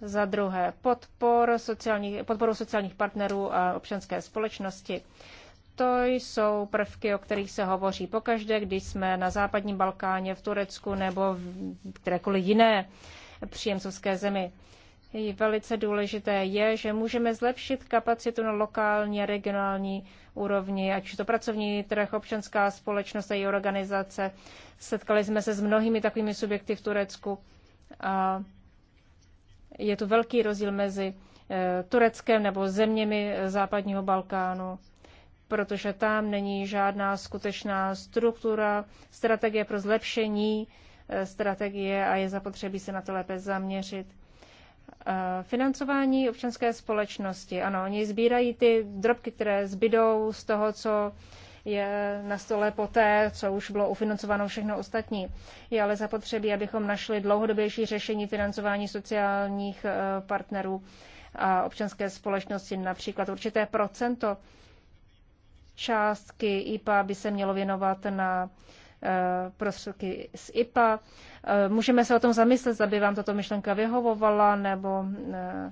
Speaker 3: Za druhé, podpor sociálních, podporu sociálních partnerů a občanské společnosti. To jsou prvky, o kterých se hovoří pokaždé, když jsme na západním Balkáně, v Turecku nebo v kterékoliv jiné příjemcovské zemi. Velice důležité je, že můžeme zlepšit kapacitu na lokální a regionální úrovni, ať už to pracovní trh, občanská společnost a její organizace. Setkali jsme se s mnohými takovými subjekty v Turecku. A je tu velký rozdíl mezi eh, Tureckem nebo zeměmi eh, západního Balkánu protože tam není žádná skutečná struktura, strategie pro zlepšení eh, strategie a je zapotřebí se na to lépe zaměřit. Eh, financování občanské společnosti. Ano, oni sbírají ty drobky, které zbydou z toho, co je na stole poté, co už bylo ufinancováno všechno ostatní. Je ale zapotřebí, abychom našli dlouhodobější řešení financování sociálních eh, partnerů a občanské společnosti, například určité procento částky IPA by se mělo věnovat na eh, prostředky z IPA. Eh, můžeme se o tom zamyslet, zda by vám tato myšlenka vyhovovala, nebo eh,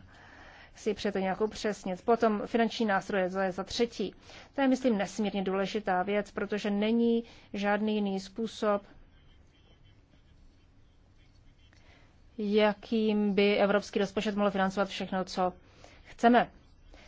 Speaker 3: si přijete nějakou přesnět. Potom finanční nástroje za, za třetí. To je, myslím, nesmírně důležitá věc, protože není žádný jiný způsob, jakým by evropský rozpočet mohl financovat všechno, co chceme.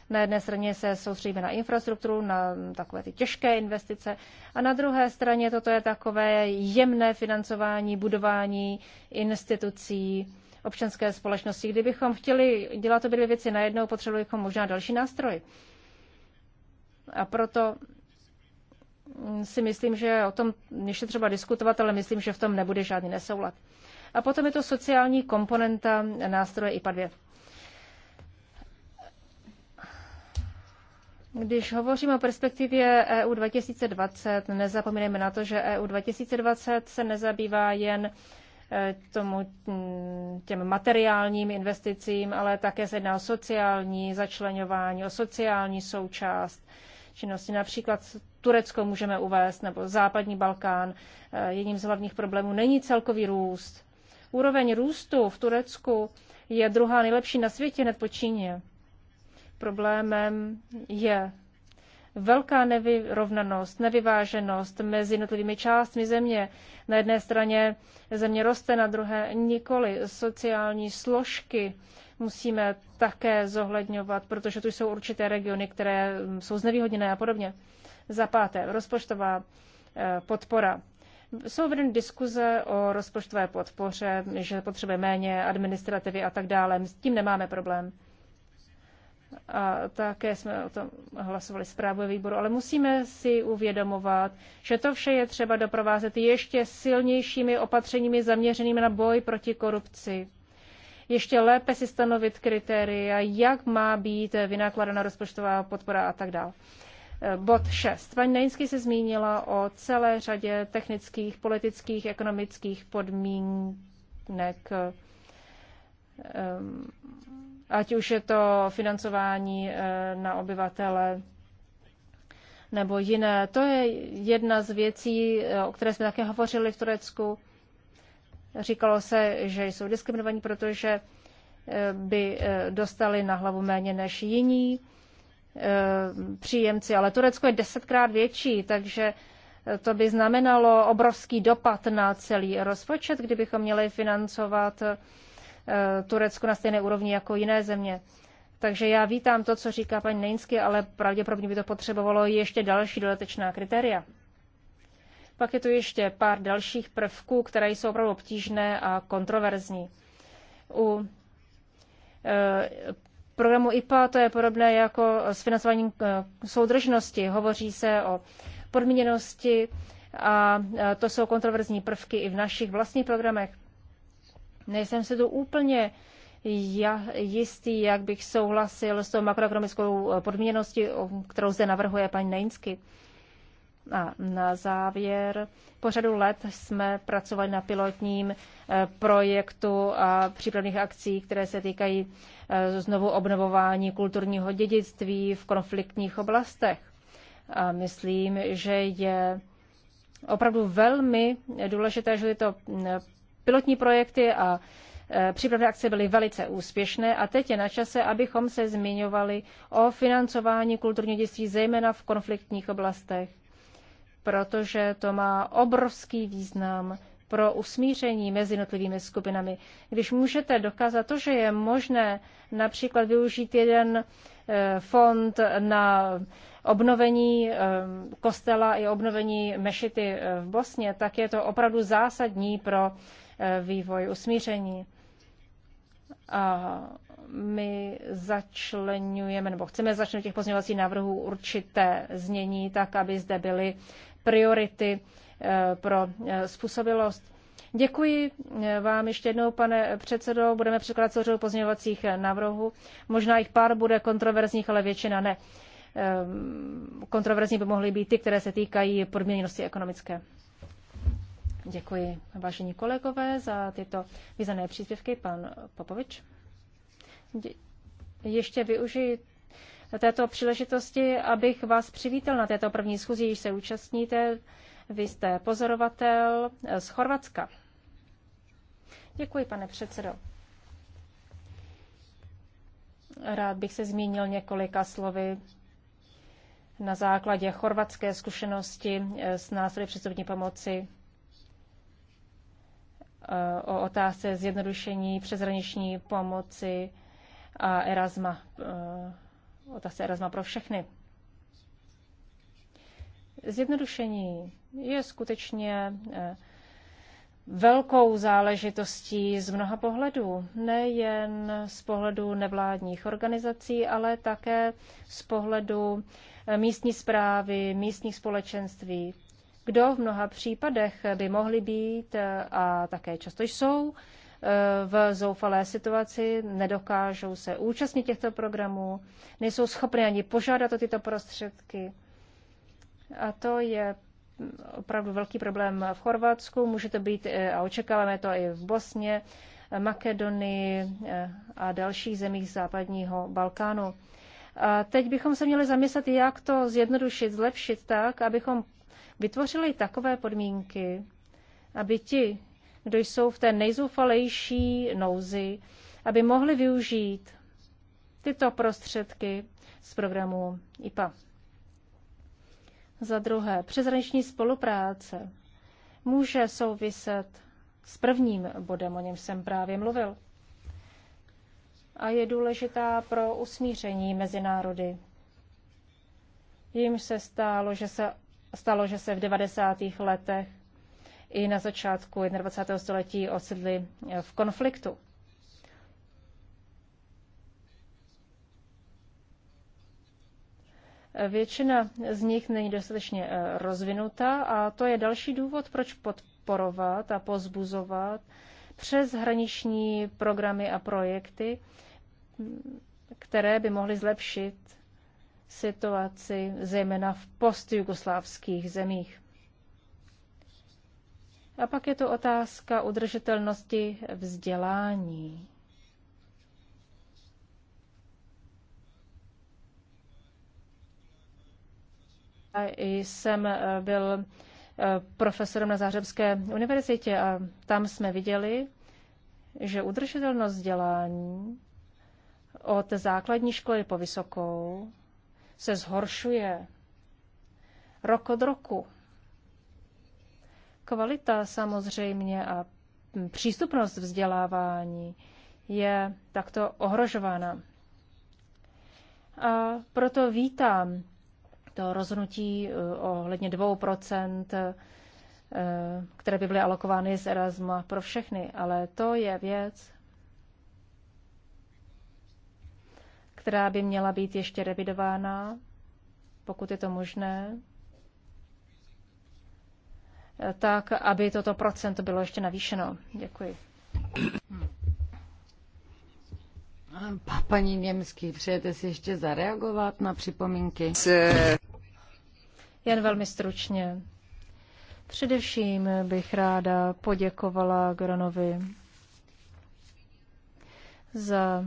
Speaker 3: Na jedné straně se soustředíme na infrastrukturu, na takové ty těžké investice a na druhé straně toto je takové jemné financování, budování institucí, občanské společnosti. Kdybychom chtěli dělat obě dvě věci najednou, potřebovali bychom možná další nástroj. A proto si myslím, že o tom ještě třeba diskutovat, ale myslím, že v tom nebude žádný nesoulad. A potom je to sociální komponenta nástroje IPA 2. Když hovoříme o perspektivě EU 2020, nezapomínejme na to, že EU 2020 se nezabývá jen e, tomu, těm materiálním investicím, ale také se jedná o sociální začlenování, o sociální součást činnosti. Například Turecko můžeme uvést, nebo Západní Balkán. E, jedním z hlavních problémů není celkový růst. Úroveň růstu v Turecku je druhá nejlepší na světě hned po Číně problémem je velká nevyrovnanost, nevyváženost mezi jednotlivými částmi země. Na jedné straně země roste, na druhé nikoli. Sociální složky musíme také zohledňovat, protože tu jsou určité regiony, které jsou znevýhodněné a podobně. Za páté, rozpočtová eh, podpora. Jsou vedeny diskuze o rozpočtové podpoře, že potřebuje méně administrativy a tak dále. S tím nemáme problém a také jsme o tom hlasovali zprávu výboru, ale musíme si uvědomovat, že to vše je třeba doprovázet ještě silnějšími opatřeními zaměřenými na boj proti korupci. Ještě lépe si stanovit kritéria, jak má být vynakladena rozpočtová podpora a tak dále. Bod 6. Paní Nejnsky se zmínila o celé řadě technických, politických, ekonomických podmínek um, ať už je to financování eh, na obyvatele nebo jiné. To je jedna z věcí, eh, o které jsme také hovořili v Turecku. Říkalo se, že jsou diskriminovaní, protože eh, by dostali na hlavu méně než jiní příjemci, ale Turecko je desetkrát větší, takže to by znamenalo obrovský dopad na celý rozpočet, kdybychom měli financovat Eh, Turecko na stejné úrovni jako jiné země. Takže já vítám to, co říká paní Nejnsky, ale pravděpodobně by to potřebovalo ještě další dodatečná kritéria. Pak je tu ještě pár dalších prvků, které jsou opravdu obtížné a kontroverzní. U eh, programu IPA to je podobné jako s financováním eh, soudržnosti. Hovoří se o podmíněnosti a to jsou kontroverzní prvky i v našich vlastních programech. Nejsem se tu úplně já jistý, jak bych souhlasil s tou makroekonomickou eh, podmíněností, kterou zde navrhuje paní Nejnsky. A na závěr, po řadu let jsme pracovali na pilotním eh, projektu a přípravných akcí, které se týkají eh, znovu obnovování kulturního dědictví v konfliktních oblastech. A myslím, že je opravdu velmi důležité, že tyto pilotní projekty a e, Přípravné akce byly velice úspěšné a teď je na čase, abychom se zmiňovali o financování kulturního dědictví, zejména v konfliktních oblastech, protože to má obrovský význam pro usmíření mezi jednotlivými skupinami. Když můžete dokázat to, že je možné například využít jeden e, fond na obnovení e, kostela i obnovení mešity v Bosně, tak je to opravdu zásadní pro vývoj usmíření. A my začlenujeme, nebo chceme začlenit těch pozměňovacích návrhů určité znění, tak aby zde byly priority eh, pro eh, způsobilost. Děkuji eh, vám ještě jednou, pane předsedo. Budeme předkládat celou pozměňovacích návrhů. Možná jich pár bude kontroverzních, ale většina ne. Ehm, kontroverzní by mohly být ty, které se týkají podměněnosti ekonomické. Děkuji, vážení kolegové, za tyto vyzané příspěvky. Pan Popovič. Ještě využiji této příležitosti, abych vás přivítal na této první schůzi, již se účastníte. Vy jste pozorovatel z Chorvatska. Děkuji, pane předsedo. Rád bych se zmínil několika slovy na základě chorvatské zkušenosti s následy předsobní pomoci o otázce zjednodušení přezraniční pomoci a Erasma, eh, otázce Erasma pro všechny. Zjednodušení je skutečně eh, velkou záležitostí z mnoha pohledů. Nejen z pohledu nevládních organizací, ale také z pohledu eh, místní zprávy, místních společenství kdo v mnoha případech by mohli být eh, a také často jsou eh, v zoufalé situaci, nedokážou se účastnit těchto programů, nejsou schopni ani požádat o tyto prostředky. A to je opravdu velký problém v Chorvatsku, může to být eh, a očekáváme to i v Bosně, Makedonii a dalších zemích západního Balkánu. A teď bychom se měli zamyslet, jak to zjednodušit, zlepšit tak, abychom vytvořili takové podmínky, aby ti, kdo jsou v té nejzoufalejší nouzi, aby mohli využít tyto prostředky z programu IPA. Za druhé, přezraniční spolupráce může souviset s prvním bodem, o něm jsem právě mluvil. A je důležitá pro usmíření mezi národy. Jím se stálo, že se stalo, že se v 90. letech i na začátku 21. století ocitli eh, v konfliktu. Většina z nich není dostatečně eh, rozvinutá a to je další důvod, proč podporovat a pozbuzovat přes hraniční programy a projekty, které by mohly zlepšit situaci, zejména v postjugoslávských zemích. A pak je to otázka udržitelnosti vzdělání. Jsem eh, byl eh, profesorem na Zářebské univerzitě a tam jsme viděli, že udržitelnost vzdělání od základní školy po vysokou se zhoršuje rok od roku. Kvalita samozřejmě a přístupnost vzdělávání je takto ohrožována. A proto vítám to rozhodnutí eh, ohledně 2%, eh, které by byly alokovány z Erasma pro všechny, ale to je věc, která by měla být ještě revidována, pokud je to možné, tak, aby toto procento bylo ještě navýšeno. Děkuji.
Speaker 4: Paní Němský, přejete si ještě zareagovat na připomínky?
Speaker 3: Jen velmi stručně. Především bych ráda poděkovala Gronovi za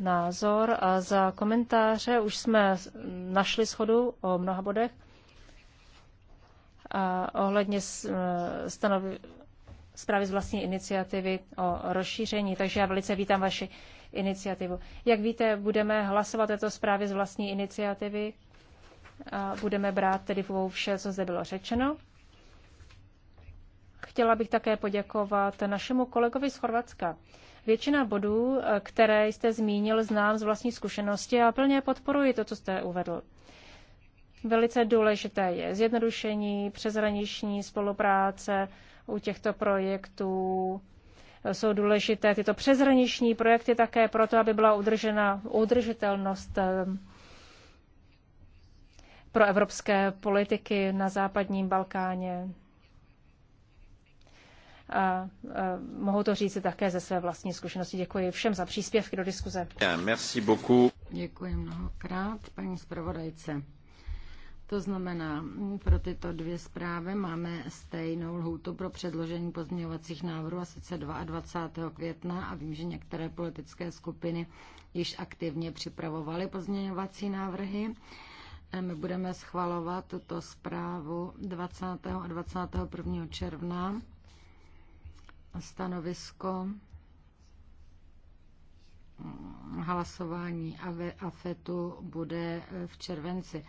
Speaker 3: názor a za komentáře už jsme našli schodu o mnoha bodech. A ohledně eh, stanovy, zprávy z vlastní iniciativy o rozšíření, takže já velice vítám vaši iniciativu. Jak víte, budeme hlasovat této zprávy z vlastní iniciativy a budeme brát tedy v vše, co zde bylo řečeno. Chtěla bych také poděkovat našemu kolegovi z Chorvatska, Většina bodů, eh, které jste zmínil, znám z vlastní zkušenosti a plně podporuji to, co jste uvedl. Velice důležité je zjednodušení, přeshraniční spolupráce u těchto projektů. Eh, jsou důležité tyto přeshraniční projekty také proto, aby byla udržena udržitelnost eh, pro evropské politiky na západním Balkáně a mohu to říct také ze své vlastní zkušenosti. Děkuji všem za příspěvky do diskuze.
Speaker 1: Merci beaucoup. Děkuji mnohokrát,
Speaker 4: paní zpravodajce. To znamená, pro tyto dvě zprávy máme stejnou lhůtu pro předložení pozměňovacích návrhů a sice 22. května a vím, že některé politické skupiny již aktivně připravovaly pozměňovací návrhy. E, my budeme schvalovat tuto zprávu 20. a 21. června stanovisko hlasování AFETu bude v červenci.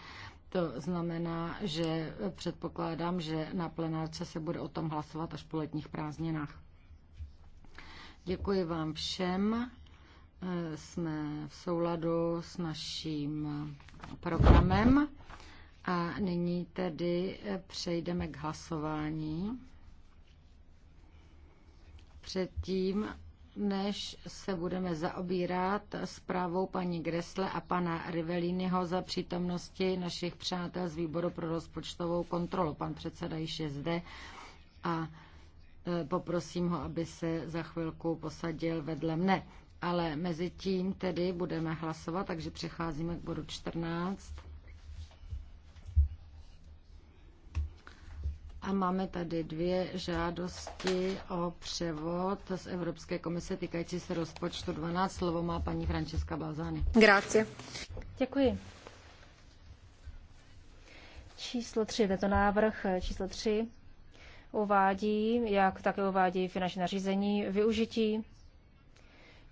Speaker 4: To znamená, že předpokládám, že na plenárce se bude o tom hlasovat až po letních prázdninách. Děkuji vám všem. Jsme v souladu s naším programem a nyní tedy přejdeme k hlasování předtím, než se budeme zaobírat zprávou paní Gresle a pana Rivelínyho za přítomnosti našich přátel z výboru pro rozpočtovou kontrolu. Pan předseda již je zde a e, poprosím ho, aby se za chvilku posadil vedle mne. Ale mezi tím tedy budeme hlasovat, takže přecházíme k bodu 14. A máme tady dvě žádosti o převod z Evropské komise týkající se rozpočtu 12. Slovo má paní Francesca Balzány.
Speaker 3: Grazie. Děkuji. Číslo 3, tento návrh eh, číslo 3 uvádí, jak také uvádí finanční nařízení, využití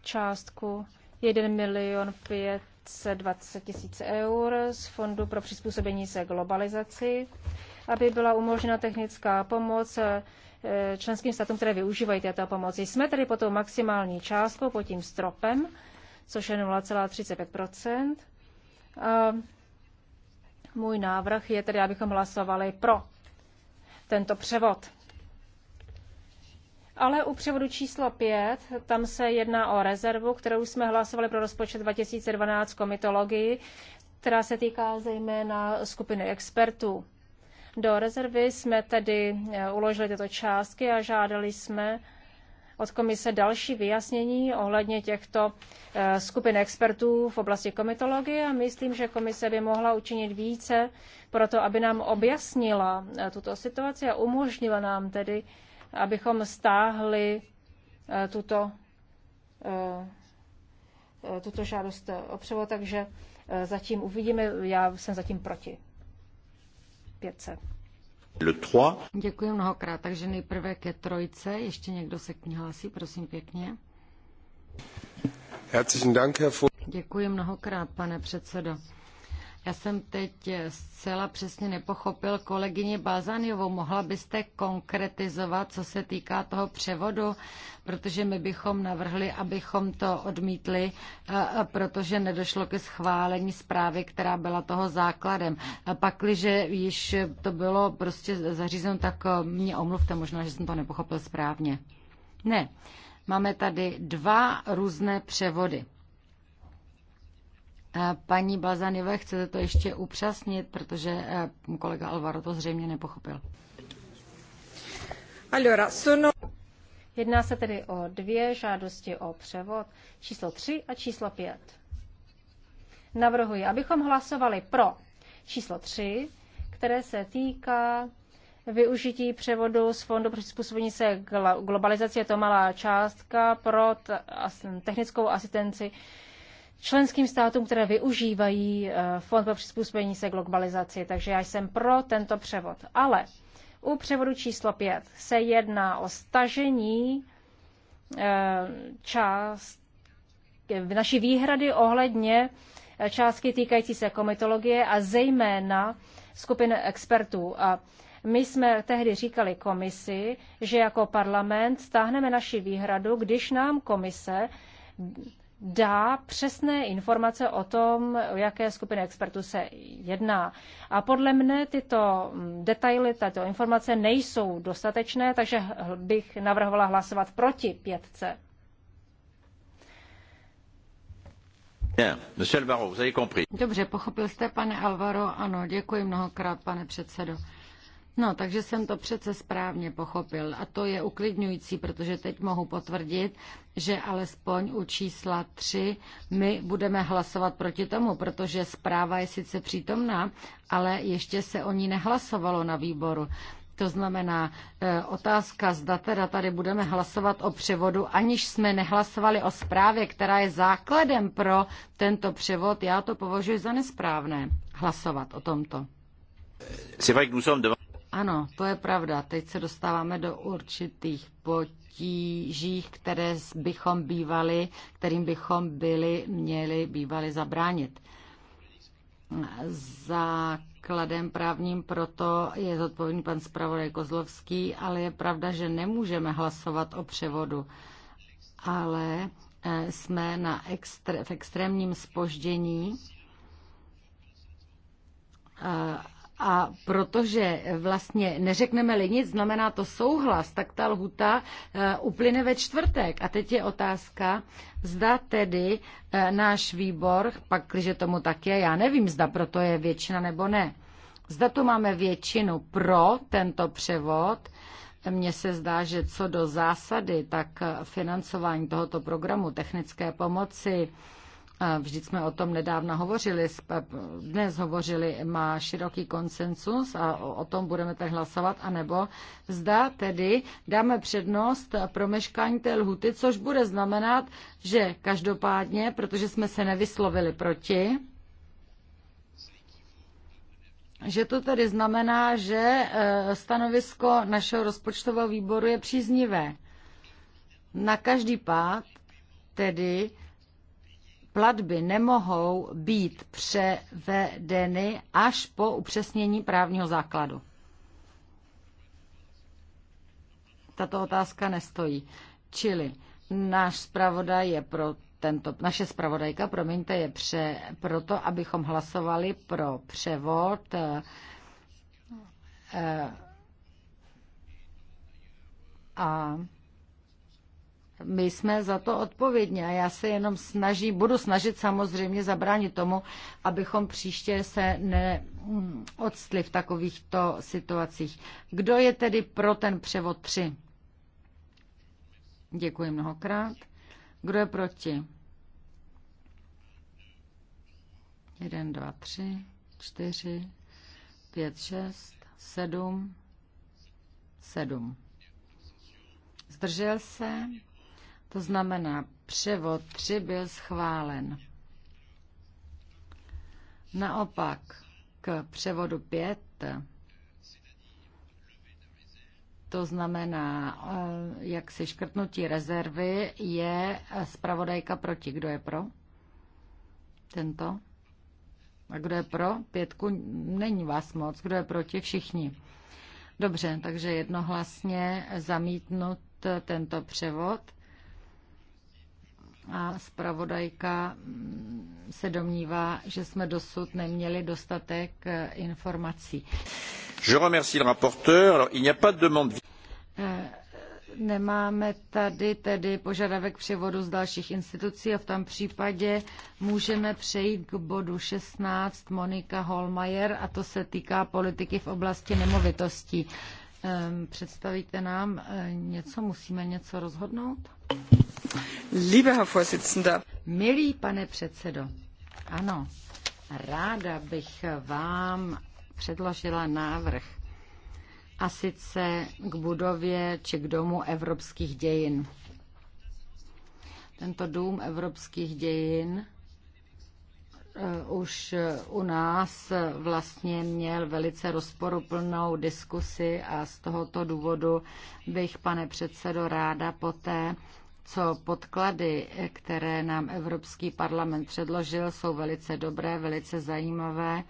Speaker 3: částku 1 milion 520 tisíc eur z Fondu pro přizpůsobení se globalizaci aby byla umožněna technická pomoc eh, členským státům, které využívají této pomoci. Jsme tedy pod tou maximální částkou, pod tím stropem, což je 0,35 A Můj návrh je tedy, abychom hlasovali pro tento převod. Ale u převodu číslo 5, tam se jedná o rezervu, kterou jsme hlasovali pro rozpočet 2012 komitologii, která se týká zejména skupiny expertů. Do rezervy jsme tedy eh, uložili tyto částky a žádali jsme od komise další vyjasnění ohledně těchto eh, skupin expertů v oblasti komitologie a myslím, že komise by mohla učinit více pro to, aby nám objasnila eh, tuto situaci a umožnila nám tedy, abychom stáhli tuto, tuto žádost o převod, takže zatím uvidíme, já jsem zatím proti pětce. Le 3. Děkuji
Speaker 4: mnohokrát, takže nejprve ke trojce. Ještě někdo se k ní hlásí, prosím pěkně. Herzlichen Dank, Herr Děkuji mnohokrát, pane předsedo. Já jsem teď zcela přesně nepochopil kolegyně Balzaniovou. Mohla byste konkretizovat, co se týká toho převodu, protože my bychom navrhli, abychom to odmítli, eh, protože nedošlo ke schválení zprávy, která byla toho základem. A pakliže již to bylo prostě zařízeno, tak eh, mě omluvte, možná, že jsem to nepochopil správně. Ne, máme tady dva různé převody. Paní Blazanive, chcete to ještě upřesnit, protože eh, kolega Alvaro to zřejmě nepochopil.
Speaker 3: Jedná se tedy o dvě žádosti o převod, číslo 3 a číslo 5. Navrhuji, abychom hlasovali pro číslo 3, které se týká využití převodu z Fondu pro přizpůsobení se globalizaci. Je to malá částka pro technickou asistenci členským státům, které využívají eh, fond pro přizpůsobení se globalizaci. Takže já jsem pro tento převod. Ale u převodu číslo 5 se jedná o stažení eh, část eh, naší výhrady ohledně částky týkající se komitologie a zejména skupin expertů. A my jsme tehdy říkali komisi, že jako parlament stáhneme naši výhradu, když nám komise dá přesné informace o tom, o jaké skupiny expertů se jedná. A podle mne tyto mm, detaily, tato informace nejsou dostatečné, takže bych navrhovala hlasovat proti pětce. Dobře, pochopil jste,
Speaker 4: pane Alvaro? Ano, děkuji mnohokrát, pane předsedo. No, takže jsem to přece správně pochopil a to je uklidňující, protože teď mohu potvrdit, že alespoň u čísla 3 my budeme hlasovat proti tomu, protože zpráva je sice přítomná, ale ještě se o ní nehlasovalo na výboru. To znamená, e, otázka, zda teda tady budeme hlasovat o převodu, aniž jsme nehlasovali o zprávě, která je základem pro tento převod, já to považuji za nesprávné hlasovat o tomto. Ano, to je pravda. Teď se dostáváme do určitých potížích, které bychom bývali, kterým bychom byli, měli bývali zabránit. Základem právním proto je zodpovědný pan zpravodaj Kozlovský, ale je pravda, že nemůžeme hlasovat o převodu. Ale eh, jsme na extré, v extrémním spoždění eh, a protože vlastně neřekneme-li nic, znamená to souhlas, tak ta lhuta eh, uplyne ve čtvrtek. A teď je otázka, zda tedy eh, náš výbor, pak, když tomu tak je, já nevím, zda proto je většina nebo ne. Zda tu máme většinu pro tento převod, mně se zdá, že co do zásady, tak eh, financování tohoto programu technické pomoci Vždyť jsme o tom nedávno hovořili, dnes hovořili, má široký konsensus a o tom budeme tak hlasovat, anebo zda tedy dáme přednost promeškání té lhuty, což bude znamenat, že každopádně, protože jsme se nevyslovili proti, že to tedy znamená, že e, stanovisko našeho rozpočtového výboru je příznivé. Na každý pád tedy platby nemohou být převedeny až po upřesnění právního základu. Tato otázka nestojí. Čili náš zpravodaj je pro tento, naše zpravodajka, promiňte, je pře, proto, abychom hlasovali pro převod eh, eh, a my jsme za to odpovědní a já se jenom snažím, budu snažit samozřejmě zabránit tomu, abychom příště se neodstli mm, v takovýchto situacích. Kdo je tedy pro ten převod 3? Děkuji mnohokrát. Kdo je proti? 1, 2, 3, 4, 5, 6, 7, 7. Zdržel se? To znamená, převod 3 byl schválen. Naopak k převodu 5, to znamená, eh, jak si škrtnutí rezervy, je zpravodajka proti. Kdo je pro? Tento? A kdo je pro? Pětku není vás moc. Kdo je proti? Všichni. Dobře, takže jednohlasně zamítnut tento převod a zpravodajka mm, se domnívá, že jsme dosud neměli dostatek eh, informací.
Speaker 1: Je remercie le rapporteur. il n'y a pas de demande.
Speaker 4: Eh, nemáme tady tedy požadavek převodu z dalších institucí a v tom případě můžeme přejít k bodu 16 Monika Holmajer a to se týká politiky v oblasti nemovitostí. Ehm, představíte nám eh, něco? Musíme něco rozhodnout? Milý pane předsedo, ano, ráda bych vám předložila návrh a sice k budově či k domu evropských dějin. Tento dům evropských dějin Eh, už eh, u nás eh, vlastně měl velice rozporuplnou diskusi a z tohoto důvodu bych, pane předsedo, ráda poté, co podklady, které nám Evropský parlament předložil, jsou velice dobré, velice zajímavé,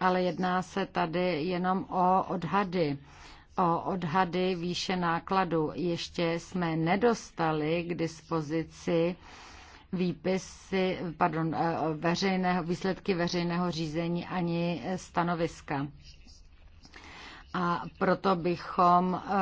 Speaker 4: ale jedná se tady jenom o odhady. O odhady výše nákladu ještě jsme nedostali k dispozici výpisy, pardon, eh, veřejného, výsledky veřejného řízení ani stanoviska. A proto bychom eh,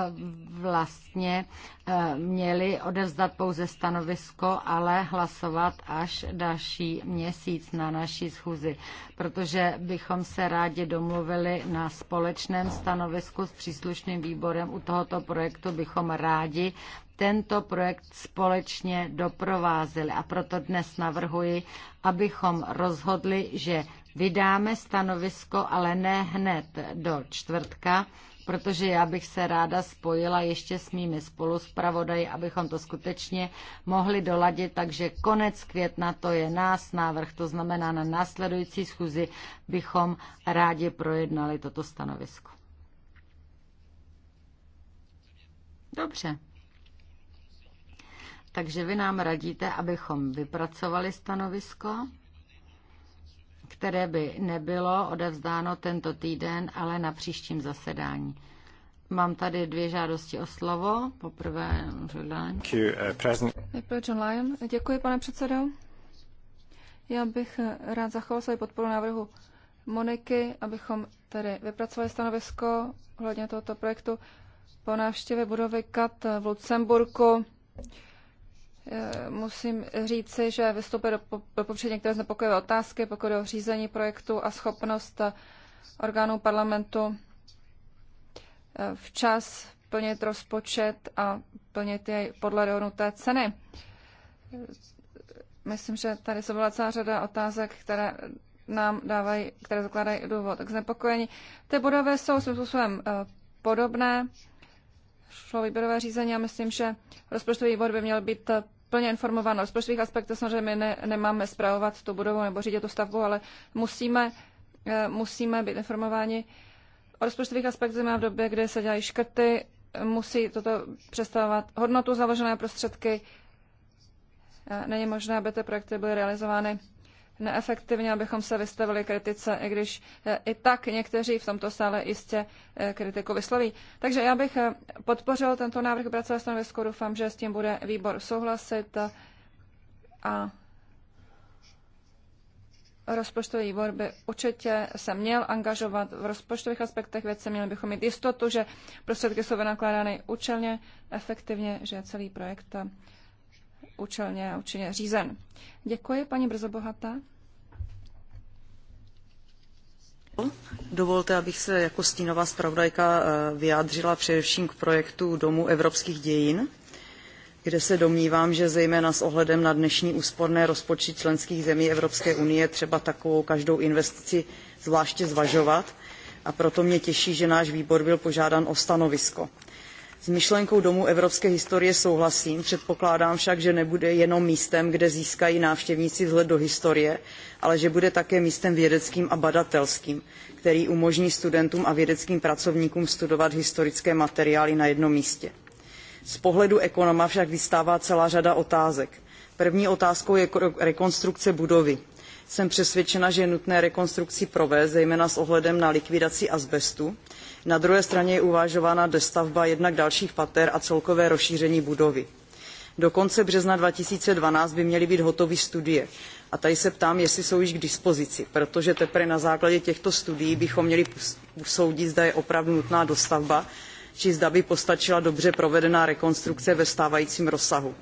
Speaker 4: vlastně eh, měli odevzdat pouze stanovisko, ale hlasovat až další měsíc na naší schůzi, protože bychom se rádi domluvili na společném stanovisku s příslušným výborem. U tohoto projektu bychom rádi tento projekt společně doprovázeli. A proto dnes navrhuji, abychom rozhodli, že vydáme stanovisko, ale ne hned do čtvrtka, protože já bych se ráda spojila ještě s mými spoluspravodaji, abychom to skutečně mohli doladit, takže konec května to je nás návrh, to znamená na následující schůzi bychom rádi projednali toto stanovisko. Dobře. Takže vy nám radíte, abychom vypracovali stanovisko, které by nebylo odevzdáno tento týden, ale na příštím zasedání. Mám tady dvě žádosti o slovo. Poprvé John Lyon. Uh, Děkuji,
Speaker 2: pane předsedo. Já bych eh, rád zachoval svoji podporu návrhu Moniky, abychom tedy vypracovali stanovisko ohledně tohoto projektu po návštěvě budovy KAT v Lucemburku. Eh, musím říci, že vystoupil do, do popředí některé znepokojivé otázky, pokud o řízení projektu a schopnost eh, orgánů parlamentu eh, včas plnit rozpočet a plnit jej podle dohodnuté ceny. Myslím, že tady se byla celá řada otázek, které nám dávají, které zakládají důvod k znepokojení. Ty budovy jsou svým způsobem podobné. Šlo výběrové řízení a myslím, že rozpočtový výbor by měl být plně informováno Z rozpočtových aspektů Samozřejmě my ne, nemáme zpravovat tu budovu nebo řídit tu stavbu, ale musíme, eh, musíme být informováni o rozpočtových aspektů zejména v době, kdy se dělají škrty, musí toto představovat hodnotu založené prostředky. Eh, není možné, aby ty projekty byly realizovány neefektivně, abychom se vystavili kritice, i když eh, i tak někteří v tomto sále jistě eh, kritiku vysloví. Takže já bych eh, podpořil tento návrh pracové stanovisko, doufám, že s tím bude výbor souhlasit a rozpočtový výbor by určitě se měl angažovat v rozpočtových aspektech věce, měli bychom mít jistotu, že prostředky jsou vynakládány účelně, efektivně, že celý projekt účelně a účinně řízen. Děkuji, paní Brzobohata.
Speaker 5: Dovolte, abych se jako stínová zpravodajka eh, vyjádřila především k projektu Domu evropských dějin, kde se domnívám, že zejména s ohledem na dnešní úsporné rozpočty členských zemí Evropské unie třeba takovou každou investici zvláště zvažovat a proto mě těší, že náš výbor byl požádán o stanovisko s myšlenkou Domu evropské historie souhlasím, předpokládám však, že nebude jenom místem, kde získají návštěvníci vzhled do historie, ale že bude také místem vědeckým a badatelským, který umožní studentům a vědeckým pracovníkům studovat historické materiály na jednom místě. Z pohledu ekonoma však vystává celá řada otázek. První otázkou je rekonstrukce budovy. Jsem přesvědčena, že je nutné rekonstrukci provést, zejména s ohledem na likvidaci azbestu, na druhé straně je uvažována dostavba jednak dalších pater a celkové rozšíření budovy. Do konce března 2012 by měly být hotové studie. A tady se ptám, jestli jsou již k dispozici, protože teprve na základě těchto studií bychom měli usoudit, zda je opravdu nutná dostavba, či zda by postačila dobře provedená rekonstrukce ve stávajícím rozsahu.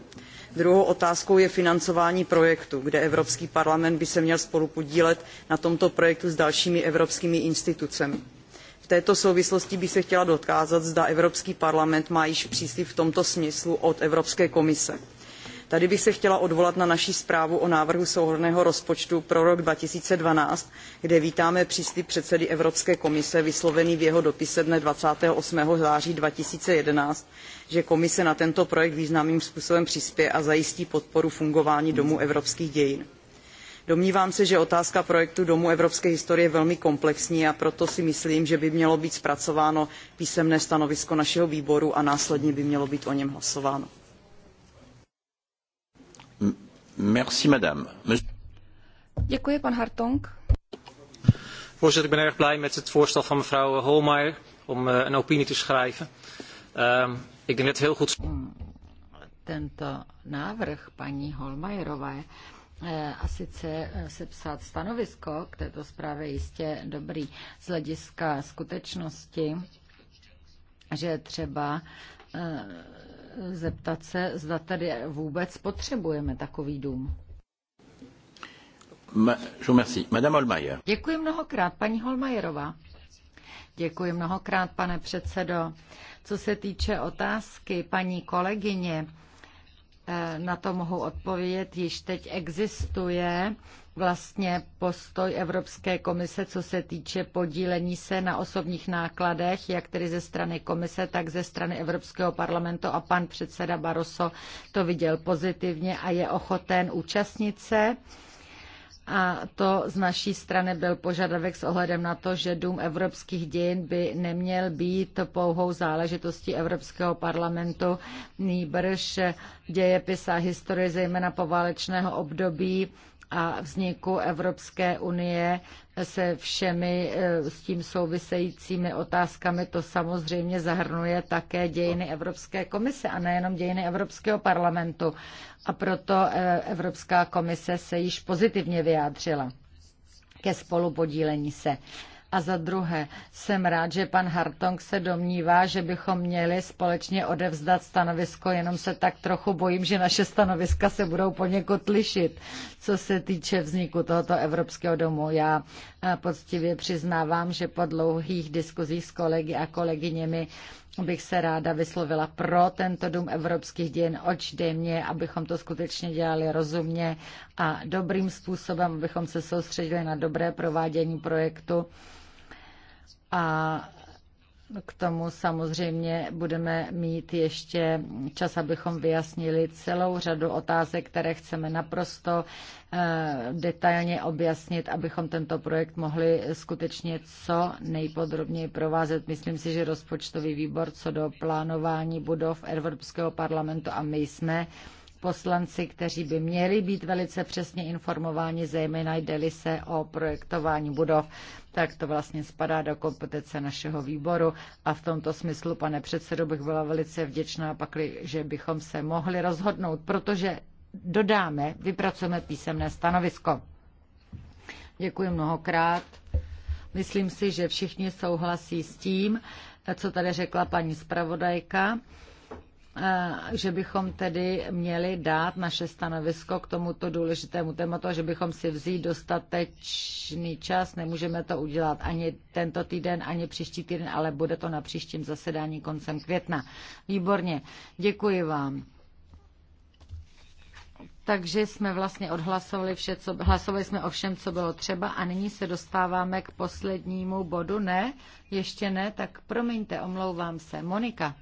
Speaker 5: Druhou otázkou je financování projektu, kde Evropský parlament by se měl spolupodílet na tomto projektu s dalšími evropskými institucemi této souvislosti bych se chtěla dotázat zda evropský parlament má již příslib v tomto smyslu od evropské komise. tady bych se chtěla odvolat na naši zprávu o návrhu souhrnného rozpočtu pro rok two thousand and twelve kde vítáme příslib předsedy evropské komise vyslovený v jeho dopise dne. twenty eight září two thousand and eleven že komise na tento projekt významným způsobem přispěje a zajistí podporu fungování domu evropských dějin domnívám se že otázka projektu domu evropské historie je velmi komplexní a proto si myslím že by mělo být zpracováno písemné stanovisko našeho výboru a následně by mělo být o něm hlasováno.
Speaker 1: Merci, madame. Hartong. Voorzitter, ik ben erg blij met het voorstel van mevrouw Holmeijer om eh, een opinie te schrijven.
Speaker 3: Ehm, ik denk dat heel goed.
Speaker 4: Tento návrh paní Holmajerové Eh, a sice eh, sepsat stanovisko k této zprávě jistě dobrý z hlediska skutečnosti, že třeba eh, zeptat se, zda tady vůbec potřebujeme takový dům. Děkuji mnohokrát, paní Holmajerová. Děkuji mnohokrát, pane předsedo. Co se týče otázky paní kolegyně, Eh, na to mohu odpovědět, již teď existuje vlastně postoj Evropské komise, co se týče podílení se na osobních nákladech, jak tedy ze strany komise, tak ze strany Evropského parlamentu a pan předseda Barroso to viděl pozitivně a je ochoten účastnit se. A to z naší strany byl požadavek s ohledem na to, že Dům evropských dějin by neměl být pouhou záležitostí Evropského parlamentu, nýbrž dějepis a historie zejména poválečného období a vzniku Evropské unie se všemi e, s tím souvisejícími otázkami. To samozřejmě zahrnuje také dějiny Evropské komise a nejenom dějiny Evropského parlamentu. A proto e, Evropská komise se již pozitivně vyjádřila ke spolupodílení se. A za druhé, jsem rád, že pan Hartong se domnívá, že bychom měli společně odevzdat stanovisko, jenom se tak trochu bojím, že naše stanoviska se budou poněkud lišit, co se týče vzniku tohoto Evropského domu. Já eh, poctivě přiznávám, že po dlouhých diskuzích s kolegy a kolegyněmi bych se ráda vyslovila pro tento dům evropských dějin, oč jde mě, abychom to skutečně dělali rozumně a dobrým způsobem, abychom se soustředili na dobré provádění projektu a k tomu samozřejmě budeme mít ještě čas, abychom vyjasnili celou řadu otázek, které chceme naprosto eh, detailně objasnit, abychom tento projekt mohli skutečně co nejpodrobněji provázet. Myslím si, že rozpočtový výbor co do plánování budov Evropského parlamentu a my jsme poslanci, kteří by měli být velice přesně informováni, zejména jde se o projektování budov tak to vlastně spadá do kompetence našeho výboru a v tomto smyslu, pane předsedo, bych byla velice vděčná, pakli, že bychom se mohli rozhodnout, protože dodáme, vypracujeme písemné stanovisko. Děkuji mnohokrát. Myslím si, že všichni souhlasí s tím, co tady řekla paní zpravodajka. Eh, že bychom tedy měli dát naše stanovisko k tomuto důležitému tématu a že bychom si vzít dostatečný čas. Nemůžeme to udělat ani tento týden, ani příští týden, ale bude to na příštím zasedání koncem května. Výborně, děkuji vám. Takže jsme vlastně odhlasovali vše, co, hlasovali jsme o všem, co bylo třeba a nyní se dostáváme k poslednímu bodu. Ne, ještě ne, tak promiňte, omlouvám se. Monika.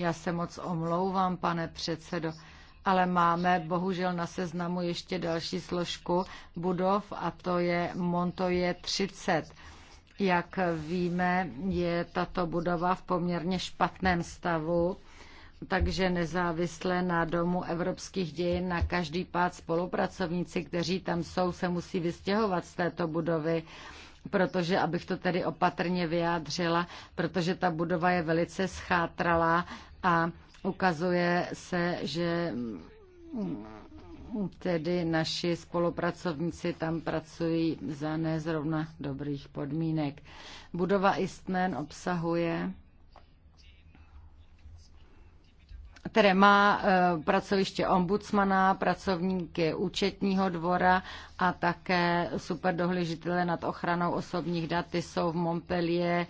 Speaker 4: Já se moc omlouvám, pane předsedo, ale máme bohužel na seznamu ještě další složku budov a to je Montoje 30. Jak víme, je tato budova v poměrně špatném stavu, takže nezávisle na Domu evropských dějin na každý pád spolupracovníci, kteří tam jsou, se musí vystěhovat z této budovy protože, abych to tedy opatrně vyjádřila, protože ta budova je velice schátralá a ukazuje se, že tedy naši spolupracovníci tam pracují za nezrovna dobrých podmínek. Budova Istmen obsahuje které má e, pracoviště ombudsmana, pracovníky účetního dvora a také superdohlížitele nad ochranou osobních dat. Ty jsou v Montpellier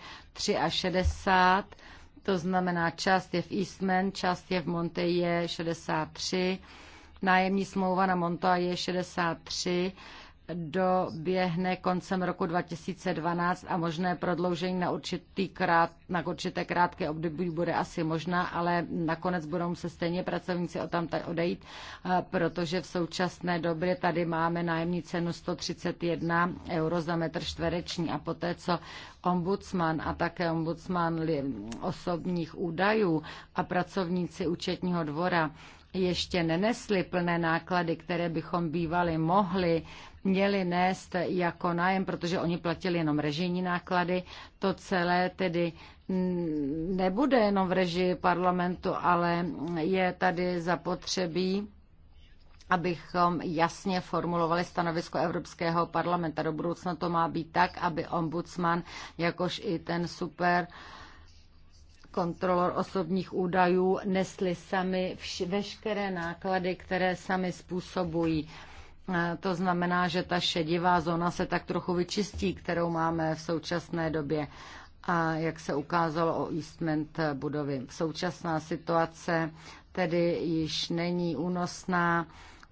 Speaker 4: 63 to znamená část je v Eastman, část je v je 63, nájemní smlouva na Montoa je 63, doběhne koncem roku 2012 a možné prodloužení na, určitý krát, na určité krátké období bude asi možná, ale nakonec budou se stejně pracovníci o tam odejít, protože v současné době tady máme nájemní cenu 131 euro za metr čtvereční a poté, co ombudsman a také ombudsman osobních údajů a pracovníci účetního dvora ještě nenesli plné náklady, které bychom bývali mohli měli nést jako nájem, protože oni platili jenom režijní náklady. To celé tedy nebude jenom v režii parlamentu, ale je tady zapotřebí abychom jasně formulovali stanovisko Evropského parlamenta. Do budoucna to má být tak, aby ombudsman, jakož i ten super kontrolor osobních údajů nesli sami vš- veškeré náklady, které sami způsobují. To znamená, že ta šedivá zóna se tak trochu vyčistí, kterou máme v současné době. A jak se ukázalo o eastment budovy. Současná situace tedy již není únosná,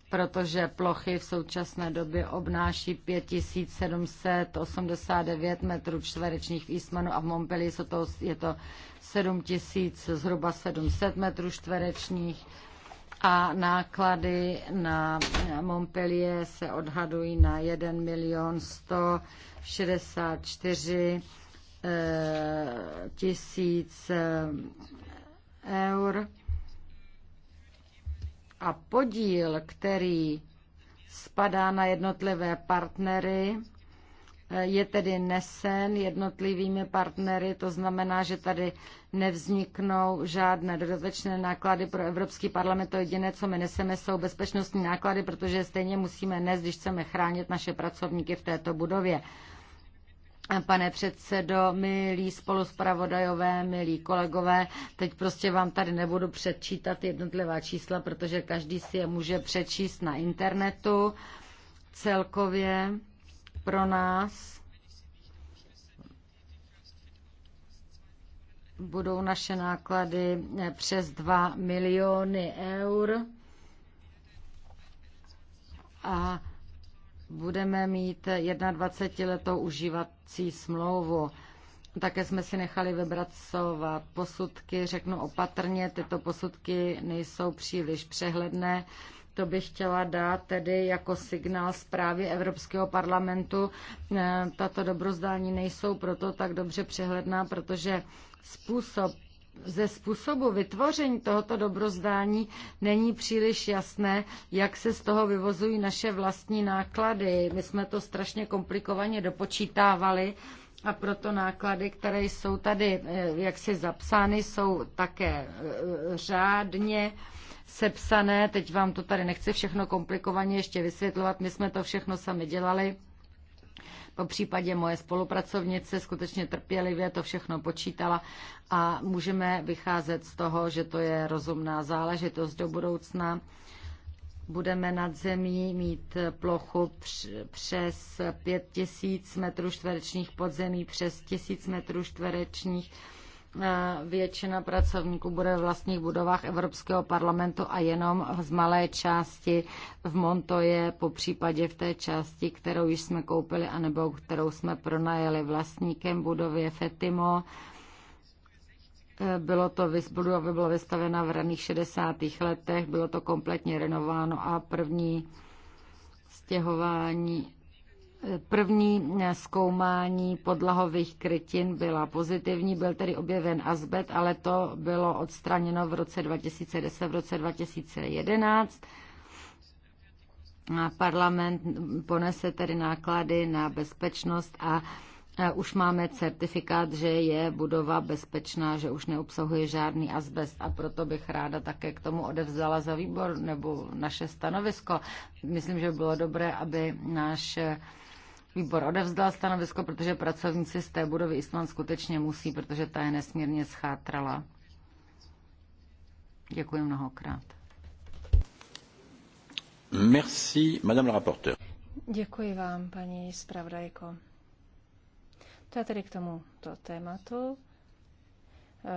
Speaker 4: protože plochy v současné době obnáší 5789 metrů čtverečních v Eastmanu a v Montpellier je to, 7000, zhruba 700 metrů čtverečních a náklady na Montpellier se odhadují na 1 milion 164 eh, tisíc eh, eur a podíl, který spadá na jednotlivé partnery, je tedy nesen jednotlivými partnery, to znamená, že tady nevzniknou žádné dodatečné náklady pro Evropský parlament. To jediné, co my neseme, jsou bezpečnostní náklady, protože stejně musíme nést, když chceme chránit naše pracovníky v této budově. Pane předsedo, milí spoluspravodajové, milí kolegové, teď prostě vám tady nebudu předčítat jednotlivá čísla, protože každý si je může přečíst na internetu celkově pro nás budou naše náklady přes 2 miliony eur a budeme mít 21-letou užívací smlouvu. Také jsme si nechali vybracovat posudky, řeknu opatrně, tyto posudky nejsou příliš přehledné to bych chtěla dát tedy jako signál zprávy Evropského parlamentu. Eh, tato dobrozdání nejsou proto tak dobře přehledná, protože způsob ze způsobu vytvoření tohoto dobrozdání není příliš jasné, jak se z toho vyvozují naše vlastní náklady. My jsme to strašně komplikovaně dopočítávali a proto náklady, které jsou tady, eh, jak zapsány, jsou také eh, řádně sepsané. Teď vám to tady nechci všechno komplikovaně ještě vysvětlovat. My jsme to všechno sami dělali. Po případě moje spolupracovnice skutečně trpělivě to všechno počítala a můžeme vycházet z toho, že to je rozumná záležitost do budoucna budeme nad zemí mít plochu přes 5000 metrů čtverečních podzemí, přes 1000 metrů čtverečních Většina pracovníků bude v vlastních budovách Evropského parlamentu a jenom z malé části v Montoje, po případě v té části, kterou již jsme koupili, anebo kterou jsme pronajeli vlastníkem budovy Fetimo. E, bylo to, budova byla vystavena v raných 60. letech, bylo to kompletně renováno a první stěhování První zkoumání podlahových krytin byla pozitivní, byl tedy objeven azbet, ale to bylo odstraněno v roce 2010, v roce 2011. A parlament ponese tedy náklady na bezpečnost a už máme certifikát, že je budova bezpečná, že už neobsahuje žádný asbest a proto bych ráda také k tomu odevzala za výbor nebo naše stanovisko. Myslím, že bylo dobré, aby náš Výbor odevzdal stanovisko, protože pracovníci z té budovy Island skutečně musí, protože ta je nesmírně schátrala. Děkuji mnohokrát.
Speaker 1: Merci, madame la rapporteur.
Speaker 3: Děkuji vám, paní zpravodajko. To je tedy k tomuto tématu. Eh,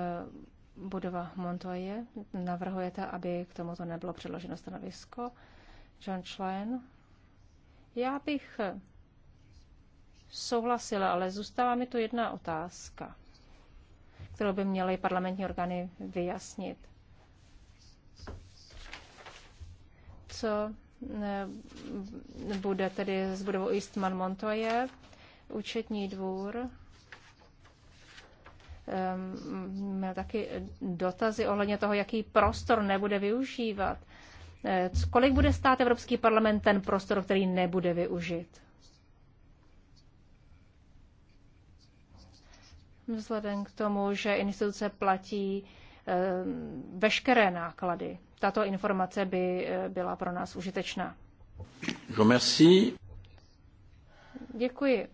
Speaker 3: budova Montoye. Navrhujete, aby k tomuto nebylo předloženo stanovisko. John Schlein. Já bych souhlasila, ale zůstává mi tu jedna otázka, kterou by měly parlamentní orgány vyjasnit. Co eh, bude tedy s budovou Eastman Montoya, účetní dvůr, eh, měl taky dotazy ohledně toho, jaký prostor nebude využívat. Eh, kolik bude stát Evropský parlament ten prostor, který nebude využit? vzhledem k tomu, že instituce platí eh, veškeré náklady. Tato informace by eh, byla pro nás užitečná.
Speaker 1: Merci.
Speaker 3: Děkuji.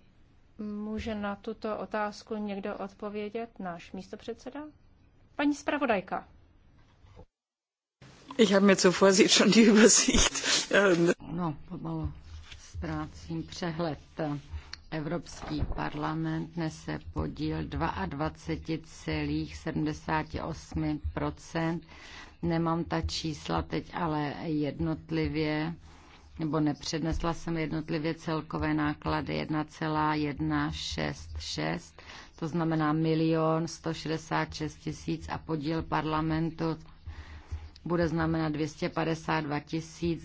Speaker 3: Může na tuto otázku někdo odpovědět? Náš místopředseda? Paní zpravodajka.
Speaker 2: Ich habe mir zuvor sieht schon die Übersicht. Ähm, no,
Speaker 4: pomalu ztrácím přehled. Evropský parlament nese podíl 22,78%. Nemám ta čísla teď, ale jednotlivě, nebo nepřednesla jsem jednotlivě celkové náklady 1,166, to znamená milion 166 tisíc a podíl parlamentu bude znamenat 252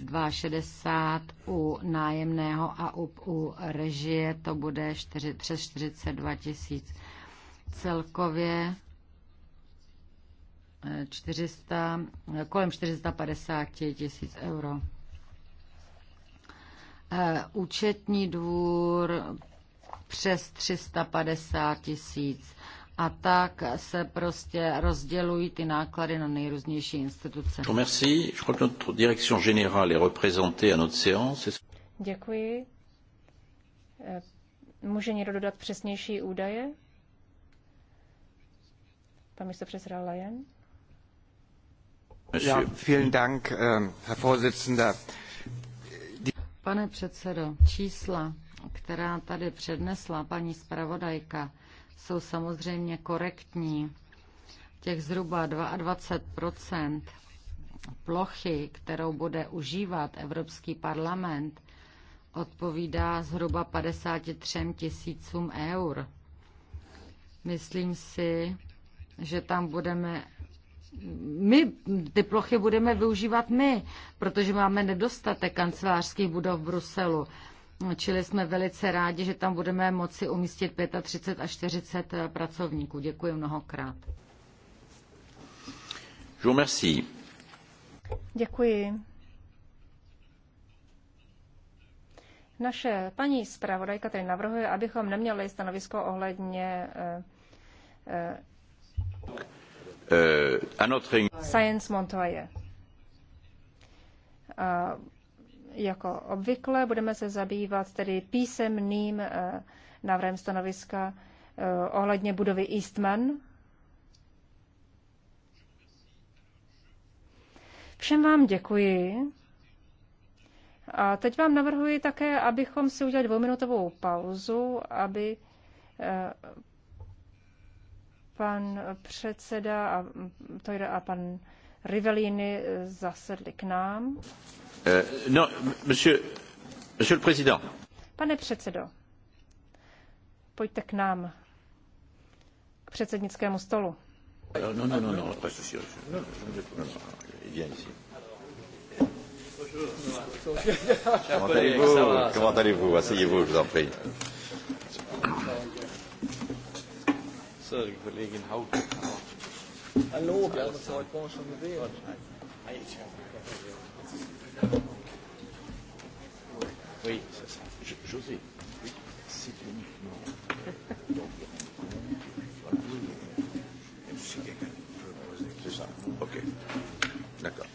Speaker 4: 260 u nájemného a u, u režie to bude 4, přes 42 tisíc. Celkově 400, eh, kolem 450 tisíc euro. Eh, účetní dvůr přes 350 tisíc a tak se prostě rozdělují ty náklady na
Speaker 3: nejrůznější instituce. Děkuji. Eh, může někdo dodat přesnější údaje? Pan místo předseda Lajen. Ja, vielen Dank, eh, Herr Vorsitzender.
Speaker 4: Pane předsedo, čísla, která tady přednesla paní zpravodajka, jsou samozřejmě korektní. Těch zhruba 22 plochy, kterou bude užívat Evropský parlament, odpovídá zhruba 53 tisícům eur. Myslím si, že tam budeme my ty plochy budeme využívat my, protože máme nedostatek kancelářských budov v Bruselu. Čili jsme velice rádi, že tam budeme moci umístit 35 až 40 pracovníků. Děkuji mnohokrát.
Speaker 3: Děkuji. Naše paní zpravodajka tedy navrhuje, abychom neměli stanovisko ohledně eh, eh,
Speaker 1: eh,
Speaker 3: Science Montoya jako obvykle budeme se zabývat tedy písemným eh, návrhem stanoviska eh, ohledně budovy Eastman. Všem vám děkuji. A teď vám navrhuji také, abychom si udělali dvouminutovou pauzu, aby eh, pan předseda a, mm, a pan Rivellini zasedli k nám.
Speaker 1: Eh, no,
Speaker 3: Pane předsedo, pojďte k nám, k předsednickému stolu.
Speaker 1: Eh, no, no, no, no, Oui, c'est ça. José, c'est uniquement. si quelqu'un peut poser. C'est ça. OK. D'accord.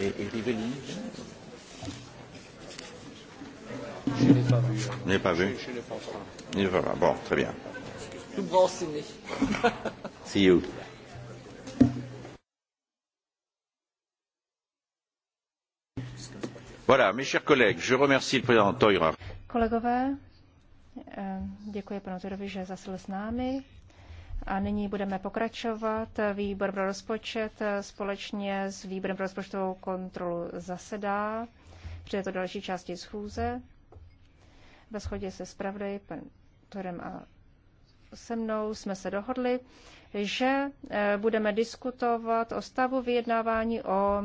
Speaker 1: Et, et Rivelli Je n'ai pas vu. Je n'ai pas vu. Je, je n'ai pas Bon, très bien.
Speaker 4: Tout bon signé.
Speaker 1: See you. mes chers collègues, je remercie le président
Speaker 3: Kolegové, eh, děkuji panu Toirovi, že zasil s námi. A nyní budeme pokračovat. Výbor pro rozpočet eh, společně s výborem pro rozpočtovou kontrolu zasedá. Přijde to další části schůze. Ve shodě se zpravdej, pan Torem a se mnou jsme se dohodli, že eh, budeme diskutovat o stavu vyjednávání o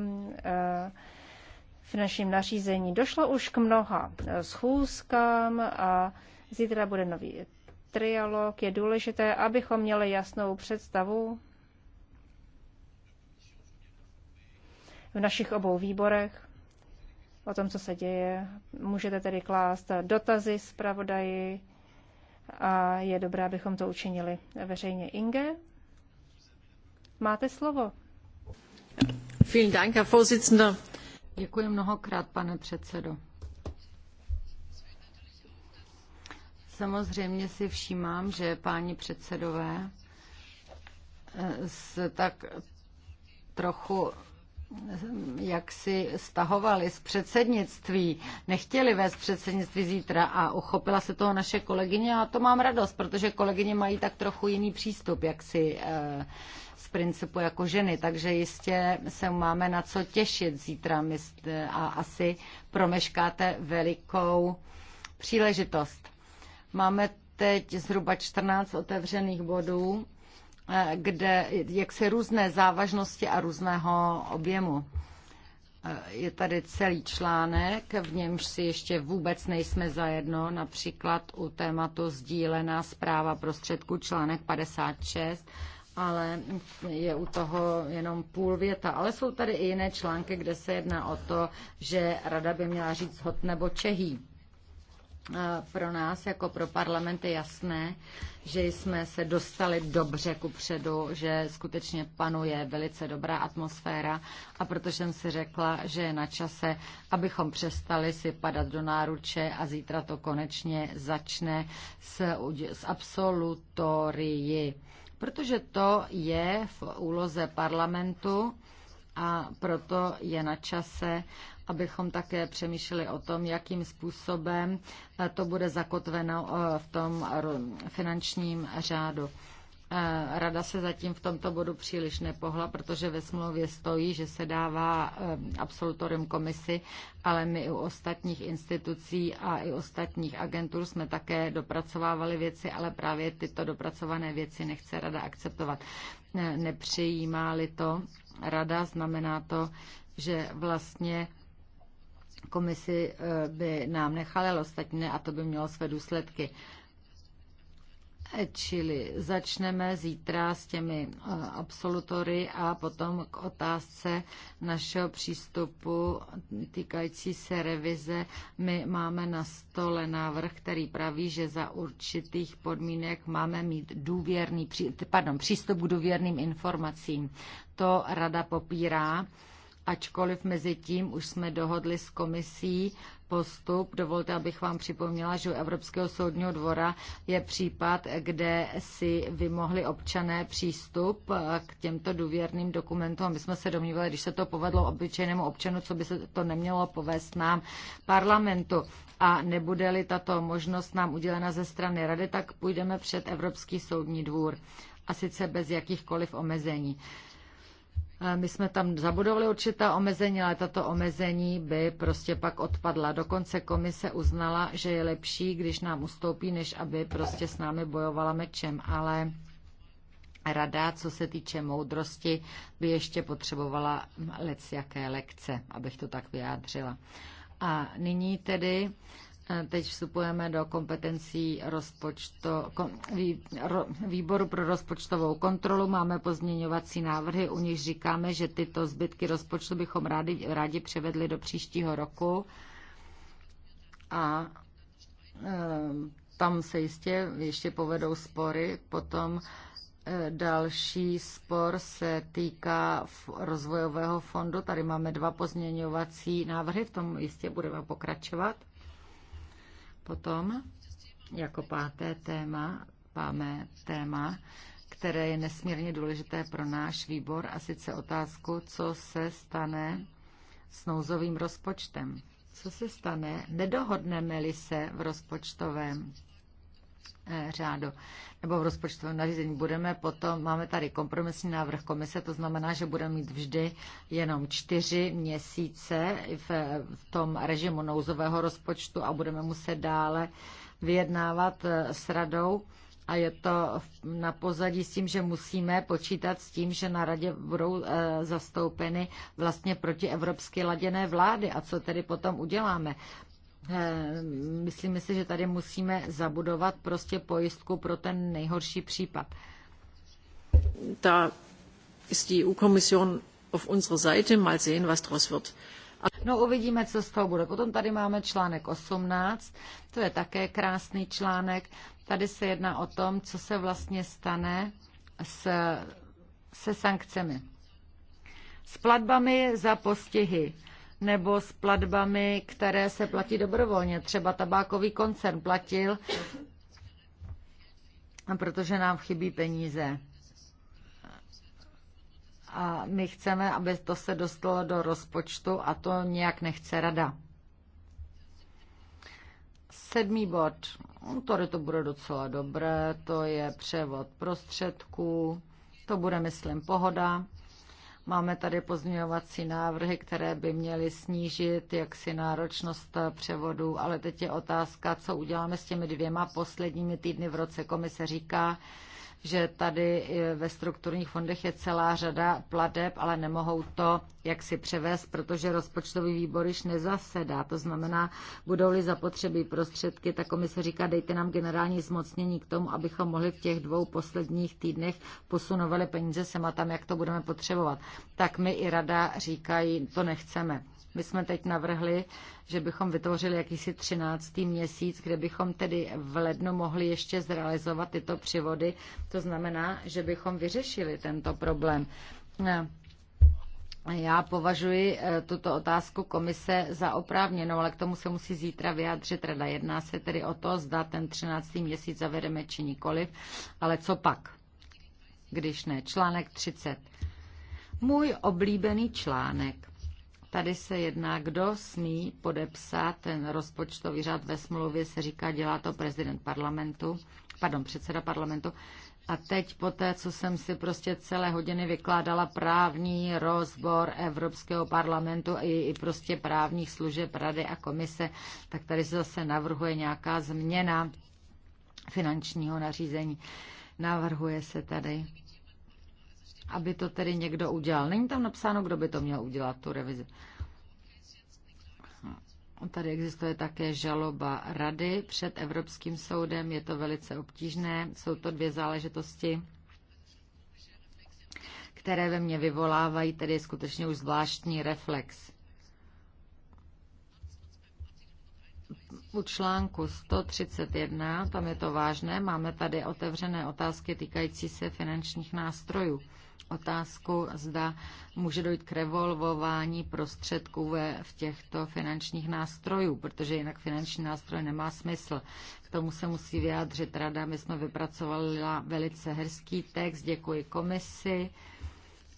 Speaker 3: v našem nařízení. Došlo už k mnoha eh, schůzkám a zítra bude nový trialog. Je důležité, abychom měli jasnou představu v našich obou výborech o tom, co se děje. Můžete tedy klást dotazy zpravodaji a je dobré, abychom to učinili veřejně. Inge, máte slovo. Vielen Dank, Herr
Speaker 4: Vorsitzender. Děkuji mnohokrát, pane předsedo. Samozřejmě si všímám, že páni předsedové eh, se tak trochu eh, jak si stahovali z předsednictví, nechtěli vést předsednictví zítra a uchopila se toho naše kolegyně a to mám radost, protože kolegyně mají tak trochu jiný přístup, jak si eh, principu jako ženy, takže jistě se máme na co těšit zítra a asi promeškáte velikou příležitost. Máme teď zhruba 14 otevřených bodů, eh, kde jak se různé závažnosti a různého objemu. Eh, je tady celý článek, v němž si ještě vůbec nejsme zajedno, například u tématu sdílená zpráva prostředku článek 56 ale je u toho jenom půl věta. Ale jsou tady i jiné články, kde se jedná o to, že rada by měla říct hot nebo čehý. Pro nás jako pro parlament je jasné, že jsme se dostali dobře ku předu, že skutečně panuje velice dobrá atmosféra a protože jsem si řekla, že je na čase, abychom přestali si padat do náruče a zítra to konečně začne s, s absolutorií protože to je v úloze parlamentu a proto je na čase, abychom také přemýšleli o tom, jakým způsobem to bude zakotveno eh, v tom eh, finančním řádu. Rada se zatím v tomto bodu příliš nepohla, protože ve smlouvě stojí, že se dává ehm, absolutorium komisi, ale my u ostatních institucí a i ostatních agentur jsme také dopracovávali věci, ale právě tyto dopracované věci nechce Rada akceptovat. Nepřijímá-li to Rada, znamená to, že vlastně komisi eh, by nám nechala ostatní a to by mělo své důsledky. Čili začneme zítra s těmi eh, absolutory a potom k otázce našeho přístupu týkající se revize. My máme na stole návrh, který praví, že za určitých podmínek máme mít důvěrný, pardon, přístup k důvěrným informacím. To rada popírá ačkoliv mezi tím už jsme dohodli s komisí, postup. Dovolte, abych vám připomněla, že u Evropského soudního dvora je případ, kde si vymohli občané přístup eh, k těmto důvěrným dokumentům. my jsme se domnívali, když se to povedlo obyčejnému občanu, co by se to nemělo povést nám parlamentu. A nebude-li tato možnost nám udělena ze strany rady, tak půjdeme před Evropský soudní dvůr a sice bez jakýchkoliv omezení. My jsme tam zabudovali určitá omezení, ale tato omezení by prostě pak odpadla. Dokonce komise uznala, že je lepší, když nám ustoupí, než aby prostě s námi bojovala mečem. Ale rada, co se týče moudrosti, by ještě potřebovala lec jaké lekce, abych to tak vyjádřila. A nyní tedy Teď vstupujeme do kompetencí rozpočto, výboru pro rozpočtovou kontrolu. Máme pozměňovací návrhy, u nich říkáme, že tyto zbytky rozpočtu bychom rádi, rádi převedli do příštího roku. A ehm, tam se jistě ještě povedou spory. Potom e, Další spor se týká rozvojového fondu. Tady máme dva pozměňovací návrhy, v tom jistě budeme pokračovat. Potom, jako páté téma, máme téma, které je nesmírně důležité pro náš výbor, a sice otázku, co se stane s nouzovým rozpočtem. Co se stane, nedohodneme-li se v rozpočtovém Eh, řádu nebo v rozpočtovém nařízení. Budeme potom, máme tady kompromisní návrh komise, to znamená, že budeme mít vždy jenom čtyři měsíce v, v tom režimu nouzového rozpočtu a budeme muset dále vyjednávat eh, s radou a je to na pozadí s tím, že musíme počítat s tím, že na radě budou eh, zastoupeny vlastně proti evropsky laděné vlády. A co tedy potom uděláme? Eh, myslíme si, že tady musíme zabudovat prostě pojistku pro ten nejhorší případ. Da ist die EU-Kommission auf unserer Seite. Mal sehen, was daraus wird. No uvidíme, co z toho bude. Potom tady máme článek 18, to je také krásný článek. Tady se jedná o tom, co se vlastně stane s, se sankcemi. S platbami za postihy nebo s platbami, které se platí dobrovolně. Třeba tabákový koncern platil, protože nám chybí peníze. A my chceme, aby to se dostalo do rozpočtu a to nějak nechce rada. Sedmý bod. Tady to bude docela dobré. To je převod prostředků. To bude, myslím, pohoda. Máme tady pozměňovací návrhy, které by měly snížit jaksi náročnost převodu, ale teď je otázka, co uděláme s těmi dvěma posledními týdny v roce. Komise říká, že tady e, ve strukturních fondech je celá řada pladeb, ale nemohou to jak si převést, protože rozpočtový výbor již nezasedá. To znamená, budou-li zapotřebí prostředky, ta komise říká, dejte nám generální zmocnění k tomu, abychom mohli v těch dvou posledních týdnech posunovali peníze sem a tam, jak to budeme potřebovat. Tak my i rada říkají, to nechceme. My jsme teď navrhli, že bychom vytvořili jakýsi 13. měsíc, kde bychom tedy v lednu mohli ještě zrealizovat tyto přivody. To znamená, že bychom vyřešili tento problém. Já považuji eh, tuto otázku komise za oprávněnou, ale k tomu se musí zítra vyjádřit rada. Jedná se tedy o to, zda ten 13. měsíc zavedeme či nikoliv, ale co pak, když ne? Článek 30. Můj oblíbený článek. Tady se jedná, kdo smí podepsat ten rozpočtový řád ve smlouvě, se říká, dělá to prezident parlamentu, pardon, předseda parlamentu. A teď po té, co jsem si prostě celé hodiny vykládala právní rozbor Evropského parlamentu i, i prostě právních služeb Rady a komise, tak tady se zase navrhuje nějaká změna finančního nařízení. Navrhuje se tady aby to tedy někdo udělal. Není tam napsáno, kdo by to měl udělat, tu revizi. Tady existuje také žaloba rady před Evropským soudem, je to velice obtížné, jsou to dvě záležitosti, které ve mně vyvolávají, tedy skutečně už zvláštní reflex. U článku 131, tam je to vážné, máme tady otevřené otázky týkající se finančních nástrojů otázku, zda může dojít k revolvování prostředků ve, v těchto finančních nástrojů, protože jinak finanční nástroj nemá smysl. K tomu se musí vyjádřit rada. My jsme vypracovali velice hezký text. Děkuji komisi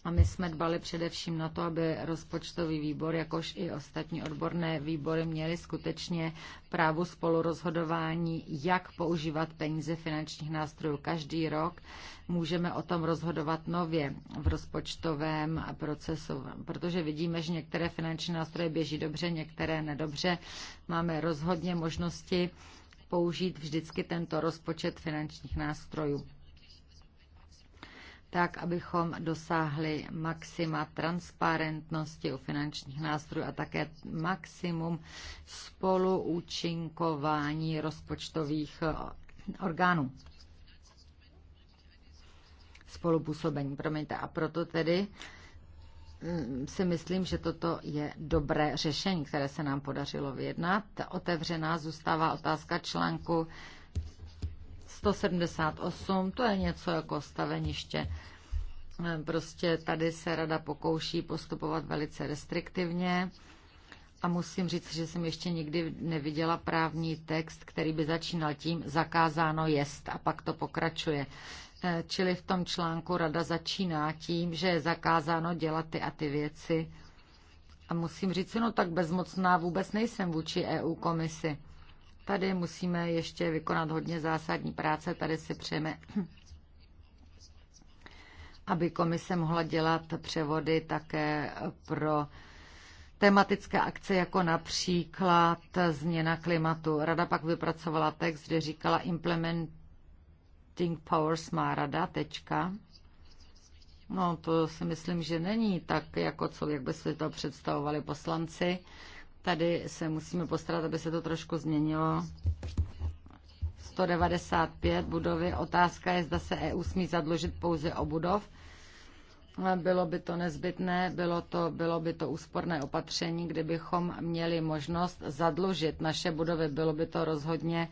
Speaker 4: a my jsme dbali především na to, aby rozpočtový výbor, jakož i ostatní odborné výbory měly skutečně právo spolurozhodování, jak používat peníze finančních nástrojů. Každý rok můžeme o tom rozhodovat nově v rozpočtovém procesu, protože vidíme, že některé finanční nástroje běží dobře, některé nedobře. Máme rozhodně možnosti použít vždycky tento rozpočet finančních nástrojů tak, abychom dosáhli maxima transparentnosti u finančních nástrojů a také maximum spoluúčinkování rozpočtových eh, orgánů. Spolupůsobení, promiňte. A proto tedy mm, si myslím, že toto je dobré řešení, které se nám podařilo vyjednat. Otevřená zůstává otázka článku 178, to je něco jako staveniště. Eh, prostě tady se rada pokouší postupovat velice restriktivně a musím říct, že jsem ještě nikdy neviděla právní text, který by začínal tím zakázáno jest a pak to pokračuje. Eh, čili v tom článku rada začíná tím, že je zakázáno dělat ty a ty věci. A musím říct, no tak bezmocná vůbec nejsem vůči EU komisi. Tady musíme ještě vykonat hodně zásadní práce, tady si přejeme, aby komise mohla dělat převody také pro tematické akce, jako například změna klimatu. Rada pak vypracovala text, kde říkala implementing powers má rada, tečka. No, to si myslím, že není tak, jako co, jak by si to představovali poslanci. Tady se musíme postarat, aby se to trošku změnilo. 195 budovy. Otázka je, zda se EU smí zadlužit pouze o budov. Bylo by to nezbytné, bylo, to, bylo by to úsporné opatření, kdybychom měli možnost zadlužit naše budovy. Bylo by to rozhodně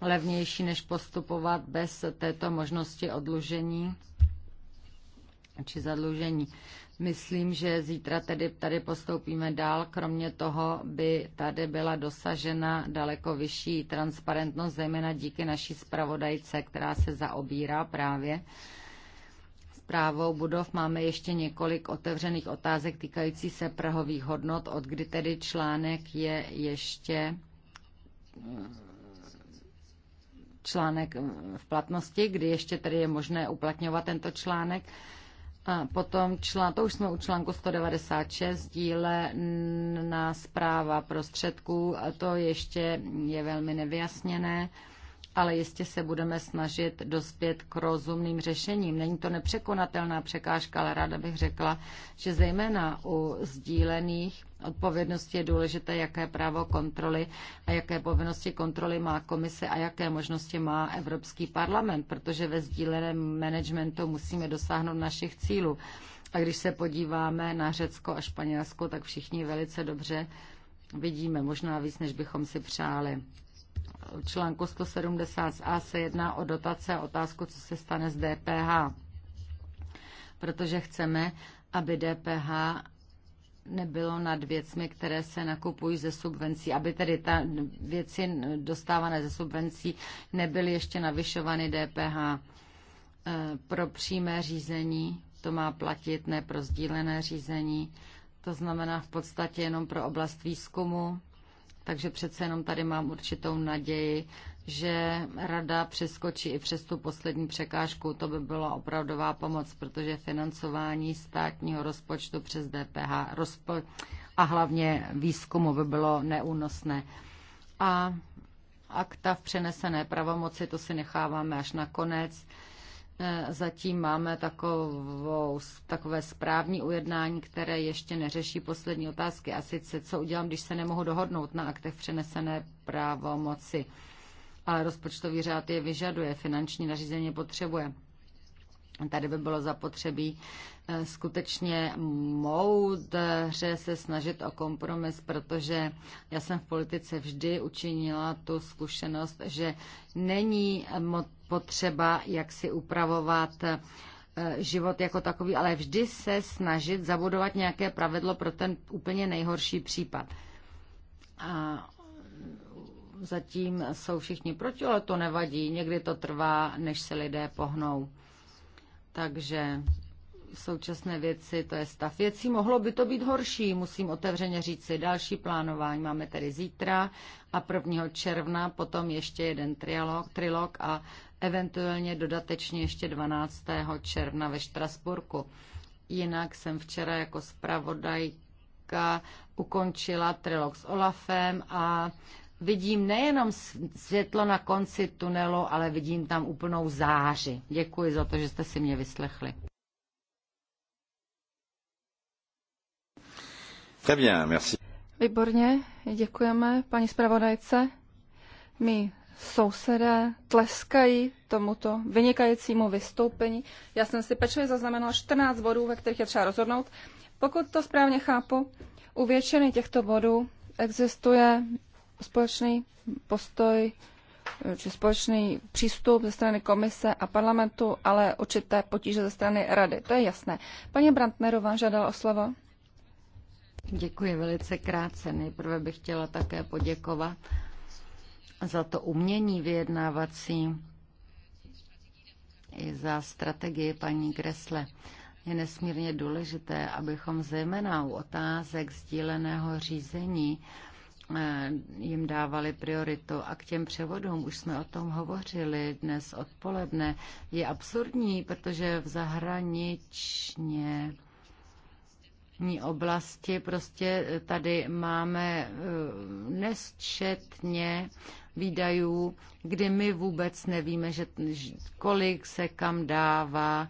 Speaker 4: levnější, než postupovat bez této možnosti odlužení či zadlužení. Myslím, že zítra tedy tady postoupíme dál. Kromě toho by tady byla dosažena daleko vyšší transparentnost, zejména díky naší zpravodajce, která se zaobírá právě zprávou budov máme ještě několik otevřených otázek týkající se prahových hodnot, od kdy tedy článek je ještě článek v platnosti, kdy ještě tedy je možné uplatňovat tento článek. A potom člán, to už jsme u článku 196, díle na zpráva prostředků, a to ještě je velmi nevyjasněné ale jistě se budeme snažit dospět k rozumným řešením. Není to nepřekonatelná překážka, ale ráda bych řekla, že zejména u sdílených odpovědností je důležité, jaké právo kontroly a jaké povinnosti kontroly má komise a jaké možnosti má Evropský parlament, protože ve sdíleném managementu musíme dosáhnout našich cílů. A když se podíváme na Řecko a Španělsko, tak všichni velice dobře vidíme, možná víc, než bychom si přáli článku 170a se jedná o dotace a otázku, co se stane s DPH. Protože chceme, aby DPH nebylo nad věcmi, které se nakupují ze subvencí, aby tedy ta věci dostávané ze subvencí nebyly ještě navyšovány DPH e, pro přímé řízení, to má platit, ne pro sdílené řízení, to znamená v podstatě jenom pro oblast výzkumu takže přece jenom tady mám určitou naději, že rada přeskočí i přes tu poslední překážku. To by byla opravdová pomoc, protože financování státního rozpočtu přes DPH rozpo- a hlavně výzkumu by bylo neúnosné. A akta v přenesené pravomoci, to si necháváme až na konec. Eh, zatím máme takovou, takové správní ujednání, které ještě neřeší poslední otázky. A sice, co udělám, když se nemohu dohodnout na aktech přenesené právomoci. Ale rozpočtový řád je vyžaduje, finanční nařízení potřebuje. Tady by bylo zapotřebí eh, skutečně moudře se snažit o kompromis, protože já jsem v politice vždy učinila tu zkušenost, že není potřeba, jak si upravovat eh, život jako takový, ale vždy se snažit zabudovat nějaké pravidlo pro ten úplně nejhorší případ. A zatím jsou všichni proti, ale to nevadí. Někdy to trvá, než se lidé pohnou. Takže současné věci, to je stav věcí. Mohlo by to být horší, musím otevřeně si. Další plánování máme tedy zítra a 1. června, potom ještě jeden trialog, trilog a eventuálně dodatečně ještě 12. června ve Štrasburku. Jinak jsem včera jako zpravodajka ukončila trilog s Olafem a vidím nejenom světlo na konci tunelu, ale vidím tam úplnou záři. Děkuji za to, že jste si mě vyslechli.
Speaker 2: Výborně, děkujeme paní zpravodajce. My sousedé tleskají tomuto vynikajícímu vystoupení. Já jsem si pečlivě zaznamenala 14 bodů, ve kterých je třeba rozhodnout. Pokud to správně chápu, u většiny těchto bodů existuje společný postoj eh, či společný přístup ze strany komise a parlamentu, ale určité potíže ze strany rady. To je jasné. Paní Brantnerová žádala o slovo.
Speaker 4: Děkuji velice krátce. Nejprve bych chtěla také poděkovat za to umění vyjednávací i za strategii paní Gresle. Je nesmírně důležité, abychom zejména u otázek sdíleného řízení eh, jim dávali prioritu. A k těm převodům, už jsme o tom hovořili dnes odpoledne, je absurdní, protože v zahraničně oblasti prostě tady máme eh, nesčetně výdajů, kdy my vůbec nevíme, že, kolik se kam dává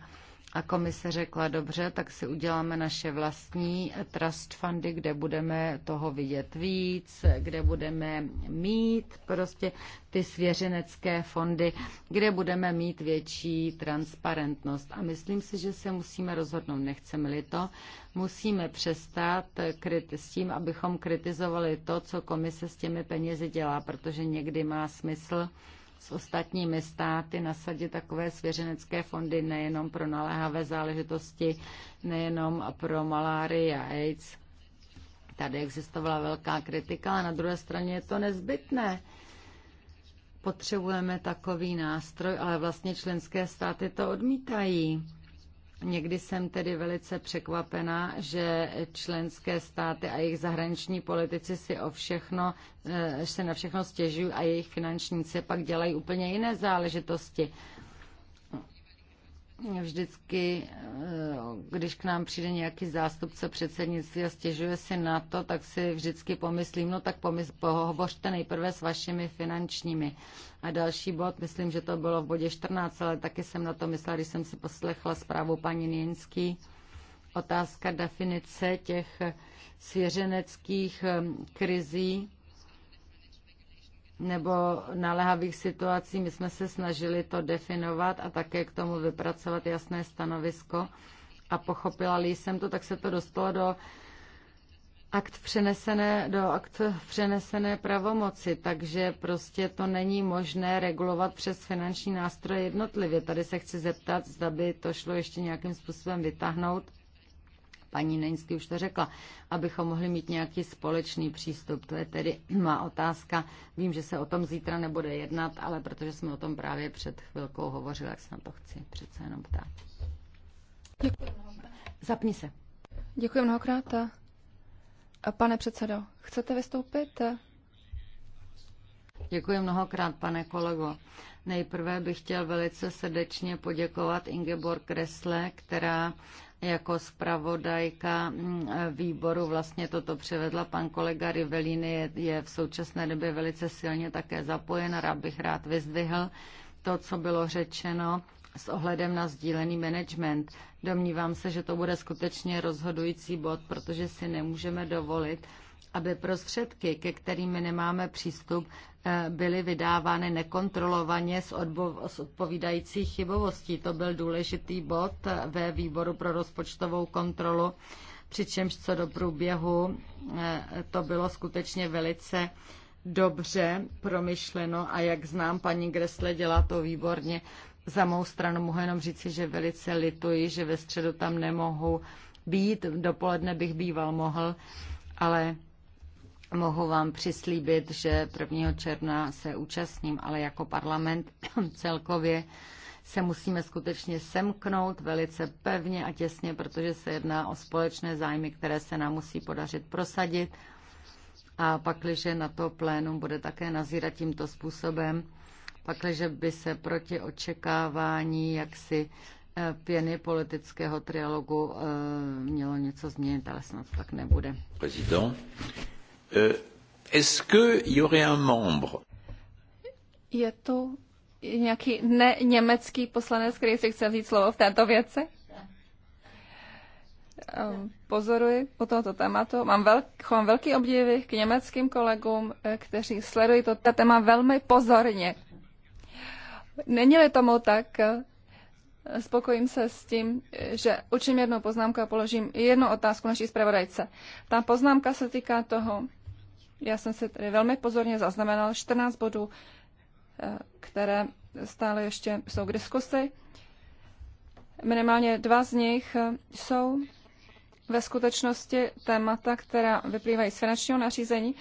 Speaker 4: a komise řekla, dobře, tak si uděláme naše vlastní trust fundy, kde budeme toho vidět víc, kde budeme mít prostě ty svěřenecké fondy, kde budeme mít větší transparentnost. A myslím si, že se musíme rozhodnout, nechceme-li to, musíme přestat s tím, abychom kritizovali to, co komise s těmi penězi dělá, protože někdy má smysl s ostatními státy nasadit takové svěřenecké fondy nejenom pro naléhavé záležitosti, nejenom pro malárii a AIDS. Tady existovala velká kritika, a na druhé straně je to nezbytné potřebujeme takový nástroj, ale vlastně členské státy to odmítají. Někdy jsem tedy velice překvapena, že členské státy a jejich zahraniční politici si o všechno, eh, se na všechno stěžují a jejich finančníci pak dělají úplně jiné záležitosti vždycky, eh, když k nám přijde nějaký zástupce předsednictví a stěžuje si na to, tak si vždycky pomyslím, no tak pomysl, pohovořte nejprve s vašimi finančními. A další bod, myslím, že to bylo v bodě 14, ale taky jsem na to myslela, když jsem si poslechla zprávu paní Nienský. Otázka definice těch svěřeneckých eh, krizí nebo naléhavých situací. My jsme se snažili to definovat a také k tomu vypracovat jasné stanovisko. A pochopila jsem to, tak se to dostalo do akt přenesené, do akt přenesené pravomoci, takže prostě to není možné regulovat přes finanční nástroje jednotlivě. Tady se chci zeptat, zda by to šlo ještě nějakým způsobem vytáhnout paní Nensky už to řekla, abychom mohli mít nějaký společný přístup. To je tedy má otázka. Vím, že se o tom zítra nebude jednat, ale protože jsme o tom právě před chvilkou hovořili, jak se na to chci přece jenom ptát.
Speaker 2: Děkuji Zapni se. Děkuji mnohokrát. Pane předsedo, chcete vystoupit?
Speaker 4: Děkuji mnohokrát, pane kolego. Nejprve bych chtěl velice srdečně poděkovat Ingeborg Kresle, která jako zpravodajka mm, výboru vlastně toto přivedla. Pan kolega Rivelini je, je v současné době velice silně také zapojen. Rád bych rád vyzdvihl to, co bylo řečeno s ohledem na sdílený management. Domnívám se, že to bude skutečně rozhodující bod, protože si nemůžeme dovolit, aby prostředky, ke kterým nemáme přístup, eh, byly vydávány nekontrolovaně s, odbo- s odpovídající chybovostí. To byl důležitý bod eh, ve výboru pro rozpočtovou kontrolu, přičemž co do průběhu eh, to bylo skutečně velice dobře promyšleno a jak znám, paní Gresle dělá to výborně. Za mou stranu mohu jenom říci, že velice lituji, že ve středu tam nemohu být. Dopoledne bych býval mohl, ale Mohu vám přislíbit, že 1. června se účastním, ale jako parlament celkově se musíme skutečně semknout velice pevně a těsně, protože se jedná o společné zájmy, které se nám musí podařit prosadit. A pakliže na to plénum bude také nazírat tímto způsobem, pakliže by se proti očekávání jaksi eh, pěny politického trialogu eh, mělo něco změnit, ale snad tak nebude.
Speaker 1: Prezident. Euh, est-ce qu'il y aurait un membre
Speaker 2: Je tu nějaký ne německý poslanec, který si chce vzít slovo v této věci? Ehm, pozoruji po tohoto tématu. Mám, velk, mám velký obdiv k německým kolegům, eh, kteří sledují toto téma velmi pozorně. Není-li tomu tak, eh, spokojím se s tím, že učím jednu poznámku a položím jednu otázku naší zpravodajce. Ta poznámka se týká toho, já jsem si tedy velmi pozorně zaznamenal 14 bodů, eh, které stále ještě jsou k diskusi. Minimálně dva z nich eh, jsou ve skutečnosti témata, která vyplývají z finančního nařízení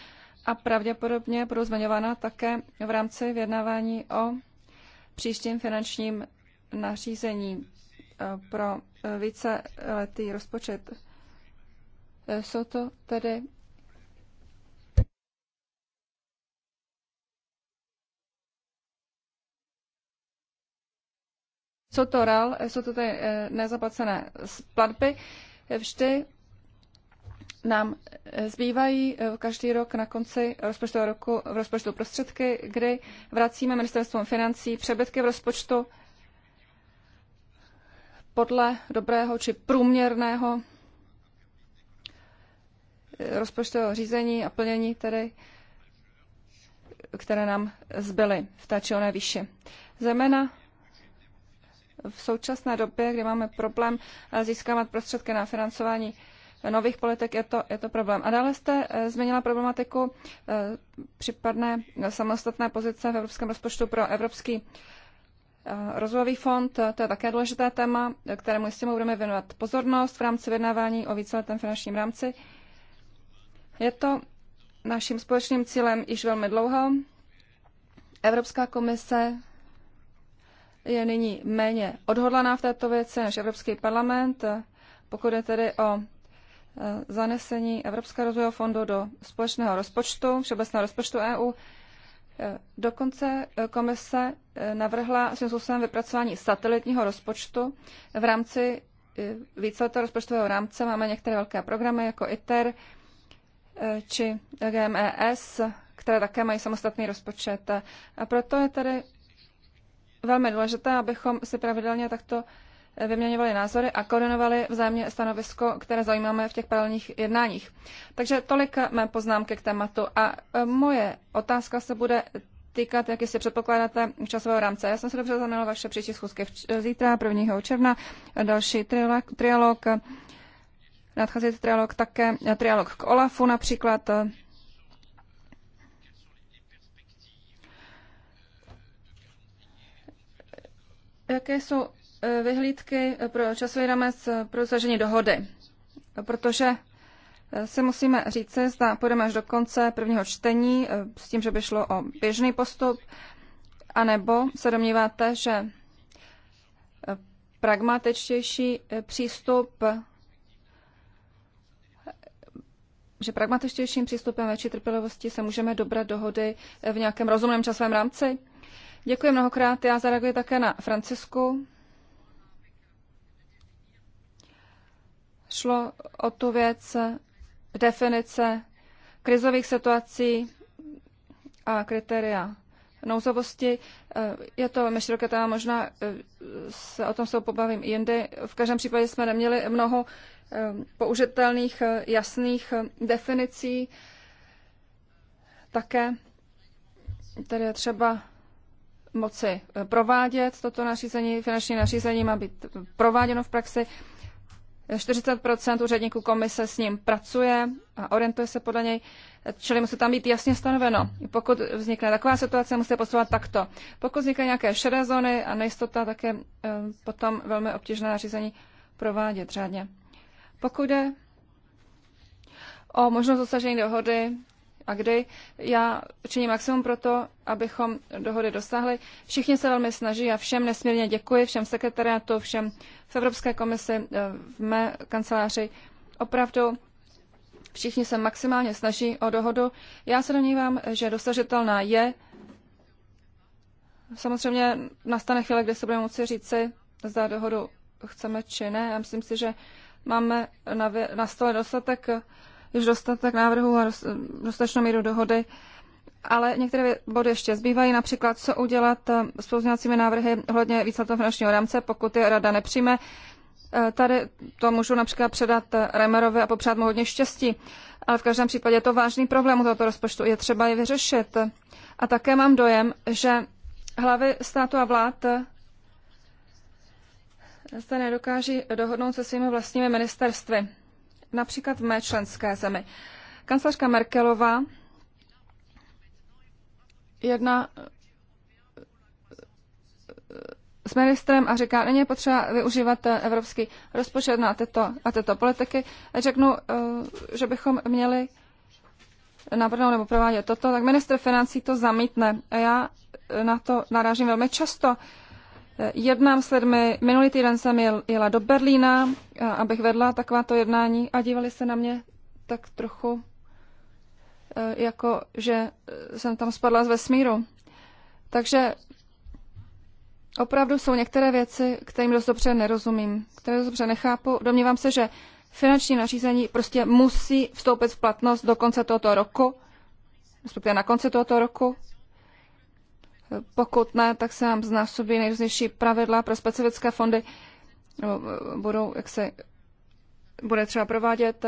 Speaker 2: a pravděpodobně budou zmiňována také v rámci vyjednávání o příštím finančním nařízení eh, pro více letý rozpočet. Jsou to tedy Co to RAL, jsou to ty eh, nezaplacené platby, vždy nám eh, zbývají eh, každý rok na konci rozpočtového roku v rozpočtu prostředky, kdy vracíme ministerstvům financí přebytky v rozpočtu podle dobrého či průměrného rozpočtového řízení a plnění tedy, které nám zbyly v té či oné výši. Zemena v současné době, kdy máme problém eh, získávat prostředky na financování eh, nových politik, je to, je to problém. A dále jste eh, změnila problematiku případné samostatné pozice v evropském rozpočtu pro Evropský rozvojový fond. To je také důležité téma, kterému jistě budeme věnovat pozornost v rámci vyjednávání o víceletém finančním rámci. Je to naším společným cílem již velmi dlouho. Evropská komise je nyní méně odhodlaná v této věci než Evropský parlament. Pokud je tedy o e, zanesení Evropského rozvojového fondu do společného rozpočtu, všeobecného rozpočtu EU, e, Dokonce e, komise navrhla svým způsobem vypracování satelitního rozpočtu. V rámci víceletého rozpočtového rámce máme některé velké programy jako ITER či GMES, které také mají samostatný rozpočet. A proto je tady velmi důležité, abychom si pravidelně takto eh, vyměňovali názory a koordinovali vzájemně stanovisko, které zajímáme v těch paralelních jednáních. Takže tolik eh, mé poznámky k tématu. A eh, moje otázka se bude týkat, jak jestli předpokládáte, časového rámce. Já jsem se dobře zaznamenala vaše příští schůzky zítra, 1. června, další trialog, nadcházející trialog také, trialog k OLAFu například, Jaké jsou e, vyhlídky pro časový rámec pro zažení dohody? Protože se musíme říct, zda půjdeme až do konce prvního čtení e, s tím, že by šlo o běžný postup, anebo se domníváte, že e, pragmatičtější přístup že pragmatičtějším přístupem větší trpělivosti se můžeme dobrat dohody v nějakém rozumném časovém rámci? Děkuji mnohokrát. Já zareaguji také na Francisku. Šlo o tu věc definice krizových situací a kritéria nouzovosti. Eh, je to velmi široké téma, možná eh, se o tom se pobavím jindy. V každém případě jsme neměli mnoho eh, použitelných, jasných definicí. Také tady je třeba moci eh, provádět toto nařízení, finanční nařízení má být prováděno v praxi. 40 úředníků komise s ním pracuje a orientuje se podle něj, čili musí tam být jasně stanoveno. Pokud vznikne taková situace, musí postupovat takto. Pokud vznikne nějaké šedé zóny a nejistota, tak je eh, potom velmi obtížné nařízení provádět řádně. Pokud jde o možnost dosažení dohody a kdy. Já činím maximum pro to, abychom dohody dosáhli. Všichni se velmi snaží a všem nesmírně děkuji, všem sekretariátu, všem v Evropské komisi, eh, v mé kanceláři. Opravdu všichni se maximálně snaží o dohodu. Já se domnívám, že dosažitelná je. Samozřejmě nastane chvíle, kde se budeme moci říci, zda dohodu chceme či ne. Já myslím si, že máme na, na stole dostatek již dostatek návrhů a dostatečnou míru dohody, ale některé body ještě zbývají, například co udělat eh, s pozměňovacími návrhy ohledně víceletého finančního rámce, pokud je rada nepřijme. Eh, tady to můžu například předat eh, Remerovi a popřát mu hodně štěstí, ale v každém případě je to vážný problém u tohoto rozpočtu, je třeba je vyřešit. A také mám dojem, že hlavy státu a vlád se nedokáží dohodnout se svými vlastními ministerstvy například v mé členské zemi. Kancelářka Merkelová jedna s ministrem a říká, není potřeba využívat eh, evropský rozpočet na tyto, a tyto politiky. Řeknu, eh, že bychom měli navrhnout nebo provádět toto, tak minister financí to zamítne. A já eh, na to narážím velmi často jednám s lidmi. Minulý týden jsem jela do Berlína, abych vedla takováto jednání a dívali se na mě tak trochu e, jako, že jsem tam spadla z vesmíru. Takže opravdu jsou některé věci, kterým dost dobře nerozumím, které dost dobře nechápu. Domnívám se, že finanční nařízení prostě musí vstoupit v platnost do konce tohoto roku, respektive na konci tohoto roku. Pokud ne, tak se nám znásobí nejrůznější pravidla pro specifické fondy, no, budou, jak se bude třeba provádět.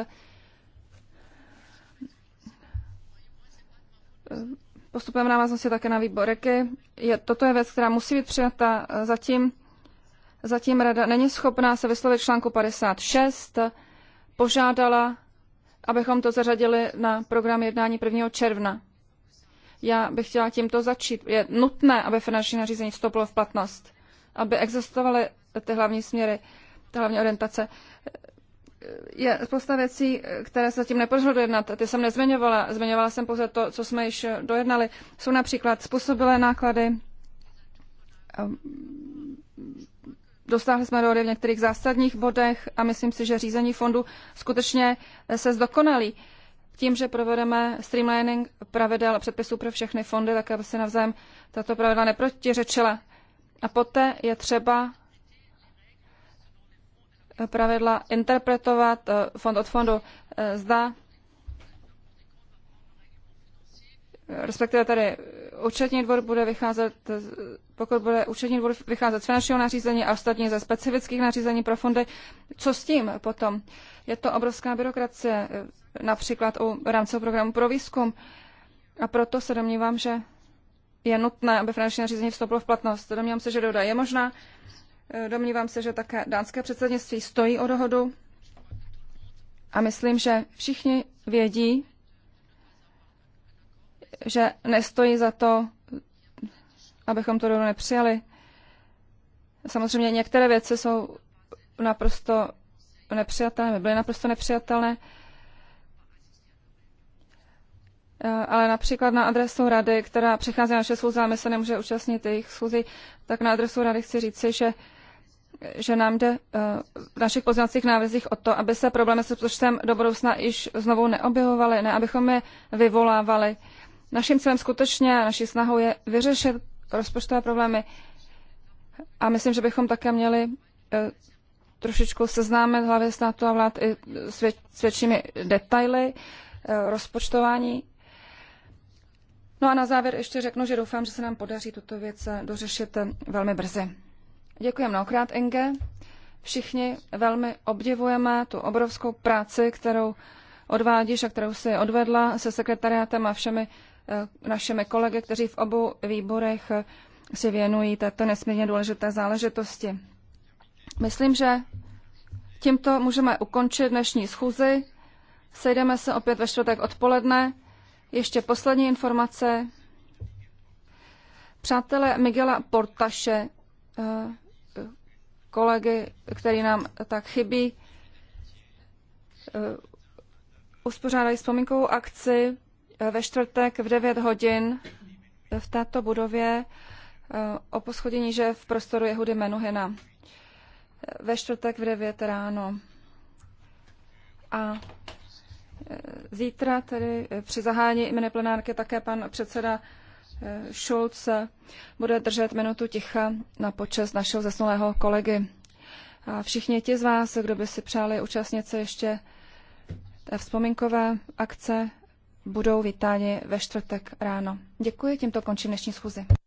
Speaker 2: Postupem návaznosti také na výboreky. Je, toto je věc, která musí být přijata. Eh, zatím, zatím rada není schopná se vyslovit článku 56. Požádala, abychom to zařadili na program jednání 1. června. Já bych chtěla tímto začít. Je nutné, aby finanční nařízení vstoupilo v platnost, aby existovaly ty hlavní směry, ty hlavní orientace. Je spousta věcí, které se zatím nepodařilo dojednat. Ty jsem nezmiňovala. Zmiňovala jsem pouze to, co jsme již dojednali. Jsou například způsobilé náklady. Ehm, dostáhli jsme dohody v některých zásadních bodech a myslím si, že řízení fondu skutečně se zdokonalí tím, že provedeme streamlining pravidel a předpisů pro všechny fondy, tak aby se navzájem tato pravidla neprotiřečila. A poté je třeba pravidla interpretovat eh, fond od fondu. Eh, zda respektive tady účetní dvor bude vycházet, pokud bude účetní dvor vycházet z finančního nařízení a ostatní ze specifických nařízení pro fondy, co s tím potom? Je to obrovská byrokracie, například u rámcového programu pro výzkum. A proto se domnívám, že je nutné, aby finanční nařízení vstoupilo v platnost. Domnívám se, že dohoda je možná. Domnívám se, že také dánské předsednictví stojí o dohodu. A myslím, že všichni vědí, že nestojí za to, abychom to dohodu nepřijali. Samozřejmě některé věci jsou naprosto nepřijatelné, by byly naprosto nepřijatelné. Eh, ale například na adresu rady, která přichází na naše schůze my se nemůže účastnit jejich schůzí, tak na adresu rady chci říci, že že nám jde eh, v našich poznacích návrzích o to, aby se problémy se rozpočtem do budoucna již znovu neobjevovaly, ne abychom je vyvolávali. Naším cílem skutečně, naší snahou je vyřešit rozpočtové problémy a myslím, že bychom také měli eh, trošičku seznámit hlavě státu a vlád i s, většími detaily rozpočtování No a na závěr ještě řeknu, že doufám, že se nám podaří tuto věc dořešit velmi brzy. Děkuji mnohokrát, Inge. Všichni velmi obdivujeme tu obrovskou práci, kterou odvádíš a kterou si odvedla se sekretariátem a všemi eh, našimi kolegy, kteří v obou výborech eh, si věnují této nesmírně důležité záležitosti. Myslím, že tímto můžeme ukončit dnešní schůzi. Sejdeme se opět ve čtvrtek odpoledne. Ještě poslední informace. Přátelé Miguela Portaše, eh, kolegy, který nám tak chybí, eh, uspořádají vzpomínkovou akci eh, ve čtvrtek v 9 hodin v této budově o poschodí že v prostoru Jehudy Menuhina. Ve čtvrtek v 9 ráno. A Zítra tedy eh, při zahájení jmény plenárky také pan předseda eh, Schulz eh, bude držet minutu ticha na počest našeho zesnulého kolegy. A všichni ti z vás, kdo by si přáli účastnit se ještě té vzpomínkové akce, budou vítáni ve čtvrtek ráno. Děkuji, tímto končím dnešní schůzi.